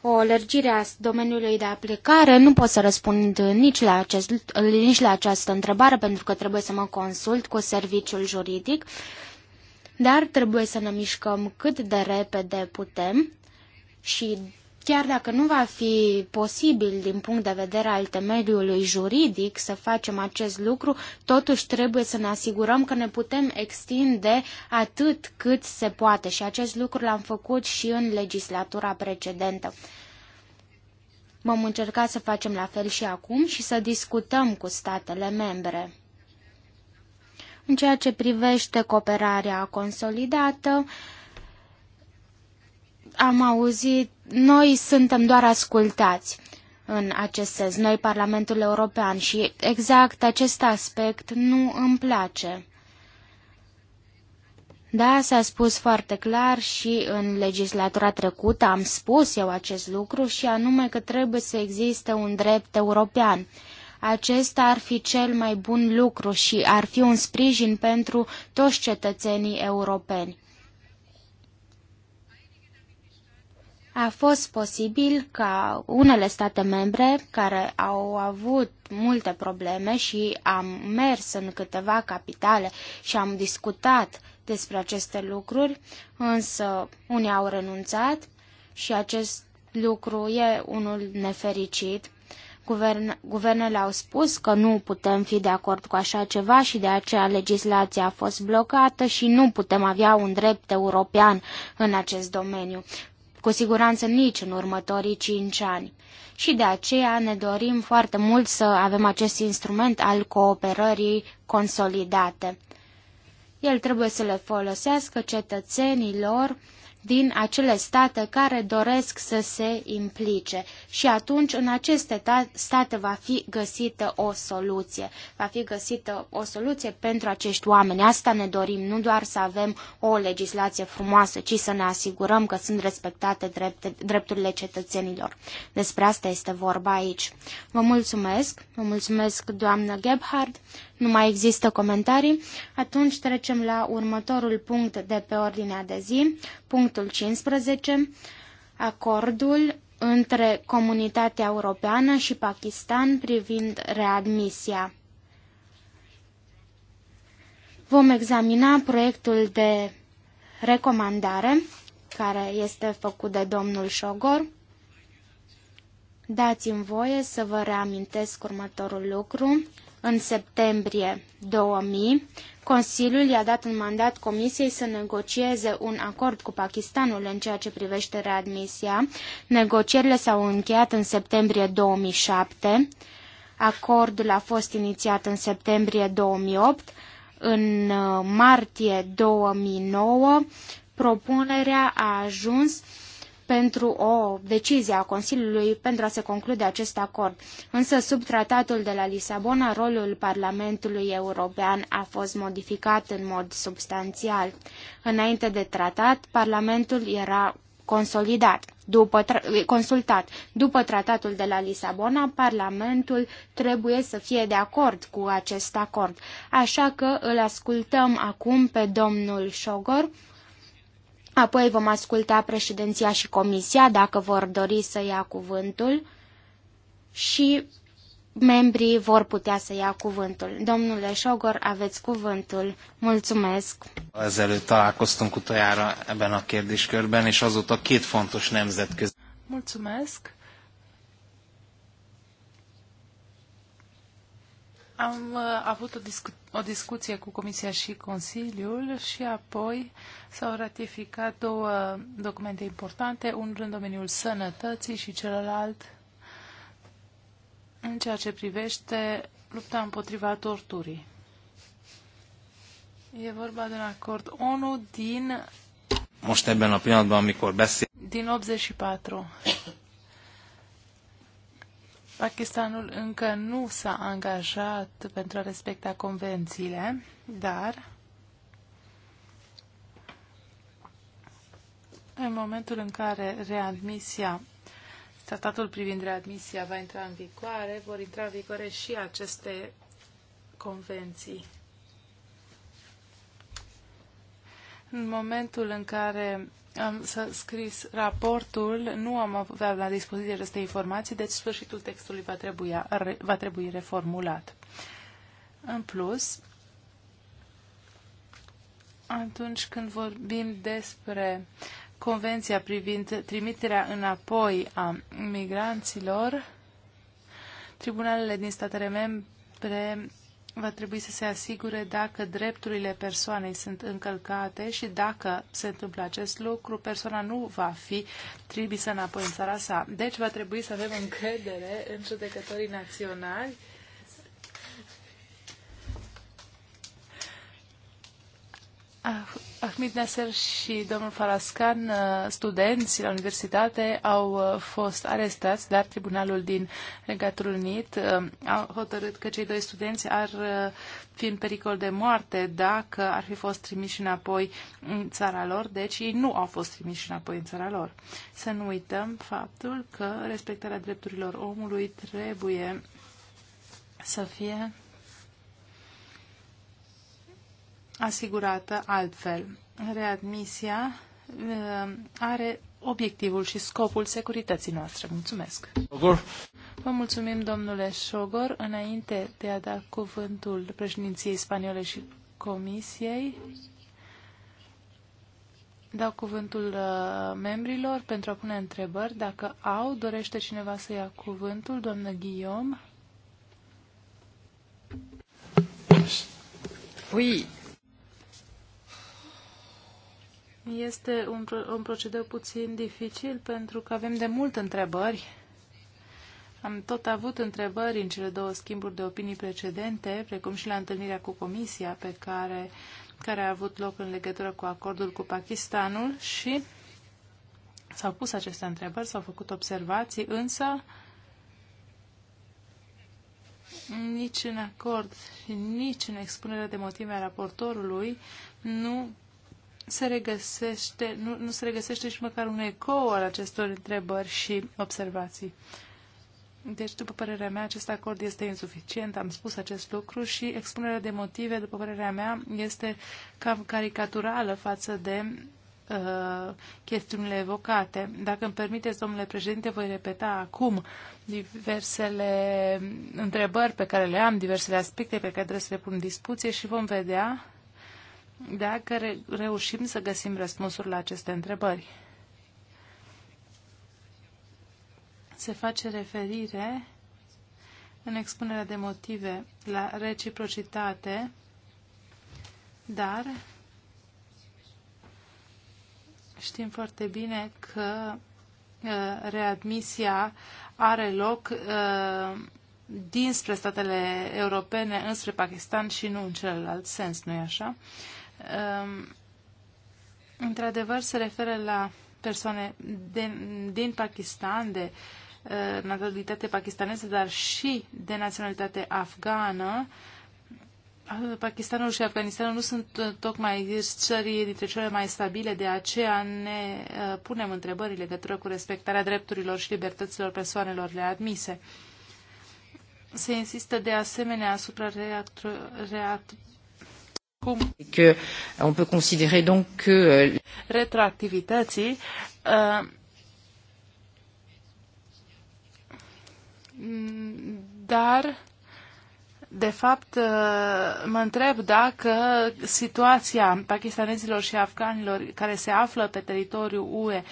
Speaker 1: o lărgire a domeniului de aplicare, nu pot să răspund nici la, acest, nici la această întrebare, pentru că trebuie să mă consult cu serviciul juridic. Uh, dar trebuie să ne mișcăm cât de repede putem și chiar dacă nu va fi posibil din punct de vedere al temeliului juridic să facem acest lucru, totuși trebuie să ne asigurăm că ne putem extinde atât cât se poate și acest lucru l-am făcut și în legislatura precedentă. Vom încerca să facem la fel și acum și să discutăm cu statele membre. În ceea ce privește cooperarea consolidată, am auzit, noi suntem doar ascultați în acest sens, noi Parlamentul European și exact acest aspect nu îmi place. Da, s-a spus foarte clar și în legislatura trecută am spus eu acest lucru și anume că trebuie să existe un drept european. Acesta ar fi cel mai bun lucru și ar fi un sprijin pentru toți cetățenii europeni. A fost posibil ca unele state membre care au avut multe probleme și am mers în câteva capitale și am discutat despre aceste lucruri, însă unii au renunțat și acest lucru e unul nefericit. Guvern, guvernele au spus că nu putem fi de acord cu așa ceva și de aceea legislația a fost blocată și nu putem avea un drept european în acest domeniu, cu siguranță nici în următorii cinci ani. Și de aceea ne dorim foarte mult să avem acest instrument al cooperării consolidate. El trebuie să le folosească cetățenilor din acele state care doresc să se implice și atunci în aceste state va fi găsită o soluție. Va fi găsită o soluție pentru acești oameni. Asta ne dorim, nu doar să avem o legislație frumoasă, ci să ne asigurăm că sunt respectate drepte, drepturile cetățenilor. Despre asta este vorba aici. Vă mulțumesc, vă mulțumesc doamnă Gebhard nu mai există comentarii? Atunci trecem la următorul punct de pe ordinea de zi, punctul 15, acordul între Comunitatea Europeană și Pakistan privind readmisia. Vom examina proiectul de recomandare care este făcut de domnul Șogor. Dați-mi voie să vă reamintesc următorul lucru. În septembrie 2000, Consiliul i-a dat un mandat Comisiei să negocieze un acord cu Pakistanul în ceea ce privește readmisia. Negocierile s-au încheiat în septembrie 2007. Acordul a fost inițiat în septembrie 2008. În uh, martie 2009, propunerea a ajuns uh, pentru o decizie a Consiliului pentru a se conclude acest acord. Însă, sub tratatul de la Lisabona, rolul Parlamentului European a fost modificat în mod substanțial. Înainte de tratat, Parlamentul era consolidat. După consultat. După tratatul de la Lisabona, Parlamentul trebuie să fie de acord cu acest acord. Așa că îl ascultăm acum pe domnul Șogor, Apoi vom asculta președinția și comisia, dacă vor dori să ia cuvântul, și membrii vor putea să ia cuvântul. Domnule Șogor, aveți cuvântul. Mulțumesc!
Speaker 3: Ezelőtt találkoztunk utoljára ebben a kérdéskörben, és azóta két fontos nemzetközi... Mulțumesc! Am uh, avut o discuție o discuție cu Comisia și Consiliul și apoi s-au ratificat două documente importante, unul în domeniul sănătății și celălalt în ceea ce privește lupta împotriva torturii. E vorba de un acord ONU din... Din 84. Pakistanul încă nu s-a angajat pentru a respecta convențiile, dar în momentul în care readmisia, tratatul privind readmisia va intra în vigoare, vor intra în vigoare și aceste convenții. În momentul în care am să scris raportul, nu am avea la dispoziție aceste informații, deci sfârșitul textului va, trebui va trebui reformulat. În plus, atunci când vorbim despre Convenția privind trimiterea înapoi a migranților, tribunalele din statele membre va trebui să se asigure dacă drepturile persoanei sunt încălcate și dacă se întâmplă acest lucru, persoana nu va fi trimisă înapoi în țara sa. Deci va trebui să avem încredere în judecătorii naționali ah, Ahmed Nasser și domnul Farascan, uh, studenți la universitate, au uh, fost arestați, dar tribunalul din Regatul Unit uh, a hotărât că cei doi studenți ar fi în pericol de moarte dacă ar fi fost trimiși înapoi în țara lor, deci ei nu au fost trimiși înapoi în țara lor. Să nu uităm faptul că respectarea drepturilor omului trebuie să fie asigurată altfel. Readmisia uh, are obiectivul și scopul securității noastre. Mulțumesc! Șogor. Vă mulțumim, domnule Șogor. Înainte de a da cuvântul președinției spaniole și comisiei, dau cuvântul uh, membrilor pentru a pune întrebări. Dacă au, dorește cineva să ia cuvântul, doamnă Guillaume? Oui, Este un, un procedeu puțin dificil pentru că avem de mult întrebări. Am tot avut întrebări în cele două schimburi de opinii precedente, precum și la întâlnirea cu Comisia pe care, care a avut loc în legătură cu acordul cu Pakistanul și s-au pus aceste întrebări, s-au făcut observații, însă nici în acord și nici în expunerea de motive a raportorului nu se regăsește, nu, nu se regăsește și măcar un ecou al acestor întrebări și observații. Deci, după părerea mea, acest acord este insuficient, am spus acest lucru și expunerea de motive, după părerea mea, este cam caricaturală față de uh, chestiunile evocate. Dacă îmi permiteți, domnule președinte, voi repeta acum diversele întrebări pe care le am, diversele aspecte pe care trebuie să le pun în discuție și vom vedea dacă re reușim să găsim răspunsuri la aceste întrebări. Se face referire în expunerea de motive la reciprocitate, dar știm foarte bine că uh, readmisia are loc uh, dinspre statele europene înspre Pakistan și nu în celălalt sens, nu-i așa? Um, într-adevăr se referă la persoane de, din Pakistan, de uh, naționalitate pakistaneză, dar și de naționalitate afgană. Uh, Pakistanul și Afganistanul nu sunt uh, tocmai țări dintre cele mai stabile, de aceea ne punem întrebări în legătură cu respectarea drepturilor și libertăților persoanelor readmise. Se insistă de asemenea asupra reactru- cum?
Speaker 2: Că euh, on peut considérer donc que... Euh,
Speaker 3: Retroactivității euh, dar de fapt, mă întreb dacă situația pakistanezilor și afganilor care se află pe teritoriul UE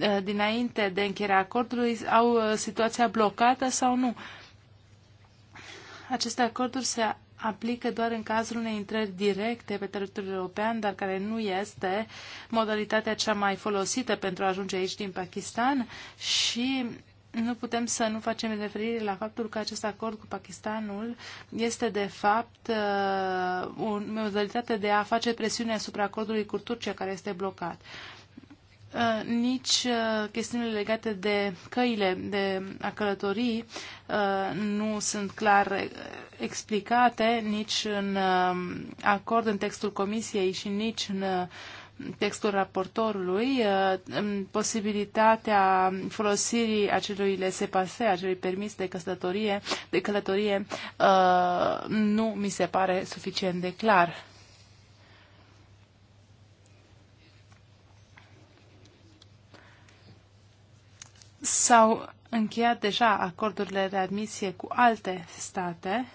Speaker 3: uh, dinainte de încheierea acordului au uh, situația blocată sau nu. Aceste acorduri se aplică doar în cazul unei intrări directe pe teritoriul european, dar care nu este modalitatea cea mai folosită pentru a ajunge aici din Pakistan și nu putem să nu facem referire la faptul că acest acord cu Pakistanul este de fapt uh, o modalitate de a face presiune asupra acordului cu Turcia care este blocat. Uh, nici uh, chestiunile legate de căile de a călătorii uh, nu sunt clar explicate nici în acord în textul comisiei și nici în textul raportorului posibilitatea folosirii acelui lesepase, acelui permis de căsătorie, de călătorie nu mi se pare suficient de clar. S-au încheiat deja acordurile de admisie cu alte state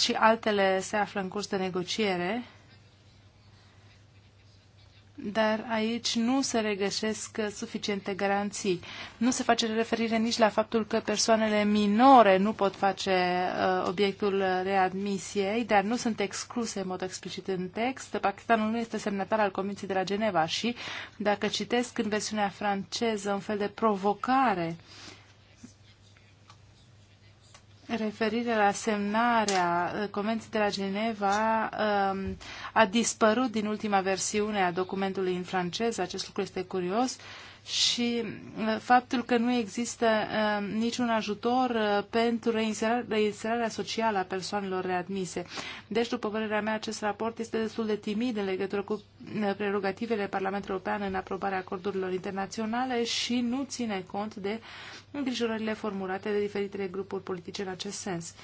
Speaker 3: și altele se află în curs de negociere dar aici nu se regăsesc suficiente garanții. Nu se face referire nici la faptul că persoanele minore nu pot face uh, obiectul readmisiei, dar nu sunt excluse în mod explicit în text. Pakistanul nu este semnatar al Comisiei de la Geneva și, dacă citesc în versiunea franceză un fel de provocare uh, referire la semnarea uh, Convenției de la Geneva um, a dispărut din ultima versiune a documentului în francez. Acest lucru este curios și uh, faptul că nu există uh, niciun ajutor uh, pentru reinserarea socială a persoanelor readmise. Deci, după părerea mea, acest raport este destul de timid în legătură cu prerogativele Parlamentului European în aprobarea acordurilor internaționale și nu ține cont de îngrijorările formulate de diferitele grupuri politice în acest sens.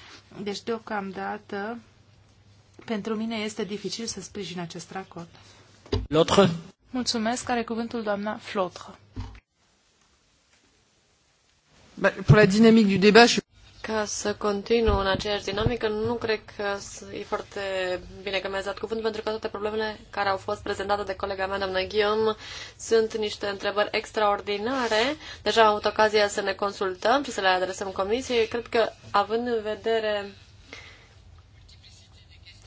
Speaker 3: Deci, deocamdată, pentru mine este dificil să sprijin acest raport.
Speaker 1: Lotre.
Speaker 2: Mulțumesc. Are cuvântul doamna Flotră.
Speaker 3: Pour la dynamique du débat, je...
Speaker 2: Ca să continuu în aceeași dinamică, nu cred că e foarte bine că mi-ați dat cuvânt, pentru că toate problemele care au fost prezentate de colega mea, doamna Guillaume, sunt niște întrebări extraordinare. Deja am avut ocazia să ne consultăm și să le adresăm comisiei. Cred că, având în vedere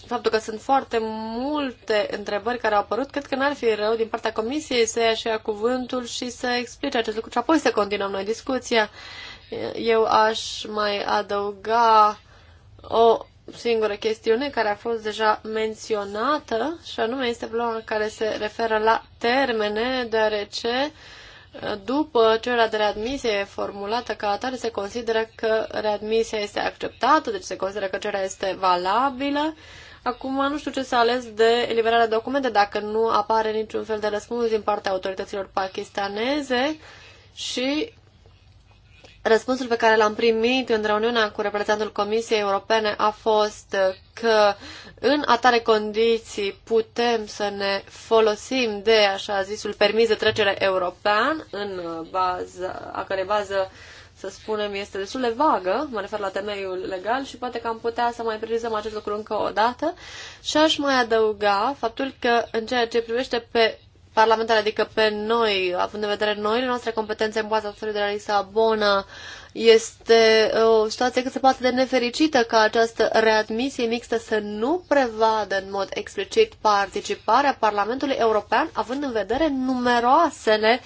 Speaker 2: faptul că sunt foarte multe întrebări care au apărut, cred că n-ar fi rău din partea comisiei să ia și ea cuvântul și să explice acest lucru și apoi să continuăm noi discuția. Eu aș mai adăuga o singură chestiune care a fost deja menționată și anume este problema care se referă la termene, deoarece după cererea de readmisie formulată ca atare, se consideră că readmisia este acceptată, deci se consideră că cererea este valabilă Acum nu știu ce s-a ales de eliberarea documente, dacă nu apare niciun fel de răspuns din partea autorităților pakistaneze și răspunsul pe care l-am primit în reuniunea cu reprezentantul Comisiei Europene a fost că în atare condiții putem să ne folosim de așa zisul permis de trecere european, în baza, a care bază să spunem, este destul de vagă, mă refer la temeiul legal și poate că am putea să mai precizăm acest lucru încă o dată și aș mai adăuga faptul că în ceea ce privește pe parlamentare, adică pe noi, având în vedere noile noastre competențe în baza de la Lisabona, este o situație cât se poate de nefericită ca această readmisie mixtă să nu prevadă în mod explicit participarea Parlamentului European, având în vedere numeroasele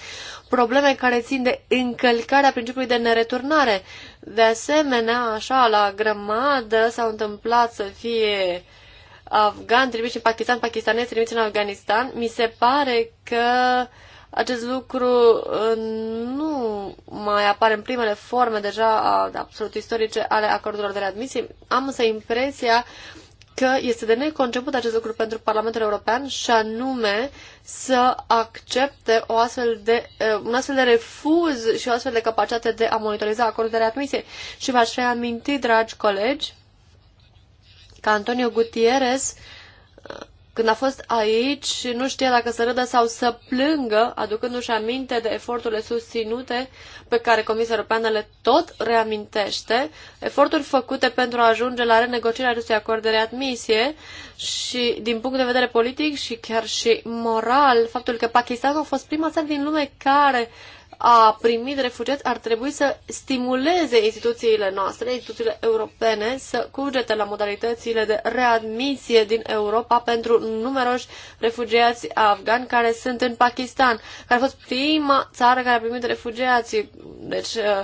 Speaker 2: probleme care țin de încălcarea principiului de nereturnare. De asemenea, așa, la grămadă s-au întâmplat să fie afgan trimiși în Pakistan, pakistanezi trimiși în Afganistan. Mi se pare că acest lucru uh, nu mai apare în primele forme deja absolut istorice ale acordurilor de readmisie. Am însă impresia că este de neconceput acest lucru pentru Parlamentul European și anume să accepte o astfel de, un astfel de refuz și o astfel de capacitate de a monitoriza acordul de readmisie. Și v-aș reaminti, dragi colegi, că Antonio Gutierrez când a fost aici, nu știe dacă să râdă sau să plângă, aducându-și aminte de eforturile susținute pe care Comisia Europeană le tot reamintește, eforturi făcute pentru a ajunge la renegocierea acestui acord de readmisie și, din punct de vedere politic și chiar și moral, faptul că Pakistanul a fost prima țară din lume care a primit refugiați ar trebui să stimuleze instituțiile noastre, instituțiile europene, să cugete la modalitățile de readmisie din Europa pentru numeroși refugiați afgani care sunt în Pakistan, care a fost prima țară care a primit refugiați. Deci, eh,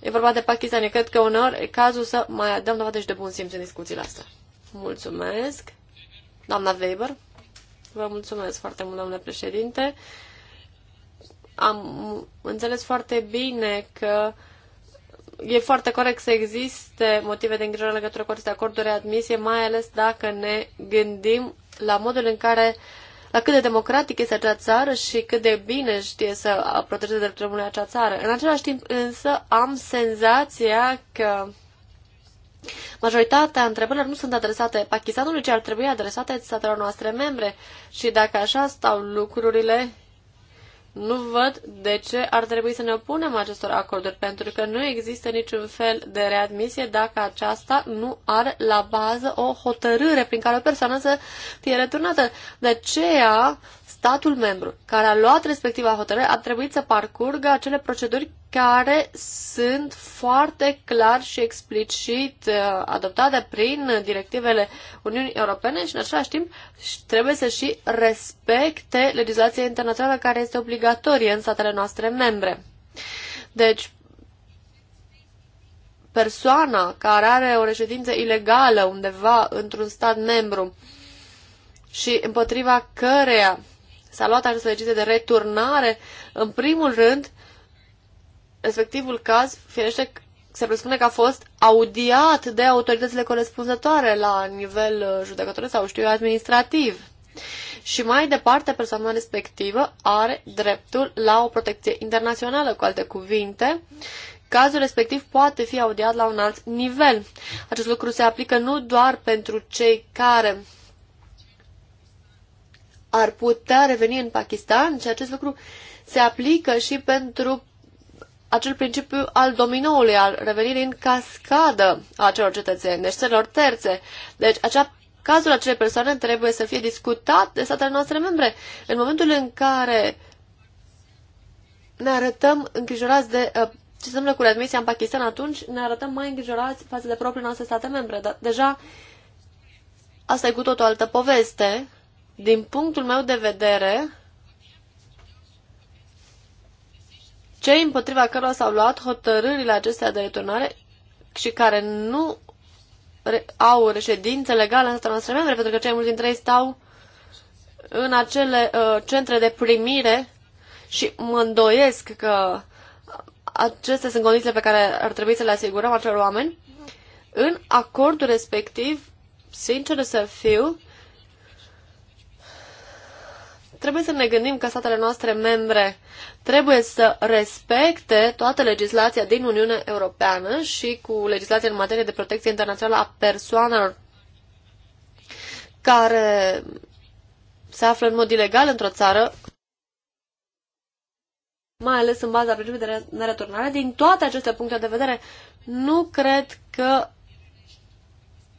Speaker 2: e vorba de Pakistan. Eu cred că uneori e cazul să mai dăm dovadă și de bun simț în discuțiile astea. Mulțumesc. Doamna Weber, vă mulțumesc foarte mult, domnule președinte am înțeles foarte bine că e foarte corect să existe motive de îngrijorare în legătură cu aceste acorduri de admisie, mai ales dacă ne gândim la modul în care la cât de democratic este acea țară și cât de bine știe să protejeze drepturile omului acea țară. În același timp însă am senzația că Majoritatea întrebărilor nu sunt adresate Pakistanului, ci ar trebui adresate statelor noastre membre. Și dacă așa stau lucrurile, nu văd de ce ar trebui să ne opunem acestor acorduri, pentru că nu există niciun fel de readmisie dacă aceasta nu are la bază o hotărâre prin care o persoană să fie returnată. De aceea statul membru care a luat respectiva hotărâre a trebuit să parcurgă acele proceduri care sunt foarte clar și explicit uh, adoptate prin directivele Uniunii Europene și în același timp trebuie să și respecte legislația internațională care este obligatorie în statele noastre membre. Deci, persoana care are o reședință ilegală undeva într-un stat membru și împotriva căreia s-a luat această decizie de returnare, în primul rând, respectivul caz, firește, se presupune că a fost audiat de autoritățile corespunzătoare la nivel uh, judecătoresc sau, știu eu, administrativ. Și mai departe, persoana respectivă are dreptul la o protecție internațională, cu alte cuvinte, Cazul respectiv poate fi audiat la un alt nivel. Acest lucru se aplică nu doar pentru cei care ar putea reveni în Pakistan și acest lucru se aplică și pentru acel principiu al dominoului, al revenirii în cascadă a acelor cetățeni, deci celor terțe. Deci acea, cazul acelei persoane trebuie să fie discutat de statele noastre membre. În momentul în care ne arătăm îngrijorați de uh, ce se cu readmisia în Pakistan, atunci ne arătăm mai îngrijorați față de propriile noastre state membre. Dar deja asta e cu tot o altă poveste din punctul meu de vedere, cei împotriva cărora s-au luat hotărârile acestea de returnare și care nu au reședință legală în statul membre, pentru că cei mulți dintre ei stau în acele uh, centre de primire și mă îndoiesc că acestea sunt condițiile pe care ar trebui să le asigurăm acelor oameni. În acordul respectiv, sincer să fiu, trebuie să ne gândim că statele noastre membre trebuie să respecte toată legislația din Uniunea Europeană și cu legislația în materie de protecție internațională a persoanelor care se află în mod ilegal într-o țară, mai ales în baza principiului de nereturnare, din toate aceste puncte de vedere, nu cred că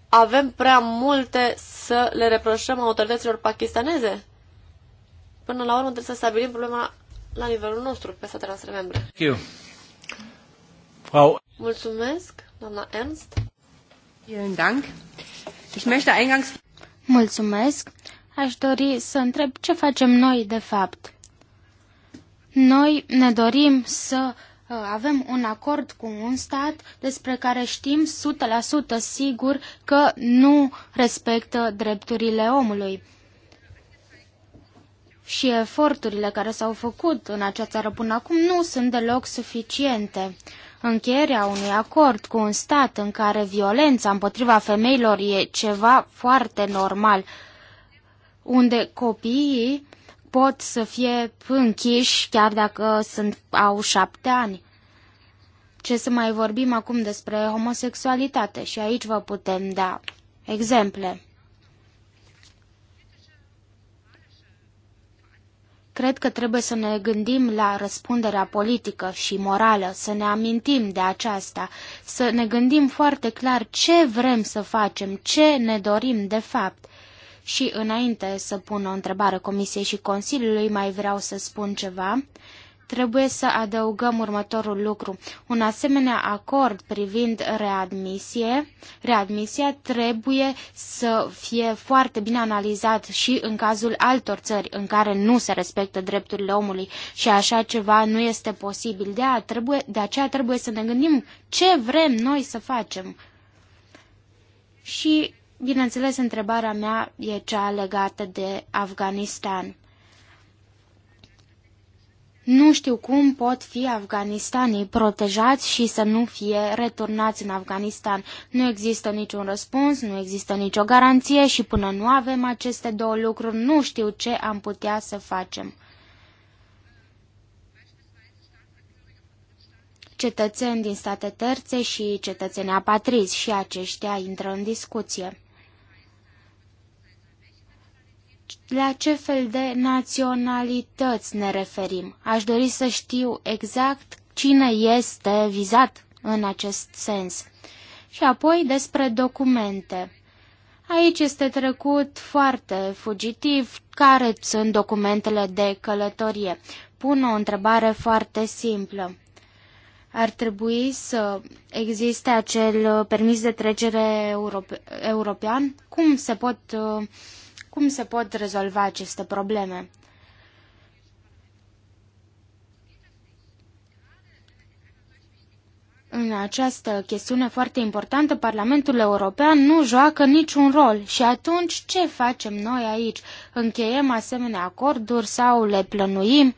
Speaker 2: avem prea multe să le reproșăm autorităților pakistaneze Până la urmă trebuie să stabilim problema la nivelul nostru, pe statele noastre membre. Thank you. Frau... Mulțumesc, doamna Ernst. Vielen Dank.
Speaker 1: Ich möchte eingangs... Mulțumesc. Aș dori să întreb ce facem noi de fapt. Noi ne dorim să uh, avem un acord cu un stat despre care știm 100% sigur că nu respectă drepturile omului și eforturile care s-au făcut în acea țară până acum nu sunt deloc suficiente. Încheierea unui acord cu un stat în care violența împotriva femeilor e ceva foarte normal, unde copiii pot să fie închiși chiar dacă sunt, au șapte ani. Ce să mai vorbim acum despre homosexualitate și aici vă putem da exemple. Cred că trebuie să ne gândim la răspunderea politică și morală, să ne amintim de aceasta, să ne gândim foarte clar ce vrem să facem, ce ne dorim de fapt. Și înainte să pun o întrebare Comisiei și Consiliului, mai vreau să spun ceva trebuie să adăugăm următorul lucru. Un asemenea acord privind readmisie, readmisia trebuie să fie foarte bine analizat și în cazul altor țări în care nu se respectă drepturile omului și așa ceva nu este posibil. De, a, trebuie, de aceea trebuie să ne gândim ce vrem noi să facem. Și, bineînțeles, întrebarea mea e cea legată de Afganistan. Nu știu cum pot fi afganistanii protejați și să nu fie returnați în Afganistan. Nu există niciun răspuns, nu există nicio garanție și până nu avem aceste două lucruri, nu știu ce am putea să facem. Cetățeni din state terțe și cetățeni apatrizi și aceștia intră în discuție la ce fel de naționalități ne referim. Aș dori să știu exact cine este vizat în acest sens. Și apoi despre documente. Aici este trecut foarte fugitiv care sunt documentele de călătorie. Pun o întrebare foarte simplă. Ar trebui să existe acel permis de trecere europe- european? Cum se pot uh, cum se pot rezolva aceste probleme? În această chestiune foarte importantă, Parlamentul European nu joacă niciun rol și atunci ce facem noi aici? Încheiem asemenea acorduri sau le plănuim?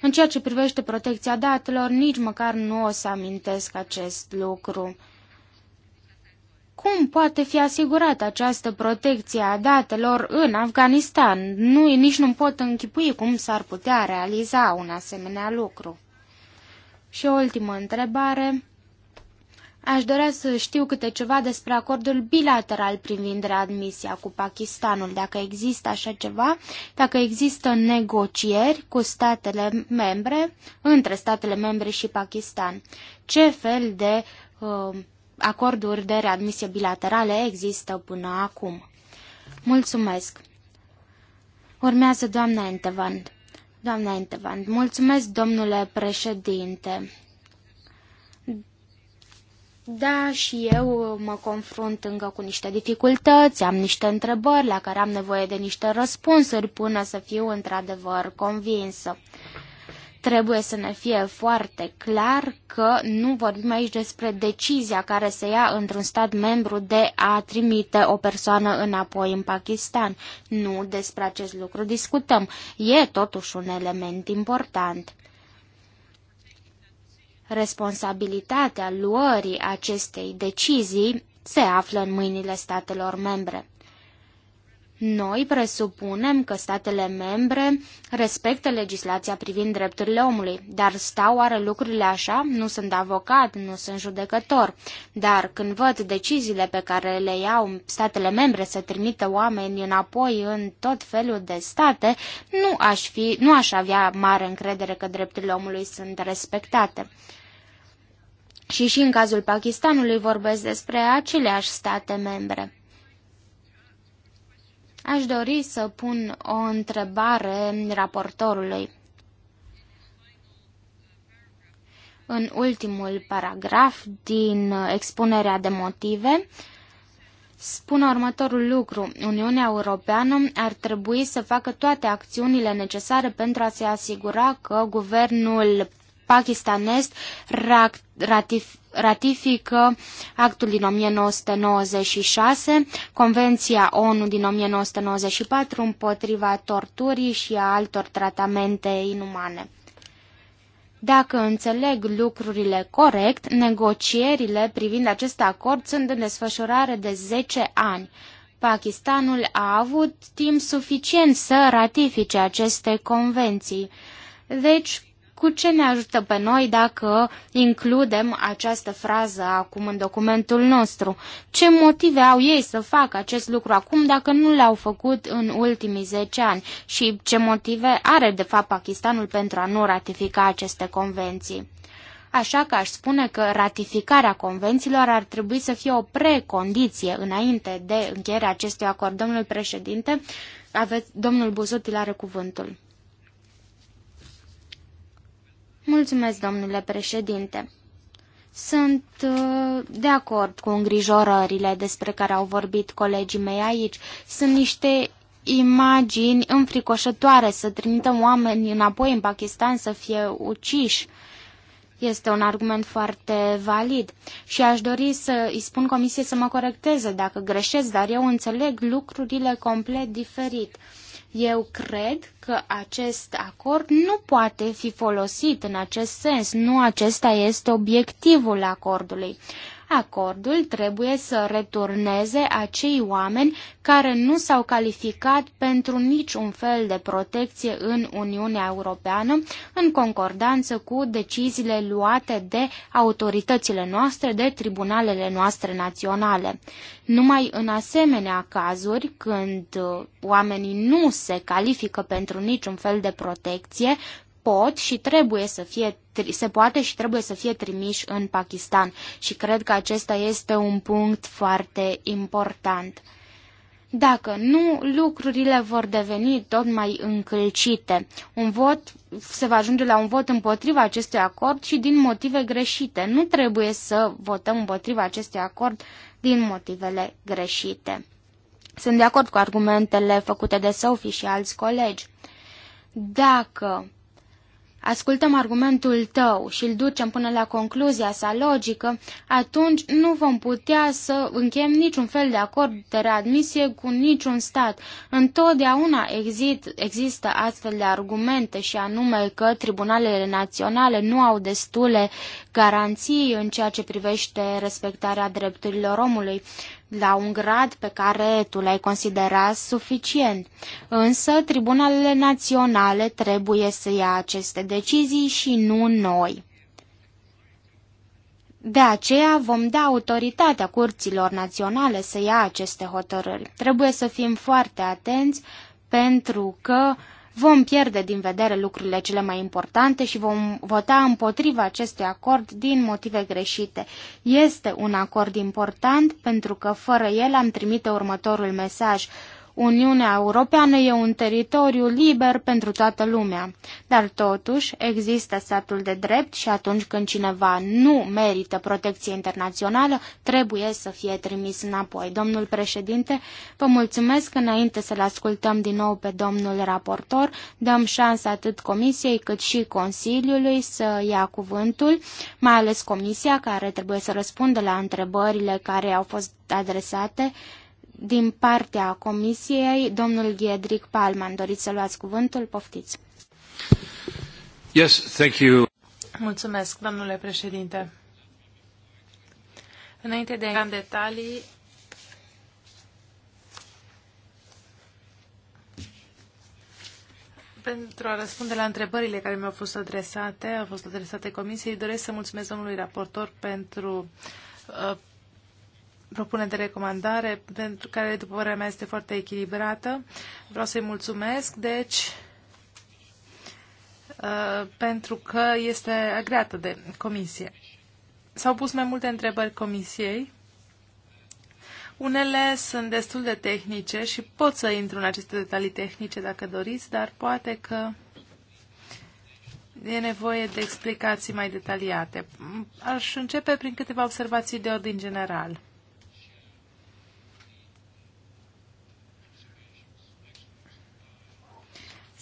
Speaker 1: În ceea ce privește protecția datelor, nici măcar nu o să amintesc acest lucru. Cum poate fi asigurată această protecție a datelor în Afganistan? Nu, nici nu pot închipui cum s-ar putea realiza un asemenea lucru. Și o ultimă întrebare. Aș dorea să știu câte ceva despre acordul bilateral privind readmisia cu Pakistanul, dacă există așa ceva, dacă există negocieri cu statele membre, între statele membre și Pakistan. Ce fel de uh, acorduri de readmisie bilaterale există până acum. Mulțumesc! Urmează doamna Entevand. Doamna Entevand, mulțumesc, domnule președinte. Da, și eu mă confrunt încă cu niște dificultăți, am niște întrebări la care am nevoie de niște răspunsuri până să fiu într-adevăr convinsă. Trebuie să ne fie foarte clar că nu vorbim aici despre decizia care se ia într-un stat membru de a trimite o persoană înapoi în Pakistan. Nu despre acest lucru discutăm. E totuși un element important responsabilitatea luării acestei decizii se află în mâinile statelor membre. Noi presupunem că statele membre respectă legislația privind drepturile omului, dar stau oare lucrurile așa? Nu sunt avocat, nu sunt judecător, dar când văd deciziile pe care le iau statele membre să trimită oameni înapoi în tot felul de state, nu aș, fi, nu aș avea mare încredere că drepturile omului sunt respectate. Și și în cazul Pakistanului vorbesc despre aceleași state membre. Aș dori să pun o întrebare raportorului. În ultimul paragraf din expunerea de motive, spune următorul lucru. Uniunea Europeană ar trebui să facă toate acțiunile necesare pentru a se asigura că guvernul pakistanez ratifică actul din 1996, Convenția ONU din 1994 împotriva torturii și a altor tratamente inumane. Dacă înțeleg lucrurile corect, negocierile privind acest acord sunt în desfășurare de 10 ani. Pakistanul a avut timp suficient să ratifice aceste convenții. Deci, cu ce ne ajută pe noi dacă includem această frază acum în documentul nostru? Ce motive au ei să facă acest lucru acum dacă nu l-au făcut în ultimii 10 ani? Și ce motive are de fapt Pakistanul pentru a nu ratifica aceste convenții? așa că aș spune că ratificarea convențiilor ar trebui să fie o precondiție înainte de încheierea acestui acord. Domnul președinte, aveți, domnul Buzutil are cuvântul. Mulțumesc, domnule președinte. Sunt uh, de acord cu îngrijorările despre care au vorbit colegii mei aici. Sunt niște imagini înfricoșătoare să trimităm oameni înapoi în Pakistan să fie uciși. Este un argument foarte valid și aș dori să îi spun comisiei să mă corecteze dacă greșesc, dar eu înțeleg lucrurile complet diferit. Eu cred că acest acord nu poate fi folosit în acest sens. Nu acesta este obiectivul acordului acordul trebuie să returneze acei oameni care nu s-au calificat pentru niciun fel de protecție în Uniunea Europeană, în concordanță cu deciziile luate de autoritățile noastre, de tribunalele noastre naționale. Numai în asemenea cazuri, când oamenii nu se califică pentru niciun fel de protecție, pot și trebuie să fie, se poate și trebuie să fie trimiși în Pakistan și cred că acesta este un punct foarte important. Dacă nu, lucrurile vor deveni tot mai încălcite. Un vot se va ajunge la un vot împotriva acestui acord și din motive greșite. Nu trebuie să votăm împotriva acestui acord din motivele greșite. Sunt de acord cu argumentele făcute de Sophie și alți colegi. Dacă ascultăm argumentul tău și îl ducem până la concluzia sa logică, atunci nu vom putea să încheiem niciun fel de acord de readmisie cu niciun stat. Întotdeauna exist, există astfel de argumente și anume că tribunalele naționale nu au destule garanții în ceea ce privește respectarea drepturilor omului la un grad pe care tu l-ai considera suficient. Însă, tribunalele naționale trebuie să ia aceste decizii și nu noi. De aceea vom da autoritatea curților naționale să ia aceste hotărâri. Trebuie să fim foarte atenți pentru că uh, vom pierde din vedere lucrurile cele mai importante și vom vota împotriva acestui acord din motive greșite. Este un acord important pentru că fără el am trimite următorul mesaj. Uniunea Europeană e un teritoriu liber pentru toată lumea, dar totuși există statul de drept și atunci când cineva nu merită protecție internațională, trebuie să fie trimis înapoi. Domnul președinte, vă mulțumesc înainte să-l ascultăm din nou pe domnul raportor, dăm șansa atât Comisiei cât și Consiliului să ia cuvântul, mai ales Comisia care trebuie să răspundă la întrebările care au fost adresate din partea Comisiei, domnul Ghedric Palman. Doriți să luați cuvântul? Poftiți.
Speaker 3: Yes, thank you.
Speaker 1: Mulțumesc, domnule președinte.
Speaker 3: Înainte de a în detalii, pentru a răspunde la întrebările care mi-au fost adresate, au fost adresate comisiei, doresc să mulțumesc domnului raportor pentru uh, propunere de recomandare, pentru care, după părerea mea, este foarte echilibrată. Vreau să-i mulțumesc, deci, uh, pentru că este agreată de comisie. S-au pus mai multe întrebări comisiei. Unele sunt destul de tehnice și pot să intru în aceste detalii tehnice dacă doriți, dar poate că e nevoie de explicații mai detaliate. Aș începe prin câteva observații de ordin general.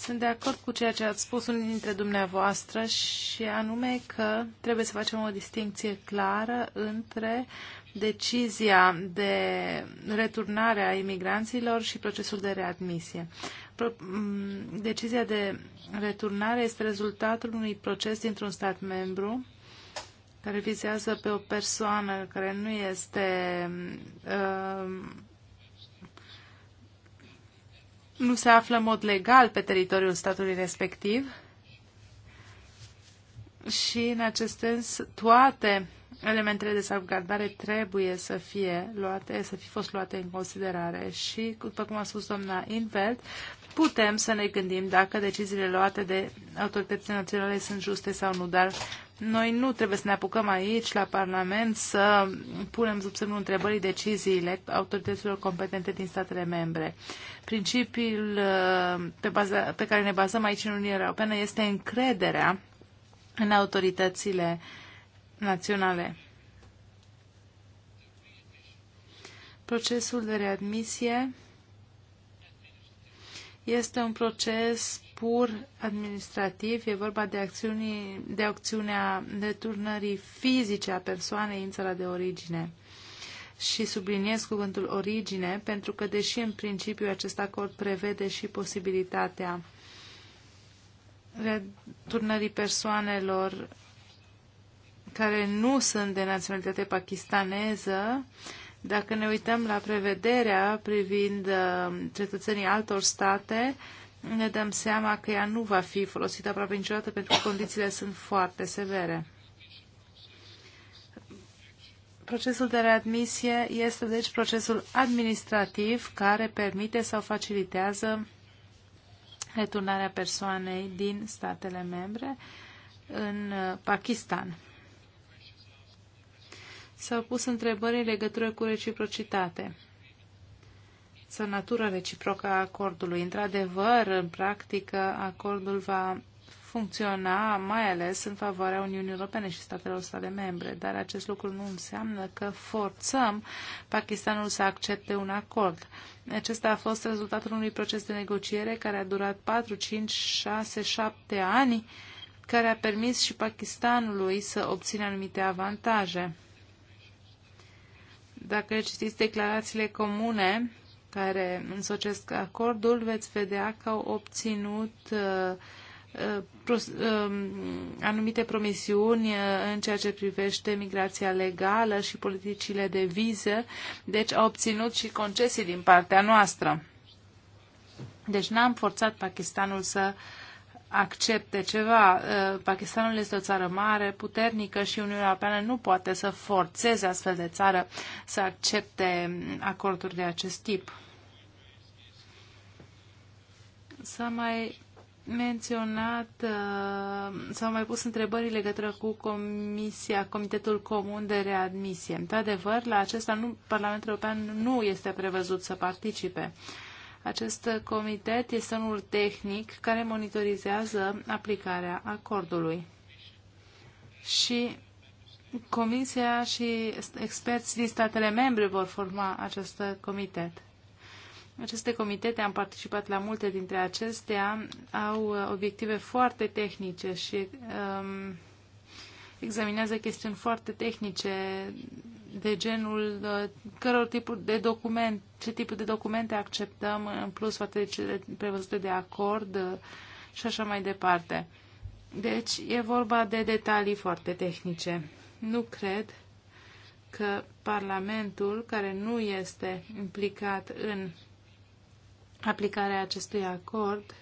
Speaker 3: Sunt de acord cu ceea ce ați spus unii dintre dumneavoastră și anume că trebuie să facem o distinție clară între decizia de returnare a imigranților și procesul de readmisie. Decizia de returnare este rezultatul unui proces dintr-un stat membru care vizează pe o persoană care nu este uh, nu se află în mod legal pe teritoriul statului respectiv și, în acest sens, toate elementele de salvgardare trebuie să fie luate, să fi fost luate în considerare și, după cum a spus doamna Invelt, putem să ne gândim dacă deciziile luate de autoritățile naționale sunt juste sau nu, dar noi nu trebuie să ne apucăm aici, la Parlament, să punem sub semnul întrebării deciziile autorităților competente din statele membre. Principiul uh, pe, baza, pe care ne bazăm aici în Uniunea Europeană este încrederea în autoritățile naționale. Procesul de readmisie este un proces pur administrativ, e vorba de, acțiuni, de acțiunea deturnării fizice a persoanei în țara de origine și subliniez cuvântul origine, pentru că, deși în principiu acest acord prevede și posibilitatea returnării persoanelor care nu sunt de naționalitate pakistaneză, dacă ne uităm la prevederea privind uh, cetățenii altor state, ne dăm seama că ea nu va fi folosită aproape niciodată pentru că condițiile sunt foarte severe. Procesul de readmisie este deci procesul administrativ care permite sau facilitează returnarea persoanei din statele membre în uh, Pakistan. S-au pus întrebări în legătură cu reciprocitate sau natura reciprocă a acordului. Într-adevăr, în practică, acordul va funcționa mai ales în favoarea Uniunii Europene și statelor sale membre, dar acest lucru nu înseamnă că forțăm Pakistanul să accepte un acord. Acesta a fost rezultatul unui proces de negociere care a durat 4, 5, 6, 7 ani, care a permis și Pakistanului să obțină anumite avantaje. Dacă citiți declarațiile comune care însocesc acordul, veți vedea că au obținut uh, Um, anumite promisiuni uh, în ceea ce privește migrația legală și politicile de viză, deci a obținut și concesii din partea noastră. Deci n-am forțat Pakistanul să accepte ceva. Uh, Pakistanul este o țară mare, puternică și Uniunea Europeană nu poate să forțeze astfel de țară să accepte acorduri de acest tip. S-a mai menționat uh, sau mai pus întrebări în legătură cu Comisia, Comitetul Comun de Readmisie. Într-adevăr, la acesta nu, Parlamentul European nu este prevăzut să participe. Acest comitet este unul tehnic care monitorizează aplicarea acordului. Și Comisia și experți din statele membre vor forma acest comitet. Aceste comitete, am participat la multe dintre acestea, au uh, obiective foarte tehnice și um, examinează chestiuni foarte tehnice de genul uh, căror tipuri de document, ce tipuri de documente acceptăm uh, în plus față de cele prevăzute de acord și așa mai departe. Deci e vorba de detalii foarte tehnice. Nu cred că Parlamentul, care nu este implicat în aplicarea acestui acord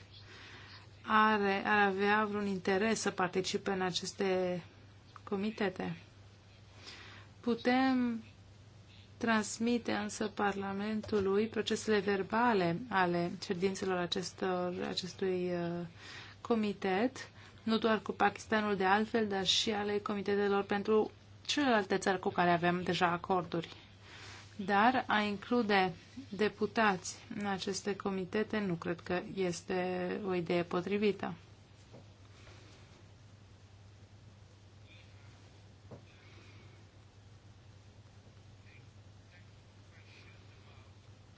Speaker 3: are, ar avea vreun interes să participe în aceste comitete. Putem transmite însă Parlamentului procesele verbale ale cerințelor acestor, acestui uh, comitet, nu doar cu Pakistanul de altfel, dar și ale comitetelor pentru celelalte țări cu care avem deja acorduri. Dar a include deputați în aceste comitete nu cred că este o idee potrivită.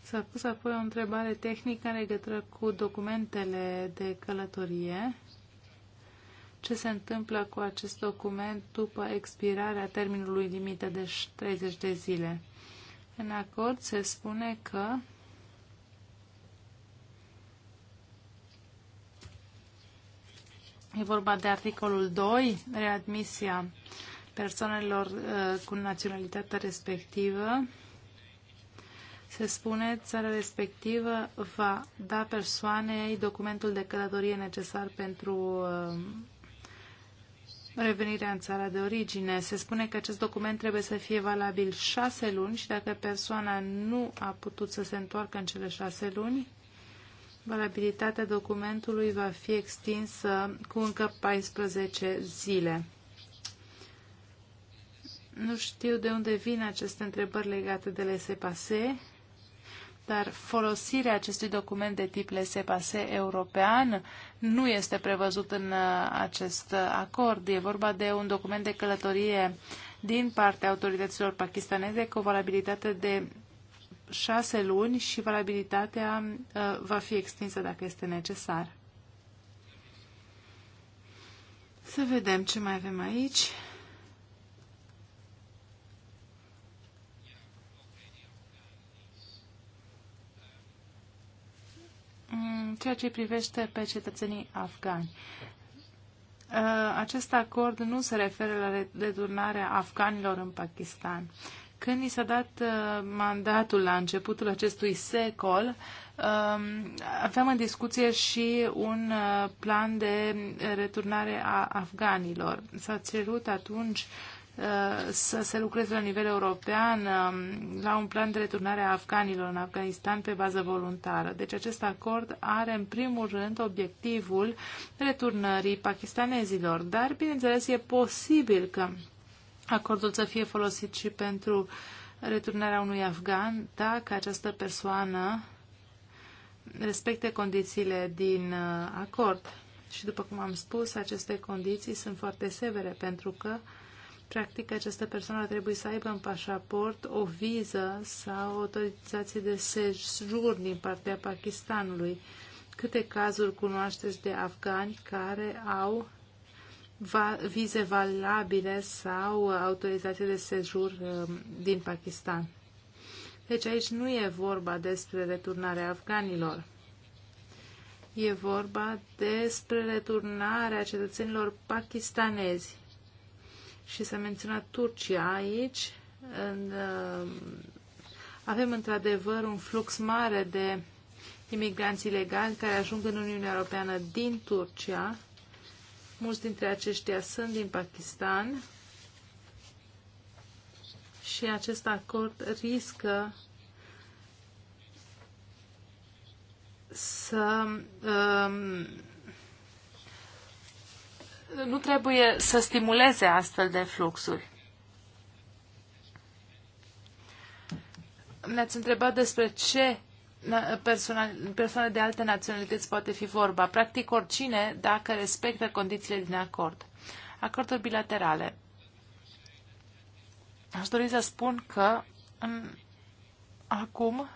Speaker 3: S-a pus apoi o întrebare tehnică în legătură cu documentele de călătorie. Ce se întâmplă cu acest document după expirarea termenului limită de 30 de zile? În acord se spune că e vorba de articolul 2, readmisia persoanelor uh, cu naționalitatea respectivă. Se spune, țara respectivă va da persoanei documentul de călătorie necesar pentru uh, revenirea în țara de origine. Se spune că acest document trebuie să fie valabil șase luni și dacă persoana nu a putut să se întoarcă în cele șase luni, valabilitatea documentului va fi extinsă cu încă 14 zile. Nu știu de unde vin aceste întrebări legate de lese pase dar folosirea acestui document de tip LSPASE european nu este prevăzut în uh, acest uh, acord. E vorba de un document de călătorie din partea autorităților pakistaneze cu o valabilitate de șase luni și valabilitatea uh, va fi extinsă dacă este necesar. Să vedem ce mai avem aici. ceea ce privește pe cetățenii afgani. Uh, acest acord nu se referă la returnarea afganilor în Pakistan. Când i s-a dat uh, mandatul la începutul acestui secol, um, aveam în discuție și un uh, plan de returnare a afganilor. S-a cerut atunci uh, Uh, să se lucreze la nivel european um, la un plan de returnare a afganilor în Afganistan pe bază voluntară. Deci acest acord are în primul rând obiectivul returnării pakistanezilor, dar bineînțeles e posibil că acordul să fie folosit și pentru returnarea unui afgan dacă această persoană respecte condițiile din uh, acord. Și după cum am spus, aceste condiții sunt foarte severe pentru că uh, Practic, această persoană ar trebui să aibă în pașaport o viză sau o autorizație de sejur din partea Pakistanului. Câte cazuri cunoașteți de afgani care au vize valabile sau autorizație de sejur um, din Pakistan? Deci aici nu e vorba despre returnarea afganilor. E vorba despre returnarea cetățenilor pakistanezi și s-a menționat Turcia aici. În, uh, avem într-adevăr un flux mare de imigranți ilegali care ajung în Uniunea Europeană din Turcia. Mulți dintre aceștia sunt din Pakistan și acest acord riscă să Uh, nu trebuie să stimuleze astfel de fluxuri. Ne-ați întrebat despre ce persoane de alte naționalități poate fi vorba. Practic oricine, dacă respectă condițiile din acord. Acorduri bilaterale. Aș dori să spun că în, acum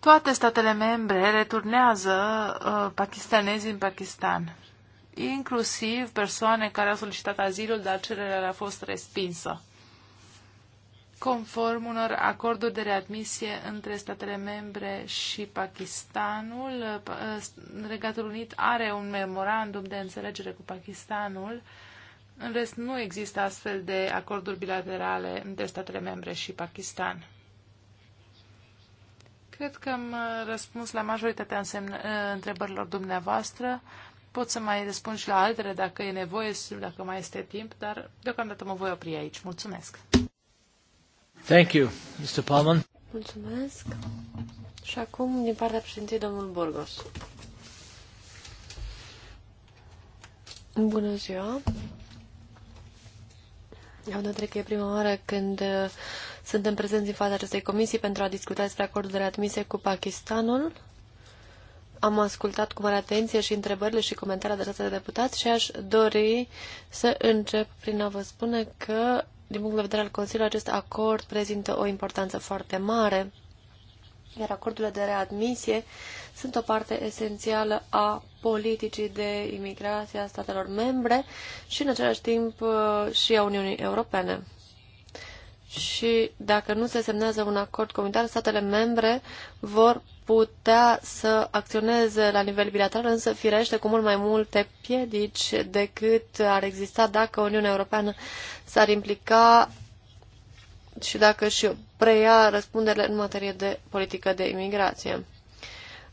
Speaker 3: toate statele membre returnează uh, pakistanezi în Pakistan inclusiv persoane care au solicitat azilul, dar cererea le-a fost respinsă, conform unor acorduri de readmisie între statele membre și Pakistanul. Ă, Regatul Unit are un memorandum de înțelegere cu Pakistanul. În rest, nu există astfel de acorduri bilaterale între statele membre și Pakistan. Cred că am ă, răspuns la majoritatea însemn- ă, întrebărilor dumneavoastră. Pot să mai răspund și la altele dacă e nevoie, dacă mai este timp, dar deocamdată mă voi opri
Speaker 2: aici. Mulțumesc. Thank you, Mr. Palman. Mulțumesc. Și acum, din partea președintei, domnul Borgos. Bună ziua! Eu nu cred că e prima oară când uh, suntem prezenți în fața acestei comisii pentru a discuta despre acordul de readmisie cu Pakistanul. Am ascultat cu mare atenție și întrebările și comentariile adresate de deputați și aș dori să încep prin a vă spune că, din punct de vedere al Consiliului, acest acord prezintă o importanță foarte mare, iar acordurile de readmisie sunt o parte esențială a politicii de imigrație a statelor membre și, în același timp, și a Uniunii Europene și dacă nu se semnează un acord comunitar, statele membre vor putea să acționeze la nivel bilateral, însă firește cu mult mai multe piedici decât ar exista dacă Uniunea Europeană s-ar implica și dacă și preia răspunderile în materie de politică de imigrație.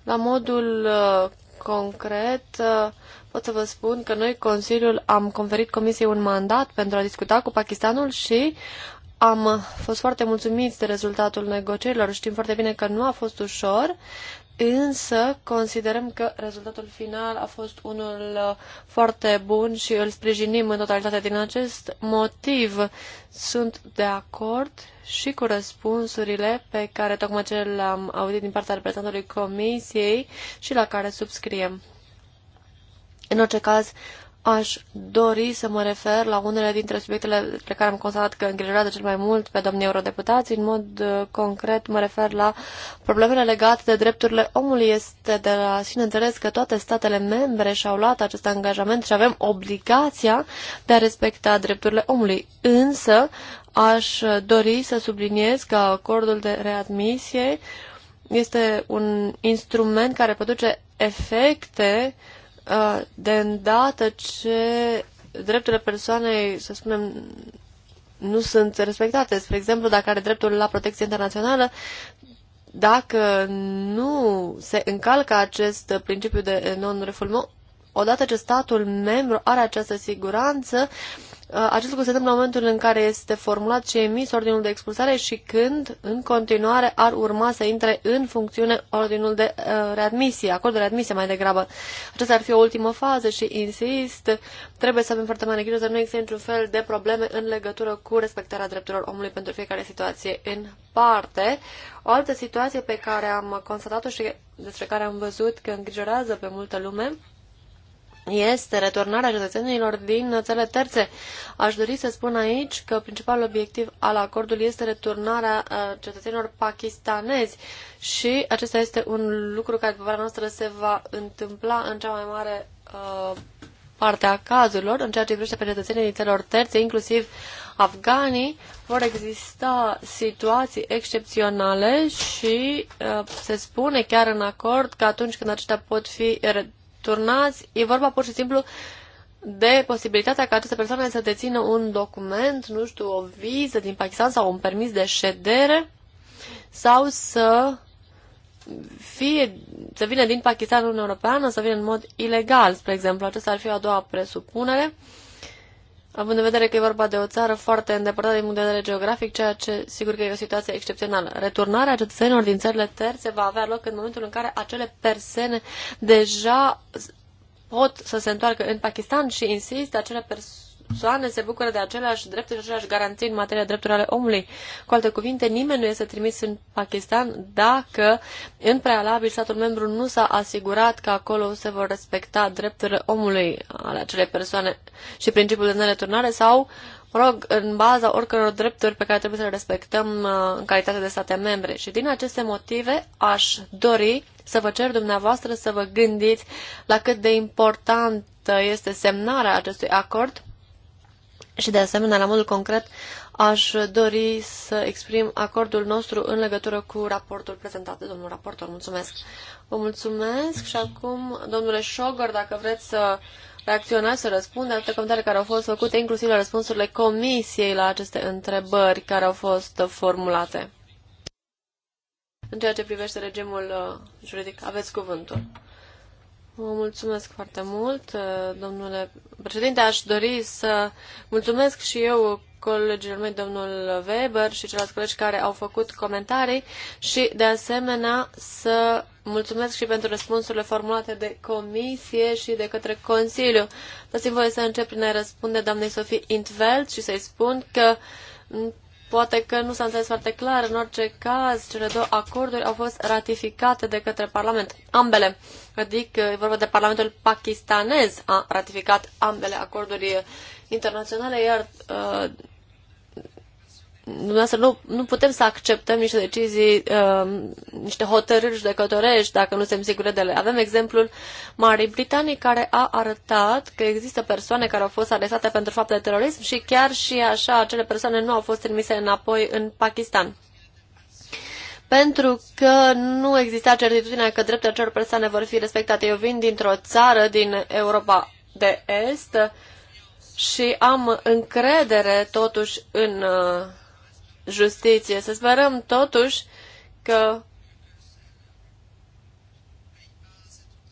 Speaker 2: La modul uh, concret, uh, pot să vă spun că noi, Consiliul, am conferit Comisiei un mandat pentru a discuta cu Pakistanul și am fost foarte mulțumiți de rezultatul negocierilor. Știm foarte bine că nu a fost ușor, însă considerăm că rezultatul final a fost unul uh, foarte bun și îl sprijinim în totalitate din acest motiv. Sunt de acord și cu răspunsurile pe care tocmai ce le-am auzit din partea reprezentantului Comisiei și la care subscriem. În orice caz, Aș dori să mă refer la unele dintre subiectele pe care am constatat că îngrijorează cel mai mult pe domnii eurodeputați. În mod uh, concret mă refer la problemele legate de drepturile omului. Este de la sine înțeles că toate statele membre și-au luat acest angajament și avem obligația de a respecta drepturile omului. Însă aș dori să subliniez că acordul de readmisie este un instrument care produce efecte uh, de îndată ce drepturile persoanei, să spunem, nu sunt respectate. Spre exemplu, dacă are dreptul la protecție internațională, dacă nu se încalcă acest principiu de non refulmă odată ce statul membru are această siguranță, Uh, acest lucru se întâmplă în momentul în care este formulat și emis ordinul de expulsare și când, în continuare, ar urma să intre în funcțiune ordinul de uh, readmisie, acordul de readmisie mai degrabă. Aceasta ar fi o ultimă fază și, insist, trebuie să avem foarte mare grijă să nu există niciun fel de probleme în legătură cu respectarea drepturilor omului pentru fiecare situație în parte. O altă situație pe care am constatat-o și despre care am văzut că îngrijorează pe multă lume este returnarea cetățenilor din țările terțe. Aș dori să spun aici că principalul obiectiv al acordului este returnarea uh, cetățenilor pakistanezi și acesta este un lucru care, pe noastră, se va întâmpla în cea mai mare uh, parte a cazurilor. În ceea ce privește pe cetățenii din țărilor terțe, inclusiv afganii, vor exista situații excepționale și uh, se spune chiar în acord că atunci când aceștia pot fi turnați, e vorba pur și simplu de posibilitatea ca aceste persoane să dețină un document, nu știu, o viză din Pakistan sau un permis de ședere sau să fie, să vină din Pakistan în Europeană, să vină în mod ilegal, spre exemplu. Acesta ar fi a doua presupunere. Uh, având în vedere că e vorba de o țară foarte îndepărtată din punct de vedere geografic, ceea ce sigur că e o situație excepțională. Returnarea cetățenilor din țările terțe va avea loc în momentul în care acele persoane deja pot să se întoarcă în Pakistan și insist, acele persoane persoane se bucură de aceleași drepturi și aceleași garanții în materie de drepturi ale omului. Cu alte cuvinte, nimeni nu este trimis în Pakistan dacă în prealabil statul membru nu s-a asigurat că acolo se vor respecta drepturile omului ale acelei persoane și principiul de nereturnare sau mă rog, în baza oricăror drepturi pe care trebuie să le respectăm uh, în calitate de state membre. Și din aceste motive aș dori să vă cer dumneavoastră să vă gândiți la cât de importantă este semnarea acestui acord și de asemenea, la modul concret, aș dori să exprim acordul nostru în legătură cu raportul prezentat de domnul raportor. Mulțumesc! Vă mulțumesc și acum, domnule Șogor, dacă vreți să reacționați, să răspunde alte comentarii care au fost făcute, inclusiv la răspunsurile comisiei la aceste întrebări care au fost formulate. În ceea ce privește regimul uh, juridic, aveți cuvântul. Vă mulțumesc foarte mult, uh, domnule președinte. Aș dori să mulțumesc și eu colegilor mei, domnul Weber și ceilalți colegi care au făcut comentarii și, de asemenea, să mulțumesc și pentru răspunsurile formulate de comisie și de către Consiliu. Dați-mi voie să încep prin a răspunde doamnei Sofie Intveld și să-i spun că Poate că nu s-a înțeles foarte clar, în orice caz, cele două acorduri au fost ratificate de către Parlament, ambele. Adică e vorba de Parlamentul pakistanez a ratificat ambele acorduri internaționale, iar uh, dumneavoastră nu, nu putem să acceptăm niște decizii, uh, niște hotărâri judecătorești dacă nu suntem siguri de ele. Avem exemplul Marii Britanii care a arătat că există persoane care au fost arestate pentru fapte de terorism și chiar și așa acele persoane nu au fost trimise înapoi în Pakistan pentru că nu exista certitudinea că drepturile acelor persoane vor fi respectate. Eu vin dintr-o țară din Europa de Est și am încredere totuși în uh, justiție. Să sperăm totuși că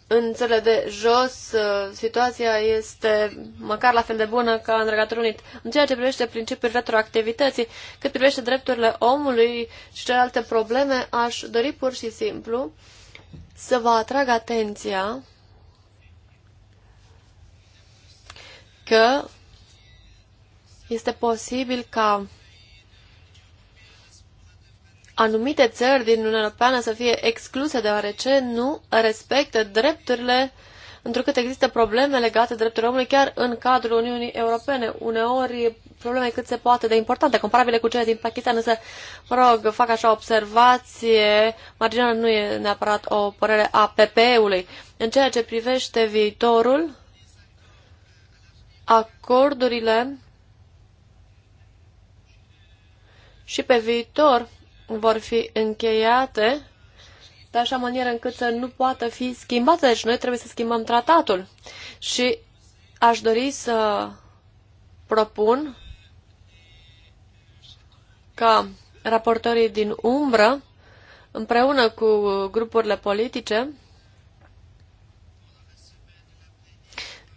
Speaker 2: în cele de jos uh, situația este măcar la fel de bună ca în Regatul Unit. În ceea ce privește principiul retroactivității, cât privește drepturile omului și celelalte probleme, aș dori pur și simplu să vă atrag atenția că este posibil ca anumite țări din Uniunea Europeană să fie excluse deoarece nu respectă drepturile, întrucât există probleme legate de drepturile omului chiar în cadrul Uniunii Europene. Uneori probleme cât se poate de importante, comparabile cu cele din Pakistan, însă, mă rog, fac așa observație, marginal nu e neapărat o părere a PPE-ului. În ceea ce privește viitorul, acordurile și pe viitor vor fi încheiate de așa manieră încât să nu poată fi schimbate. Deci noi trebuie să schimbăm tratatul. Și aș dori să propun ca raportorii din umbră, împreună cu grupurile politice,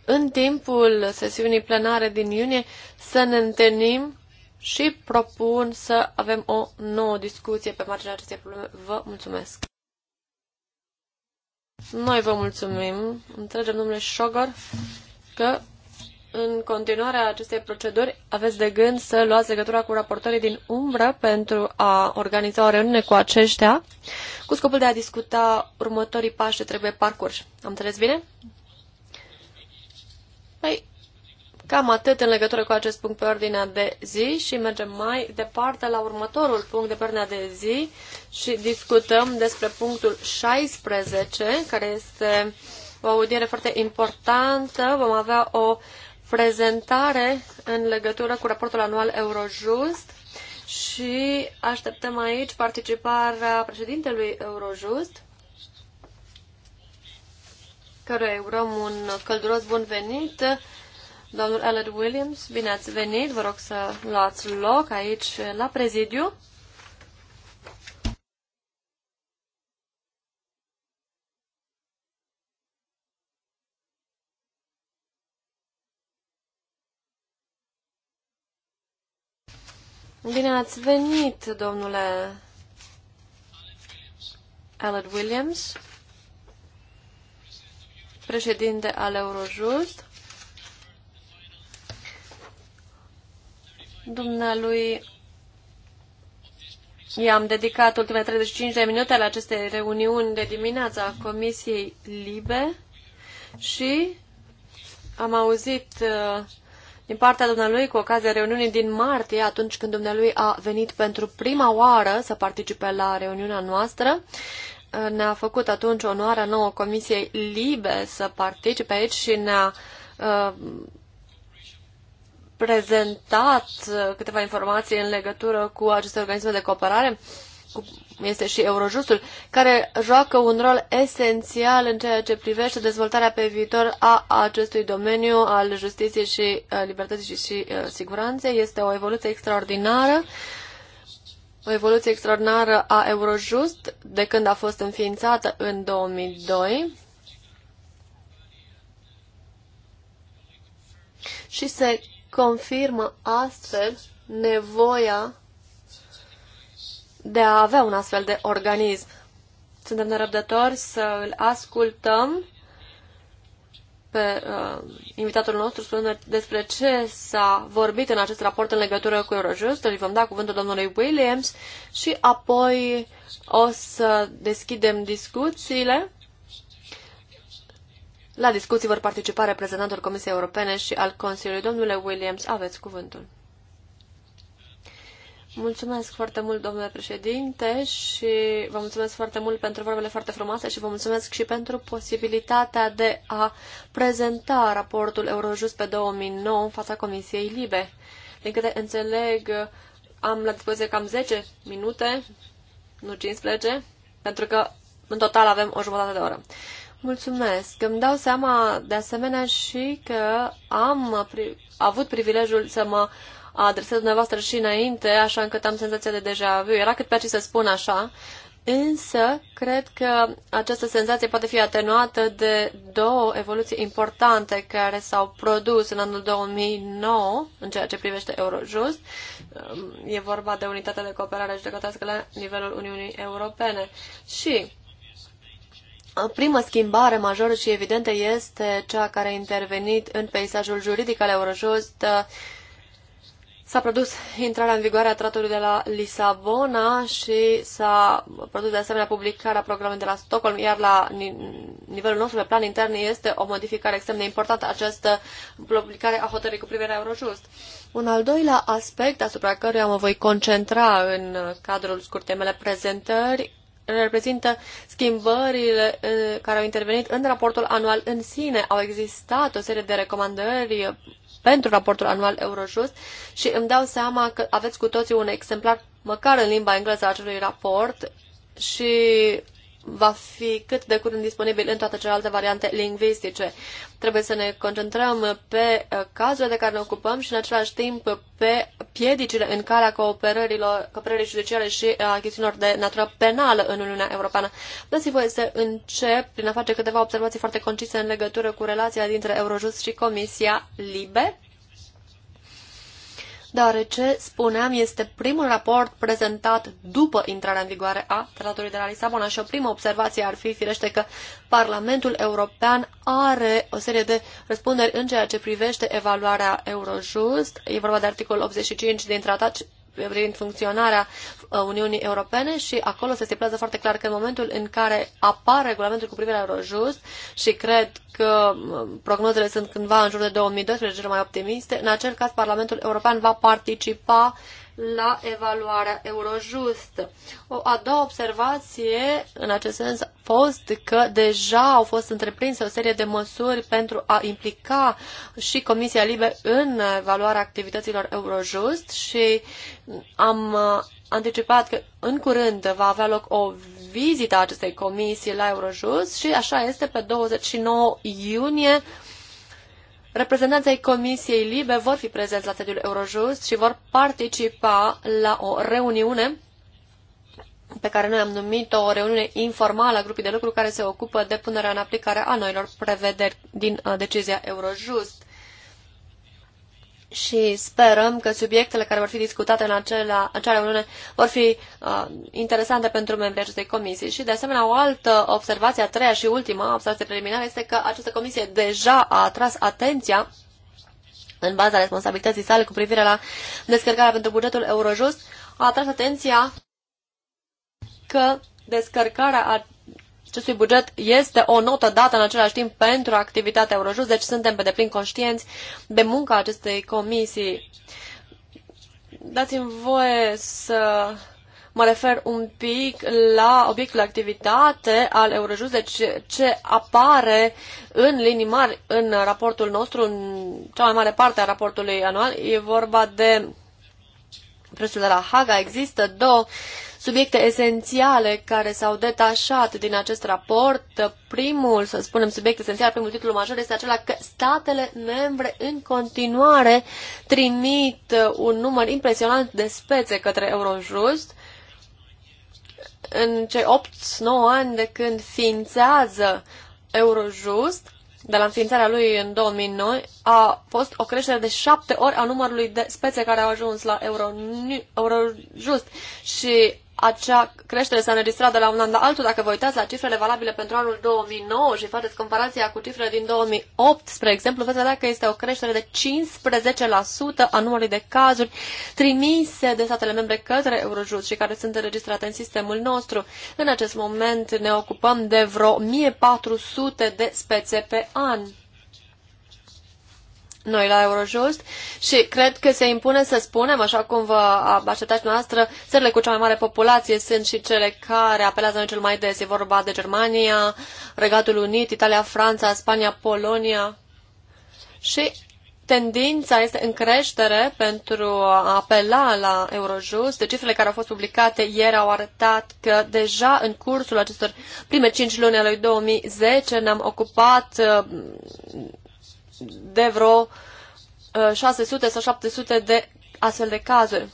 Speaker 2: în timpul sesiunii plenare din iunie, să ne întâlnim și propun să avem o nouă discuție pe marginea acestei probleme. Vă mulțumesc! Noi vă mulțumim, întregem domnule Șogor, că în continuarea acestei proceduri aveți de gând să luați legătura cu raportorii din umbră pentru a organiza o reuniune cu aceștia cu scopul de a discuta următorii pași ce trebuie parcurși. Am înțeles bine? Păi, Cam atât în legătură cu acest punct pe ordinea de zi și mergem mai departe la următorul punct de pe ordinea de zi și discutăm despre punctul 16, care este o audiere foarte importantă. Vom avea o prezentare în legătură cu raportul anual Eurojust și așteptăm aici participarea președintelui Eurojust, care urăm un călduros bun venit Domnul Elliot Williams, bine ați venit, vă rog să luați loc aici la prezidiu. Bine ați venit, domnule Aled Williams, președinte al Eurojust. Dumnealui i-am dedicat ultimele 35 de minute la aceste reuniuni de dimineață a Comisiei Libe și am auzit uh, din partea dumnealui cu ocazia reuniunii din martie, atunci când dumnealui a venit pentru prima oară să participe la reuniunea noastră. Uh, ne-a făcut atunci onoarea nouă Comisiei Libe să participe aici și ne-a uh, prezentat uh, câteva informații în legătură cu aceste organisme de cooperare, este și Eurojustul, care joacă un rol esențial în ceea ce privește dezvoltarea pe viitor a acestui domeniu al justiției și uh, libertății și, și uh, siguranței. Este o evoluție extraordinară o evoluție extraordinară a Eurojust de când a fost înființată în 2002 și se confirmă astfel nevoia de a avea un astfel de organism. Suntem nerăbdători să îl ascultăm pe uh, invitatul nostru spunând despre ce s-a vorbit în acest raport în legătură cu Eurojust. Îi vom da cuvântul domnului Williams și apoi o să deschidem discuțiile la discuții vor participa reprezentantul Comisiei Europene și al Consiliului. Domnule Williams, aveți cuvântul. Mulțumesc foarte mult, domnule președinte, și vă mulțumesc foarte mult pentru vorbele foarte frumoase și vă mulțumesc și pentru posibilitatea de a prezenta raportul Eurojust pe 2009 în fața Comisiei Libe. Din câte înțeleg, am la dispoziție cam 10 minute, nu 15, pentru că în total avem o jumătate de oră. Mulțumesc. Îmi dau seama de asemenea și că am pri avut privilegiul să mă adresez dumneavoastră și înainte, așa încât am senzația de deja vu. Era cât pe aici să spun așa, însă cred că această senzație poate fi atenuată de două evoluții importante care s-au produs în anul 2009 în ceea ce privește Eurojust. Ehm, e vorba de unitatea de cooperare judecătoască la nivelul Uniunii Europene și Prima schimbare majoră și evidentă este cea care a intervenit în peisajul juridic al Eurojust. S-a produs intrarea în vigoare a tratului de la Lisabona și s-a produs de asemenea publicarea programului de la Stockholm, iar la nivelul nostru pe plan intern este o modificare extrem de importantă această publicare a hotărârii cu privire la Eurojust. Un al doilea aspect asupra căruia mă voi concentra în cadrul scurtei mele prezentări reprezintă schimbările care au intervenit în raportul anual în sine. Au existat o serie de recomandări pentru raportul anual Eurojust și îmi dau seama că aveți cu toții un exemplar, măcar în limba engleză, a acelui raport și va fi cât de curând disponibil în toate celelalte variante lingvistice. Trebuie să ne concentrăm pe uh, cazurile de care ne ocupăm și în același timp pe piedicile în calea cooperărilor, cooperării judiciare și uh, a chestiunilor de natură penală în Uniunea Europeană. Dați-mi voie să încep prin a face câteva observații foarte concise în legătură cu relația dintre Eurojust și Comisia Libe deoarece, spuneam, este primul raport prezentat după intrarea în vigoare a Tratatului de la Lisabona și o primă observație ar fi, firește, că Parlamentul European are o serie de răspunderi în ceea ce privește evaluarea Eurojust. E vorba de articolul 85 din tratat privind funcționarea uh, Uniunii Europene și acolo se stipulează foarte clar că în momentul în care apare regulamentul cu privire la Eurojust și cred că uh, prognozele sunt cândva în jur de 2012, cele mai optimiste, în acel caz Parlamentul European va participa la evaluarea Eurojust. O a doua observație, în acest sens, a fost că deja au fost întreprinse o serie de măsuri pentru a implica și Comisia Libe în evaluarea activităților Eurojust și am uh, anticipat că în curând va avea loc o vizită a acestei comisii la Eurojust și așa este pe 29 iunie Reprezentanții Comisiei Libe vor fi prezenți la sediul Eurojust și vor participa la o reuniune pe care noi am numit-o o reuniune informală a grupului de lucru care se ocupă de punerea în aplicare a noilor prevederi din uh, decizia Eurojust și sperăm că subiectele care vor fi discutate în acela, acea reuniune vor fi uh, interesante pentru membrii acestei comisii. Și, de asemenea, o altă observație, a treia și ultima observație preliminară, este că această comisie deja a atras atenția în baza responsabilității sale cu privire la descărcarea pentru bugetul Eurojust, a atras atenția că descărcarea acestui buget este o notă dată în același timp pentru activitatea Eurojust, deci suntem pe deplin conștienți de munca acestei comisii. Dați-mi voie să mă refer un pic la obiectul activitate al Eurojust, deci ce apare în linii mari în raportul nostru, în cea mai mare parte a raportului anual. E vorba de prețul de la Haga. Există două subiecte esențiale care s-au detașat din acest raport. Primul, să spunem, subiect esențial, primul titlu major este acela că statele membre în continuare trimit un număr impresionant de spețe către Eurojust în cei 8-9 ani de când ființează Eurojust, de la înființarea lui în 2009, a fost o creștere de șapte ori a numărului de spețe care au ajuns la Euro, Eurojust și acea creștere s-a înregistrat de la un an la altul, dacă vă uitați la cifrele valabile pentru anul 2009 și faceți comparația cu cifrele din 2008, spre exemplu, veți vedea că este o creștere de 15% a numărului de cazuri trimise de statele membre către Eurojust și care sunt înregistrate în sistemul nostru. În acest moment ne ocupăm de vreo 1400 de spețe pe an noi la Eurojust și cred că se impune să spunem, așa cum vă așteptați noastră, țările cu cea mai mare populație sunt și cele care apelează noi cel mai des. E vorba de Germania, Regatul Unit, Italia, Franța, Spania, Polonia și tendința este în creștere pentru a apela la Eurojust. De cifrele care au fost publicate ieri au arătat că deja în cursul acestor prime 5 luni ale lui 2010 ne-am ocupat de vreo 600 uh, sau 700 de astfel de cazuri.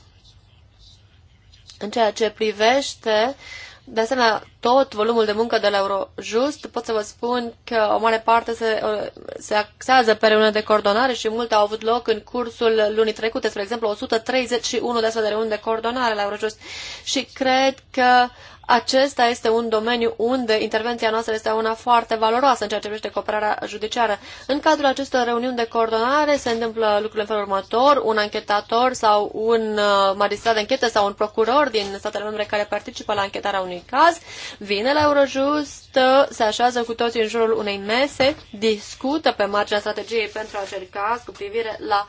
Speaker 2: În ceea ce privește, de asemenea, tot volumul de muncă de la Eurojust, pot să vă spun că o mare parte se, uh, se axează pe reuniunea de coordonare și multe au avut loc în cursul lunii trecute, spre exemplu 131 de astfel de reuniuni de coordonare la Eurojust și cred că acesta este un domeniu unde intervenția noastră este una foarte valoroasă în ceea ce privește cooperarea judiciară. În cadrul acestor reuniuni de coordonare se întâmplă lucrurile în felul următor. Un anchetator sau un uh, magistrat de închetă sau un procuror din statele membre care participă la anchetarea unui caz vine la Eurojust, se așează cu toți în jurul unei mese, discută pe marginea strategiei pentru a cerca cu privire la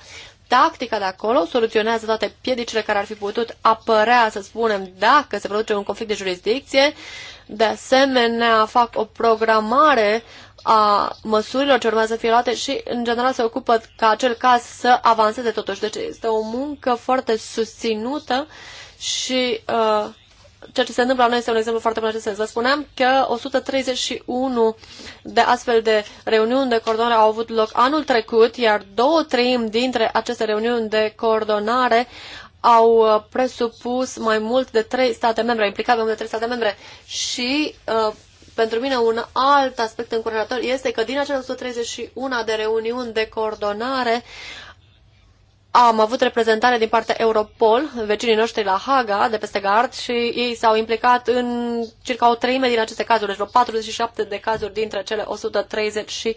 Speaker 2: tactica de acolo, soluționează toate piedicile care ar fi putut apărea, să spunem, dacă se produce un conflict de jurisdicție. De asemenea, fac o programare a măsurilor ce urmează să fie luate și, în general, se ocupă ca acel caz să avanseze totuși. Deci este o muncă foarte susținută și uh, ceea ce se întâmplă la noi este un exemplu foarte bun în acest sens. Vă spuneam că 131 de astfel de reuniuni de coordonare au avut loc anul trecut, iar două treimi dintre aceste reuniuni de coordonare au uh, presupus mai mult de trei state membre, implicat mai mult de trei state membre și uh, pentru mine un alt aspect încurajator este că din acele 131 de reuniuni de coordonare am avut reprezentare din partea Europol, vecinii noștri la Haga, de peste gard, și ei s-au implicat în circa o treime din aceste cazuri, deci vreo 47 de cazuri dintre cele 130 și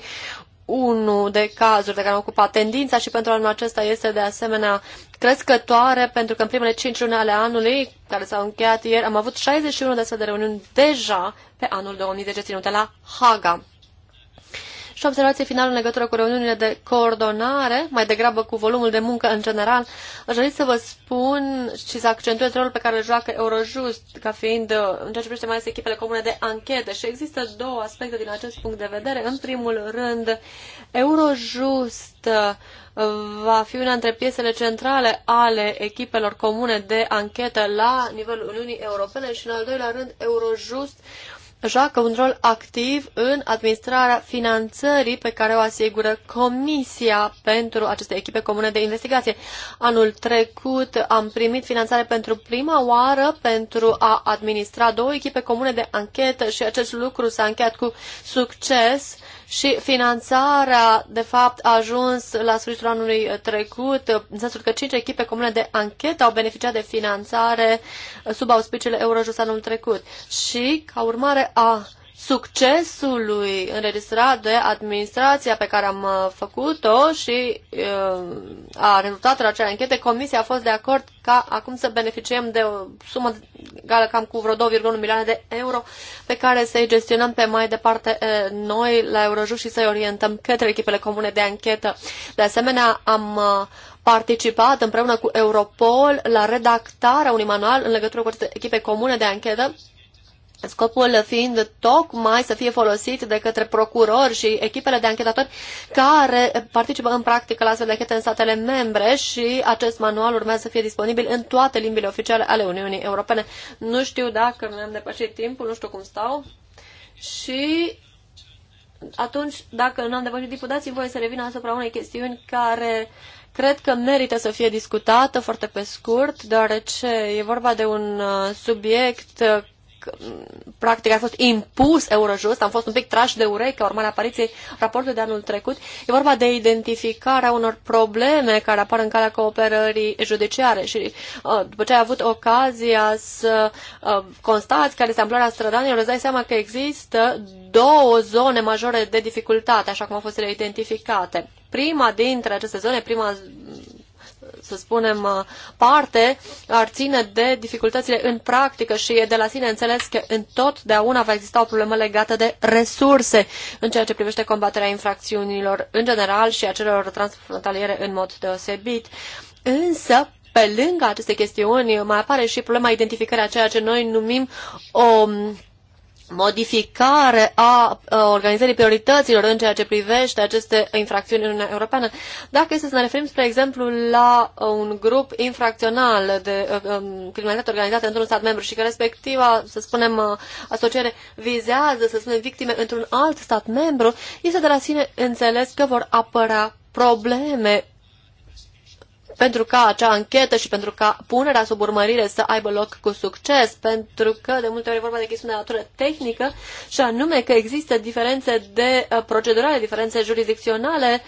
Speaker 2: unul de cazuri de care am ocupat. Tendința și pentru anul acesta este de asemenea crescătoare, pentru că în primele 5 luni ale anului, care s-au încheiat ieri, am avut 61 de astfel de reuniuni deja pe anul 2010 ținute la Haga și observație finală în legătură cu reuniunile de coordonare, mai degrabă cu volumul de muncă în general. Aș dori să vă spun și să accentuez rolul pe care îl joacă Eurojust, ca fiind uh, în ceea ce privește mai ales echipele comune de anchete. Și există două aspecte din acest punct de vedere. În primul rând, Eurojust uh, va fi una dintre piesele centrale ale echipelor comune de anchetă la nivelul Uniunii Europene și, în al doilea rând, Eurojust joacă un rol activ în administrarea finanțării pe care o asigură Comisia pentru aceste echipe comune de investigație. Anul trecut am primit finanțare pentru prima oară pentru a administra două echipe comune de anchetă și acest lucru s-a încheiat cu succes și finanțarea, de fapt, a ajuns la sfârșitul anului trecut, în sensul că cinci echipe comune de anchetă au beneficiat de finanțare sub auspiciile Eurojust anul trecut. Și, ca urmare a succesului înregistrat de administrația pe care am uh, făcut-o și uh, a rezultatelor acelei închete, comisia a fost de acord ca acum să beneficiem de o sumă egală cam cu vreo 2,1 milioane de euro pe care să-i gestionăm pe mai departe uh, noi la Eurojust și să-i orientăm către echipele comune de anchetă. De asemenea, am participat împreună cu Europol la redactarea unui manual în legătură cu aceste echipe comune de anchetă Scopul fiind tocmai să fie folosit de către procurori și echipele de anchetatori care participă în practică la astfel de anchete în statele membre și acest manual urmează să fie disponibil în toate limbile oficiale ale Uniunii Europene. Nu știu dacă mi-am depășit timpul, nu știu cum stau. Și atunci, dacă nu am depășit timpul, dați-mi voie să revin asupra unei chestiuni care cred că merită să fie discutată foarte pe scurt, deoarece e vorba de un uh, subiect uh, practic a fost impus Eurojust, am fost un pic trași de ureche, urmare apariției raportului de anul trecut. E vorba de identificarea unor probleme care apar în calea cooperării judiciare și uh, după ce ai avut ocazia să uh, constați care este amploarea strădanilor, îți dai seama că există două zone majore de dificultate, așa cum au fost ele identificate. Prima dintre aceste zone, prima să spunem, uh, parte ar ține de dificultățile în practică și e de la sine înțeles că întotdeauna va exista o problemă legată de resurse în ceea ce privește combaterea infracțiunilor în general și a celor transfrontaliere în mod deosebit. Însă, pe lângă aceste chestiuni, mai apare și problema identificării a ceea ce noi numim o modificare a organizării priorităților în ceea ce privește aceste infracțiuni în Uniunea Europeană. Dacă este să ne referim, spre exemplu, la uh, un grup infracțional de uh, um, criminalitate organizată într-un stat membru și că respectiva, să spunem, uh, asociere vizează, să spunem, victime într-un alt stat membru, este de la sine înțeles că vor apăra probleme pentru ca acea anchetă și pentru ca punerea sub urmărire să aibă loc cu succes, pentru că de multe ori e vorba de chestiune de natură tehnică și anume că există diferențe de uh, procedurale, diferențe jurisdicționale,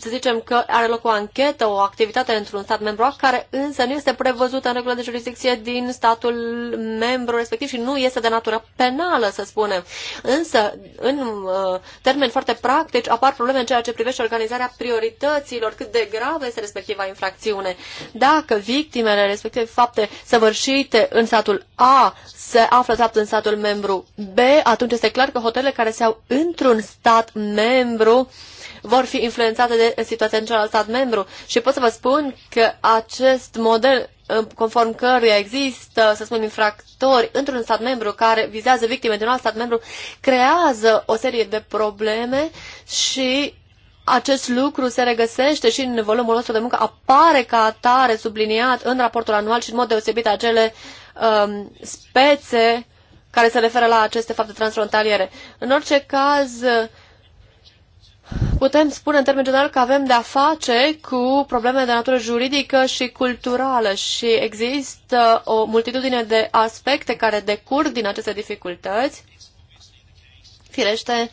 Speaker 2: să zicem că are loc o anchetă, o activitate într-un stat membru, care însă nu este prevăzută în regulă de jurisdicție din statul membru respectiv și nu este de natură penală, să spunem. Însă, în uh, termeni foarte practici, apar probleme în ceea ce privește organizarea priorităților, cât de gravă este respectiva infracție infracțiune. Dacă victimele respective fapte săvârșite în satul A se află fapt în satul membru B, atunci este clar că hotelele care se au într-un stat membru vor fi influențate de situația în celălalt stat membru. Și pot să vă spun că acest model conform căruia există, să spun, infractori într-un stat membru care vizează victime din alt stat membru, creează o serie de probleme și acest lucru se regăsește și în volumul nostru de muncă, apare ca atare subliniat în raportul anual și în mod deosebit acele um, spețe care se referă la aceste fapte transfrontaliere. În orice caz, putem spune în termen general că avem de-a face cu probleme de natură juridică și culturală și există o multitudine de aspecte care decurg din aceste dificultăți. Firește,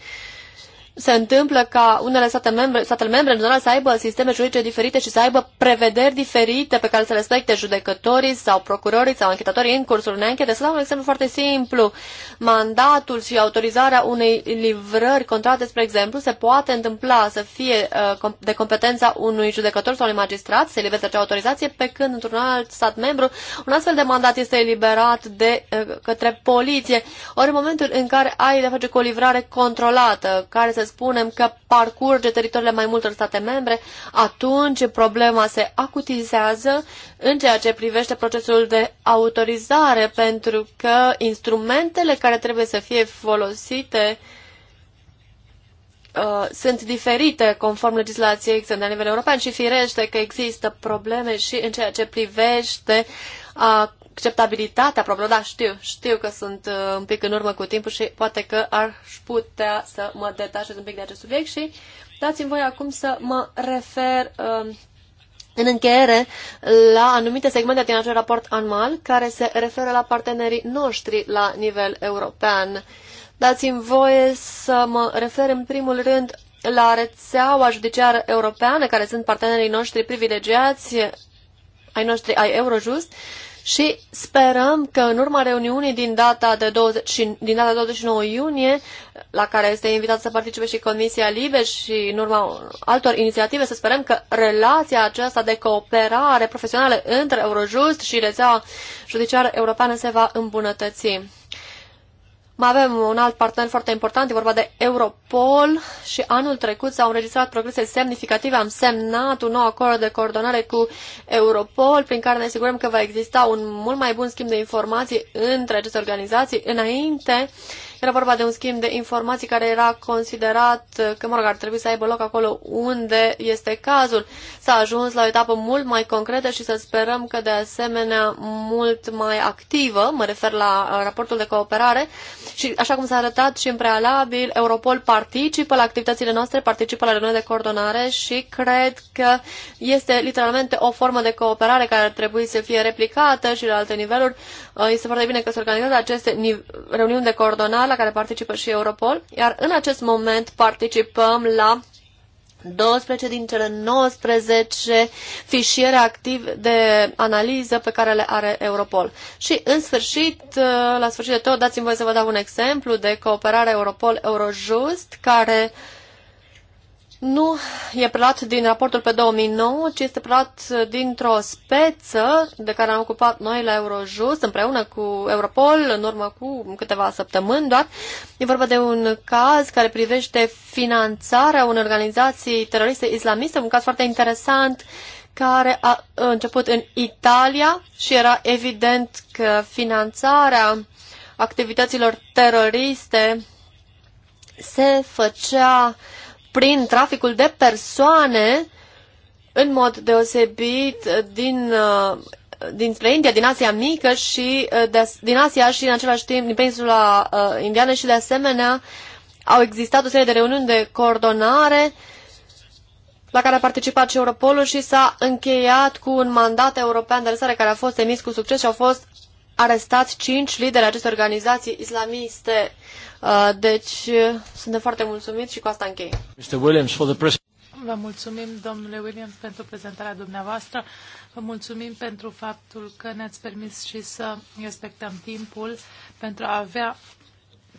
Speaker 2: se întâmplă ca unele state membre, statele membre, în general, să aibă sisteme juridice diferite și să aibă prevederi diferite pe care să respecte judecătorii sau procurorii sau anchetatorii în cursul unei anchete. Să dau un exemplu foarte simplu. Mandatul și autorizarea unei livrări, contracte, spre exemplu, se poate întâmpla să fie uh, de competența unui judecător sau unui magistrat să elibereze acea autorizație, pe când într-un alt stat membru un astfel de mandat este eliberat de uh, către poliție. Ori în momentul în care ai de face cu o livrare controlată, care se spunem că parcurge teritoriile mai multor state membre, atunci problema se acutizează în ceea ce privește procesul de autorizare, pentru că instrumentele care trebuie să fie folosite uh, sunt diferite conform legislației existente la nivel european și firește că există probleme și în ceea ce privește uh, acceptabilitatea problemelor. Da, știu, știu că sunt uh, un pic în urmă cu timpul și poate că ar putea să mă detașez un pic de acest subiect și dați-mi voi acum să mă refer uh, în încheiere la anumite segmente din acest raport anual care se referă la partenerii noștri la nivel european. Dați-mi voie să mă refer în primul rând la rețeaua judiciară europeană, care sunt partenerii noștri privilegiați, ai noștri ai Eurojust, și sperăm că în urma reuniunii din data, de 20, din data 29 iunie, la care este invitat să participe și Comisia Libe și în urma altor inițiative, să sperăm că relația aceasta de cooperare profesională între Eurojust și rețeaua judiciară europeană se va îmbunătăți. Mai avem un alt partener foarte important, e vorba de Europol și anul trecut s-au înregistrat progrese semnificative. Am semnat un nou acord de coordonare cu Europol, prin care ne asigurăm că va exista un mult mai bun schimb de informații între aceste organizații înainte uh, era vorba de un schimb de informații care era considerat că, mă rog, ar trebui să aibă loc acolo unde este cazul. S-a ajuns la o etapă mult mai concretă și să sperăm că, de asemenea, mult mai activă, mă refer la uh, raportul de cooperare, și, așa cum s-a arătat și în prealabil, Europol participă la activitățile noastre, participă la reuniunile de coordonare și cred că este literalmente o formă de cooperare care ar trebui să fie replicată și la alte niveluri. Uh, este foarte bine că se organizează aceste reuniuni de coordonare la care participă și Europol, iar în acest moment participăm la 12 din cele 19 fișiere active de analiză pe care le are Europol. Și în sfârșit, uh, la sfârșit de tot, dați-mi voi să vă dau un exemplu de cooperare Europol-Eurojust, care uh, nu e preluat din raportul pe 2009, ci este preluat dintr-o speță de care am ocupat noi la Eurojust împreună cu Europol în urmă cu câteva săptămâni doar. E vorba de un caz care privește finanțarea unei organizații teroriste islamiste, un caz foarte interesant care a început în Italia și era evident că finanțarea activităților teroriste se făcea uh, prin traficul de persoane, în mod deosebit din uh, din India, din Asia Mică și uh, de, din Asia și în același timp din peninsula uh, indiană și de asemenea au existat o serie de reuniuni de coordonare la care a participat și Europolul și s-a încheiat cu un mandat european de lăsare care a fost emis cu succes și au fost Arestat cinci lideri aceste organizații islamiste. Uh, deci suntem foarte mulțumiți și cu asta închei. Mr. Williams, for the
Speaker 3: Vă mulțumim, domnule Williams, pentru prezentarea dumneavoastră. Vă mulțumim pentru faptul că ne-ați permis și să respectăm timpul pentru a avea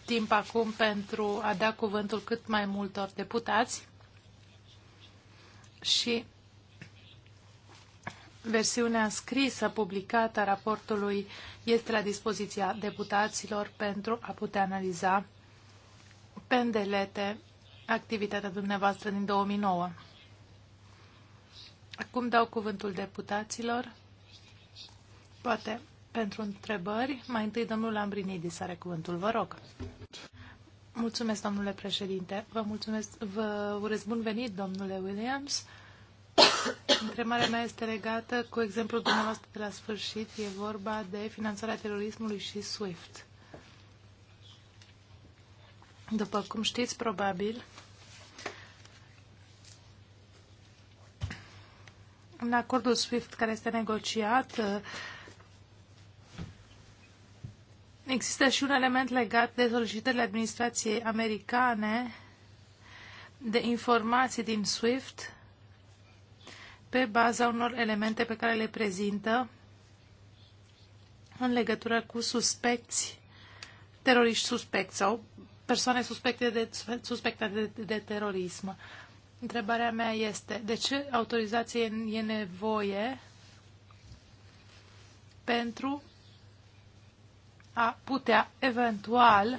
Speaker 3: timp acum pentru a da cuvântul cât mai multor deputați și Versiunea scrisă publicată a raportului este la dispoziția deputaților pentru a putea analiza pendelete activitatea dumneavoastră din 2009. Acum dau cuvântul deputaților. Poate pentru întrebări, mai întâi domnul Lambrinidis are cuvântul, vă rog. Mulțumesc, domnule președinte. Vă mulțumesc, vă urez bun venit, domnule Williams. Întrebarea mea este legată cu exemplul dumneavoastră de la sfârșit. E vorba de finanțarea terorismului și SWIFT. După cum știți, probabil, în acordul SWIFT care este negociat, există și un element legat de solicitările administrației americane de informații din SWIFT pe baza unor elemente pe care le prezintă în legătură cu suspecți, teroriști suspecți sau persoane suspecte de, suspectate de, de terorism. Întrebarea mea este, de ce autorizație e nevoie pentru a putea eventual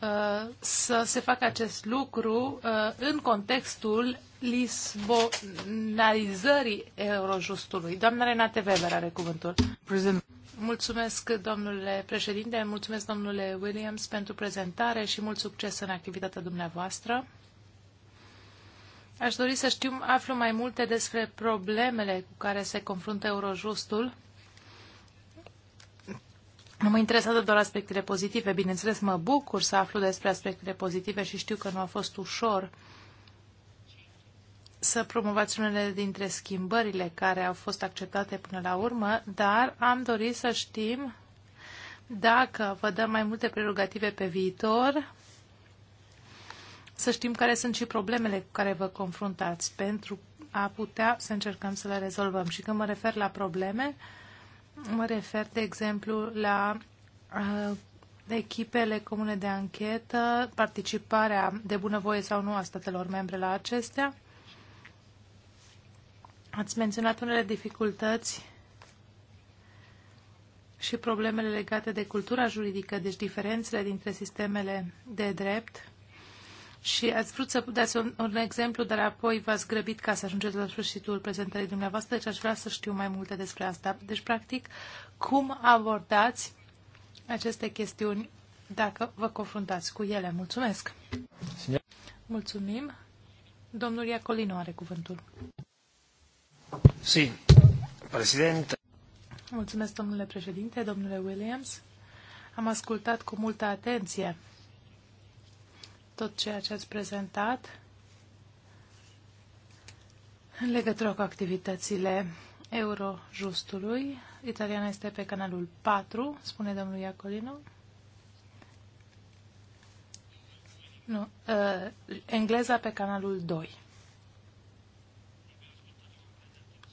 Speaker 3: Uh, să se facă acest lucru uh, în contextul lisbonalizării Eurojustului. Doamna Renate Weber are cuvântul. Prezent. Mulțumesc, domnule președinte, mulțumesc, domnule Williams, pentru prezentare și mult succes în activitatea dumneavoastră. Aș dori să știu, aflu mai multe despre problemele cu care se confruntă Eurojustul nu mă interesează doar aspectele pozitive, bineînțeles mă bucur să aflu despre aspectele pozitive și știu că nu a fost ușor să promovați unele dintre schimbările care au fost acceptate până la urmă, dar am dorit să știm dacă vă dăm mai multe prerogative pe viitor, să știm care sunt și problemele cu care vă confruntați pentru a putea să încercăm să le rezolvăm. Și când mă refer la probleme, uh, Mă refer, de exemplu, la uh, echipele comune de anchetă, participarea de bunăvoie sau nu a statelor membre la acestea. Ați menționat unele dificultăți și problemele legate de cultura juridică, deci diferențele dintre sistemele de drept și ați vrut să dați un, un exemplu, dar apoi v-ați grăbit ca să ajungeți la sfârșitul prezentării dumneavoastră, deci aș vrea să știu mai multe despre asta. Deci, practic, cum abordați aceste chestiuni dacă vă confruntați cu ele? Mulțumesc! Mulțumim! Domnul Iacolino are cuvântul.
Speaker 2: Si, președinte.
Speaker 3: Mulțumesc, domnule președinte, domnule Williams. Am ascultat cu multă atenție tot ceea ce ați prezentat în legătură cu activitățile Eurojustului. Italiana este pe canalul 4, spune domnul Iacolino. Nu, uh, engleza pe canalul 2.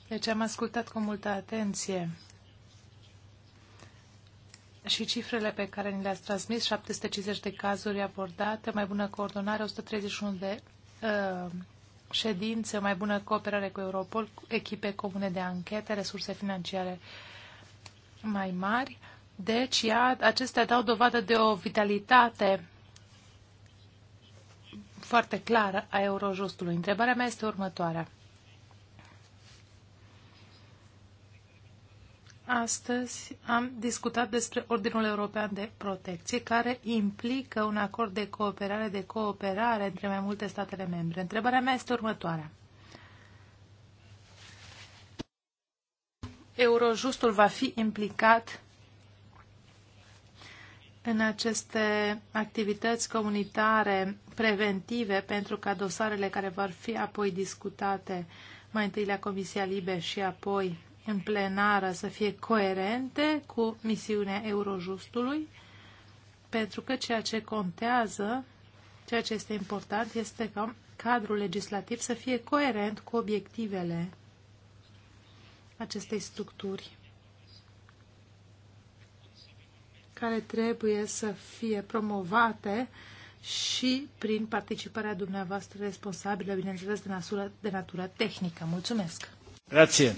Speaker 3: Deci am ascultat cu multă atenție și cifrele pe care ni le-ați transmis, 750 de cazuri abordate, mai bună coordonare, 131 de uh, ședințe, mai bună cooperare cu Europol, echipe comune de anchete, resurse financiare mai mari. Deci, ia, acestea dau dovadă de o vitalitate foarte clară a Eurojustului. Întrebarea mea este următoarea. Astăzi am discutat despre Ordinul European de Protecție, care implică un acord de cooperare, de cooperare între mai multe statele membre. Întrebarea mea este următoarea. Eurojustul va fi implicat în aceste activități comunitare preventive pentru ca dosarele care vor fi apoi discutate mai întâi la Comisia Libe și apoi în plenară să fie coerente cu misiunea Eurojustului, pentru că ceea ce contează, ceea ce este important, este ca cadrul legislativ să fie coerent cu obiectivele acestei structuri care trebuie să fie promovate și prin participarea dumneavoastră responsabilă, bineînțeles, de natură, de natură tehnică. Mulțumesc! Grazie!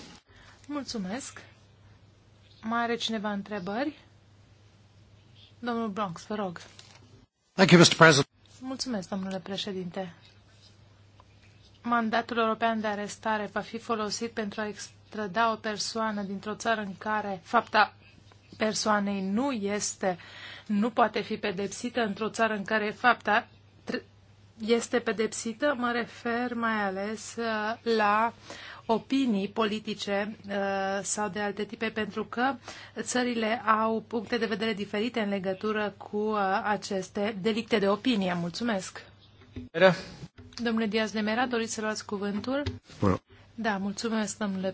Speaker 3: Mulțumesc. Mai are cineva întrebări? Domnul Bronx, vă rog.
Speaker 1: Thank you, Mr. President.
Speaker 3: Mulțumesc, domnule președinte. Mandatul european de arestare va fi folosit pentru a extrada o persoană dintr-o țară în care fapta persoanei nu este, nu poate fi pedepsită într-o țară în care fapta este pedepsită, mă refer mai ales uh, la opinii politice uh, sau de alte tipe, pentru că țările au puncte de vedere diferite în legătură cu uh, aceste delicte de opinie. Mulțumesc! Era. Domnule Diaz de Mera, doriți să luați cuvântul? Bună. Da, mulțumesc, domnule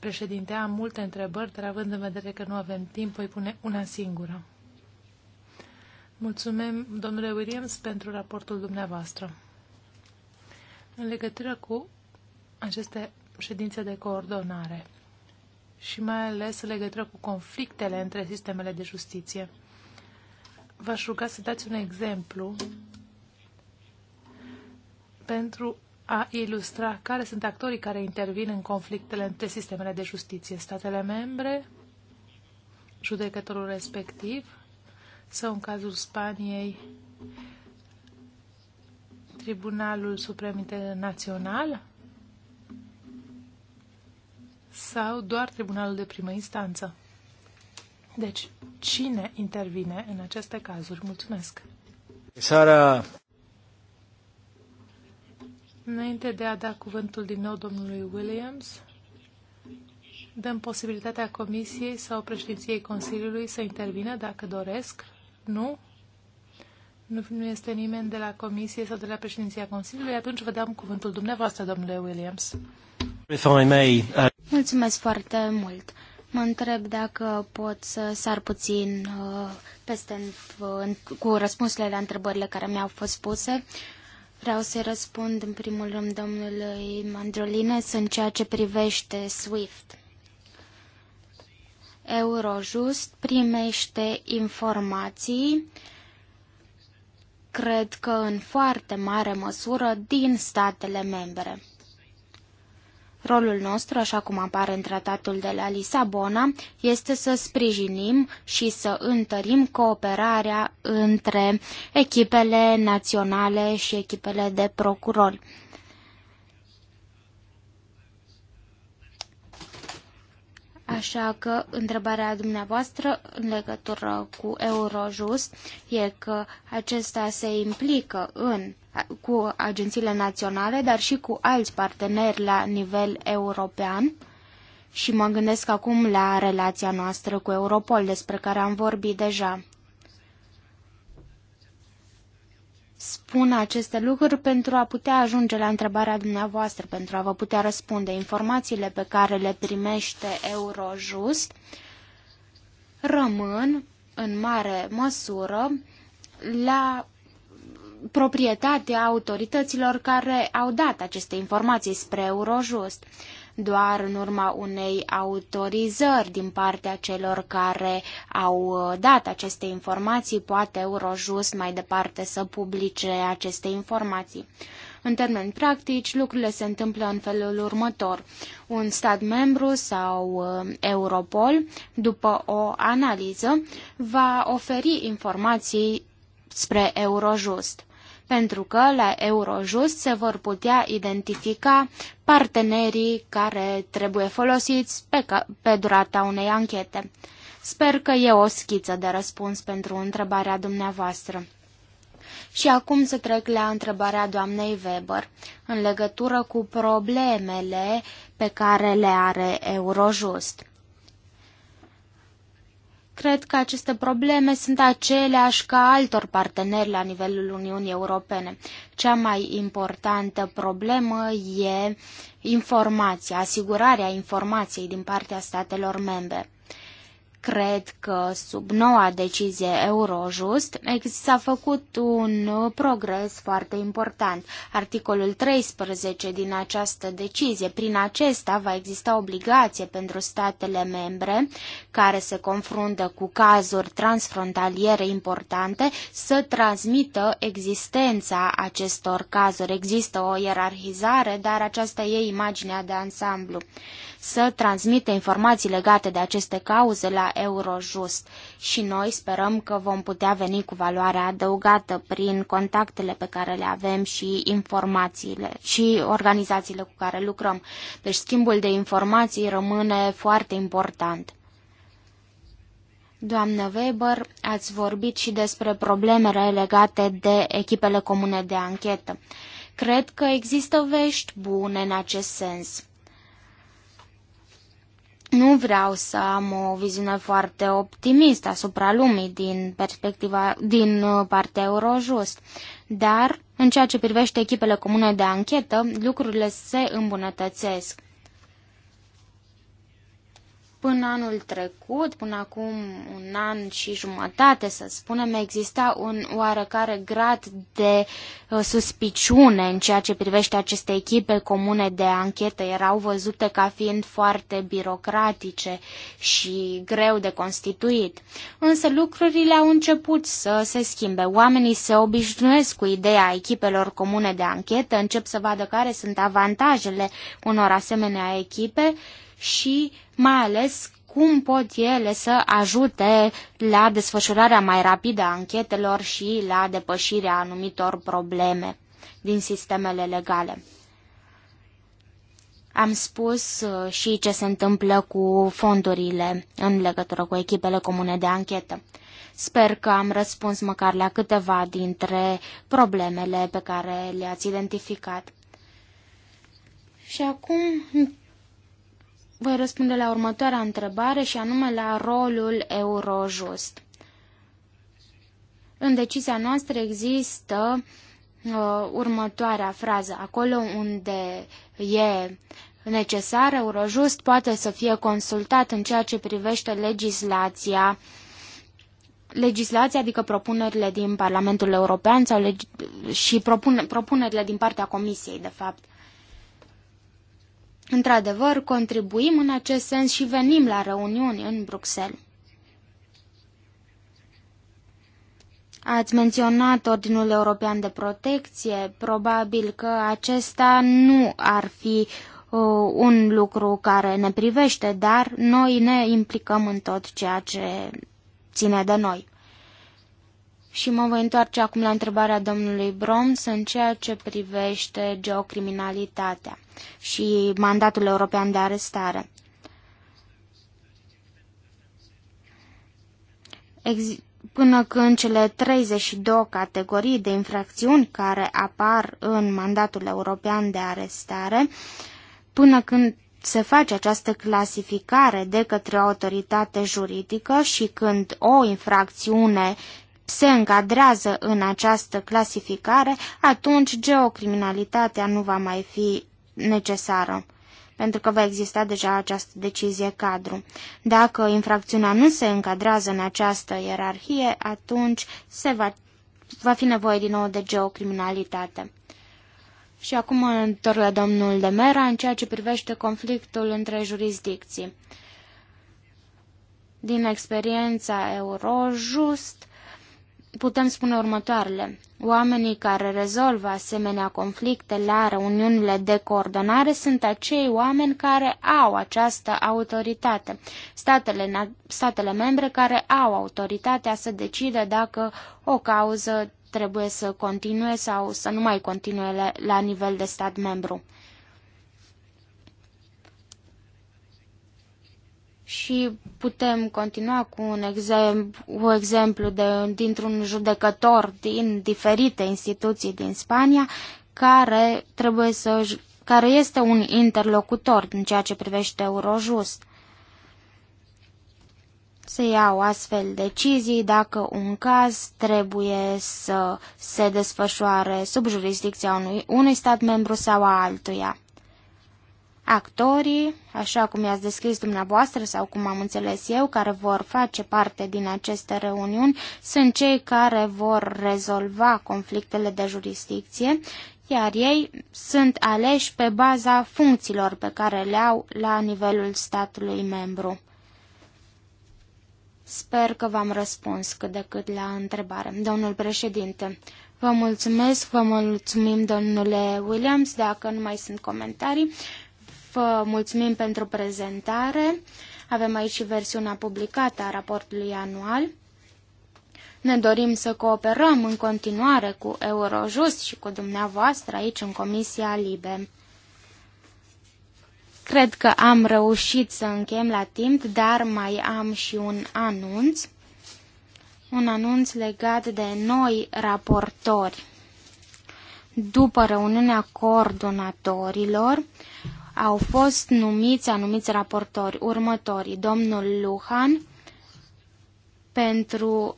Speaker 3: președinte. Am multe întrebări, dar având în vedere că nu avem timp, voi pune una singură. Mulțumim, domnule Williams, pentru raportul dumneavoastră. În legătură cu aceste ședințe de coordonare și mai ales în legătură cu conflictele între sistemele de justiție, v-aș ruga să dați un exemplu pentru a ilustra care sunt actorii care intervin în conflictele între sistemele de justiție, statele membre, judecătorul respectiv sau în cazul Spaniei Tribunalul Suprem Internațional sau doar Tribunalul de Primă Instanță. Deci, cine intervine în aceste cazuri? Mulțumesc!
Speaker 2: Sara!
Speaker 3: Înainte de a da cuvântul din nou domnului Williams, dăm posibilitatea Comisiei sau președinției Consiliului să intervină dacă doresc nu? Nu, nu este nimeni de la Comisie sau de la președinția Consiliului, atunci vă dăm cuvântul dumneavoastră, domnule Williams.
Speaker 2: Uh,
Speaker 1: Mulțumesc foarte mult. Mă întreb dacă pot să sar puțin uh, peste în, cu răspunsurile la întrebările care mi-au fost puse. Vreau să răspund în primul rând domnului Mandroline în ceea ce privește SWIFT. Eurojust primește informații, cred că în foarte mare măsură, din statele membre. Rolul nostru, așa cum apare în tratatul de la Lisabona, este să sprijinim și să întărim cooperarea între echipele naționale și echipele de procurori. Așa că întrebarea dumneavoastră în legătură cu Eurojust e că acesta se implică în, cu agențiile naționale, dar și cu alți parteneri la nivel european. Și mă gândesc acum la relația noastră cu Europol, despre care am vorbit deja. spun aceste lucruri pentru a putea ajunge la întrebarea dumneavoastră, pentru a vă putea răspunde informațiile pe care le primește Eurojust, rămân în mare măsură la proprietatea autorităților care au dat aceste informații spre Eurojust doar în urma unei autorizări din partea celor care au uh, dat aceste informații, poate Eurojust mai departe să publice aceste informații. În termeni practici, lucrurile se întâmplă în felul următor. Un stat membru sau uh, Europol, după o analiză, va oferi informații spre Eurojust pentru că la Eurojust se vor putea identifica partenerii care trebuie folosiți pe, pe durata unei anchete. Sper că e o schiță de răspuns pentru întrebarea dumneavoastră. Și acum să trec la întrebarea doamnei Weber, în legătură cu problemele pe care le are Eurojust. Cred că aceste probleme sunt aceleași ca altor parteneri la nivelul Uniunii Europene. Cea mai importantă problemă e informația, asigurarea informației din partea statelor membre cred că sub noua decizie Eurojust s-a făcut un uh, progres foarte important. Articolul 13 din această decizie, prin acesta va exista obligație pentru statele membre care se confruntă cu cazuri transfrontaliere importante să transmită existența acestor cazuri. Există o ierarhizare, dar aceasta e imaginea de ansamblu să transmită informații legate de aceste cauze la Eurojust și noi sperăm că vom putea veni cu valoare adăugată prin contactele pe care le avem și informațiile și organizațiile cu care lucrăm. Deci schimbul de informații rămâne foarte important. Doamnă Weber, ați vorbit și despre problemele legate de echipele comune de anchetă. Cred că există vești bune în acest sens. Nu vreau să am o viziune foarte optimistă asupra lumii din perspectiva din uh, partea Eurojust, dar în ceea ce privește echipele comune de anchetă, lucrurile se îmbunătățesc. Până anul trecut, până acum un an și jumătate, să spunem, exista un oarecare grad de uh, suspiciune în ceea ce privește aceste echipe comune de anchetă. Erau văzute ca fiind foarte birocratice și greu de constituit. Însă lucrurile au început să se schimbe. Oamenii se obișnuiesc cu ideea echipelor comune de anchetă, încep să vadă care sunt avantajele unor asemenea echipe și mai ales cum pot ele să ajute la desfășurarea mai rapidă a anchetelor și la depășirea anumitor probleme din sistemele legale. Am spus uh, și ce se întâmplă cu fondurile în legătură cu echipele comune de anchetă. Sper că am răspuns măcar la câteva dintre problemele pe care le-ați identificat. Și acum voi răspunde la următoarea întrebare și anume la rolul Eurojust. În decizia noastră există uh, următoarea frază. Acolo unde e necesar, Eurojust poate să fie consultat în ceea ce privește legislația legislația, adică propunerile din Parlamentul European sau legi- și propun- propunerile din partea Comisiei, de fapt. Într-adevăr, contribuim în acest sens și venim la reuniuni în Bruxelles. Ați menționat Ordinul European de Protecție. Probabil că acesta nu ar fi uh, un lucru care ne privește, dar noi ne implicăm în tot ceea ce ține de noi. Și mă voi întoarce acum la întrebarea domnului Broms în ceea ce privește geocriminalitatea și mandatul european de arestare. Ex- până când cele 32 categorii de infracțiuni care apar în mandatul european de arestare, până când se face această clasificare de către o autoritate juridică și când o infracțiune se încadrează în această clasificare, atunci geocriminalitatea nu va mai fi necesară pentru că va exista deja această decizie cadru. Dacă infracțiunea nu se încadrează în această ierarhie, atunci se va, va fi nevoie din nou de geocriminalitate. Și acum mă întorc la domnul Demera în ceea ce privește conflictul între jurisdicții. Din experiența Eurojust, putem spune următoarele. Oamenii care rezolvă asemenea conflicte la reuniunile de coordonare sunt acei oameni care au această autoritate, statele, statele membre care au autoritatea să decide dacă o cauză trebuie să continue sau să nu mai continue la, la nivel de stat membru. și putem continua cu un exemplu, exemplu de, dintr-un judecător din diferite instituții din Spania care trebuie să care este un interlocutor în ceea ce privește Eurojust. Se iau astfel decizii dacă un caz trebuie să se desfășoare sub jurisdicția unui, unui stat membru sau a altuia actorii, așa cum i-ați descris dumneavoastră sau cum am înțeles eu, care vor face parte din aceste reuniuni, sunt cei care vor rezolva conflictele de jurisdicție, iar ei sunt aleși pe baza funcțiilor pe care le au la nivelul statului membru. Sper că v-am răspuns cât de cât la întrebare. Domnul președinte, vă mulțumesc, vă mulțumim domnule Williams, dacă nu mai sunt comentarii. Vă mulțumim pentru prezentare. Avem aici și versiunea publicată a raportului anual. Ne dorim să cooperăm în continuare cu Eurojust și cu dumneavoastră aici în Comisia Libe. Cred că am reușit să încheiem la timp, dar mai am și un anunț. Un anunț legat de noi raportori. După reuniunea coordonatorilor, au fost numiți anumiți raportori următorii, domnul Luhan pentru,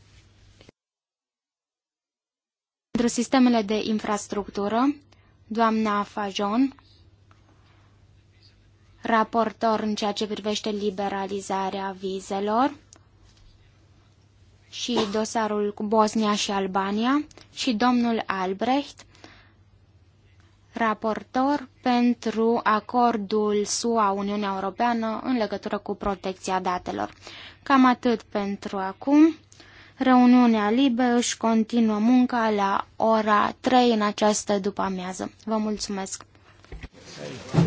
Speaker 1: pentru sistemele de infrastructură, doamna Fajon, raportor în ceea ce privește liberalizarea vizelor și dosarul cu Bosnia și Albania și domnul Albrecht raportor pentru acordul SUA-Uniunea Europeană în legătură cu protecția datelor. Cam atât pentru acum. Reuniunea Libe își continuă munca la ora 3 în această după-amiază. Vă mulțumesc!
Speaker 2: Hey.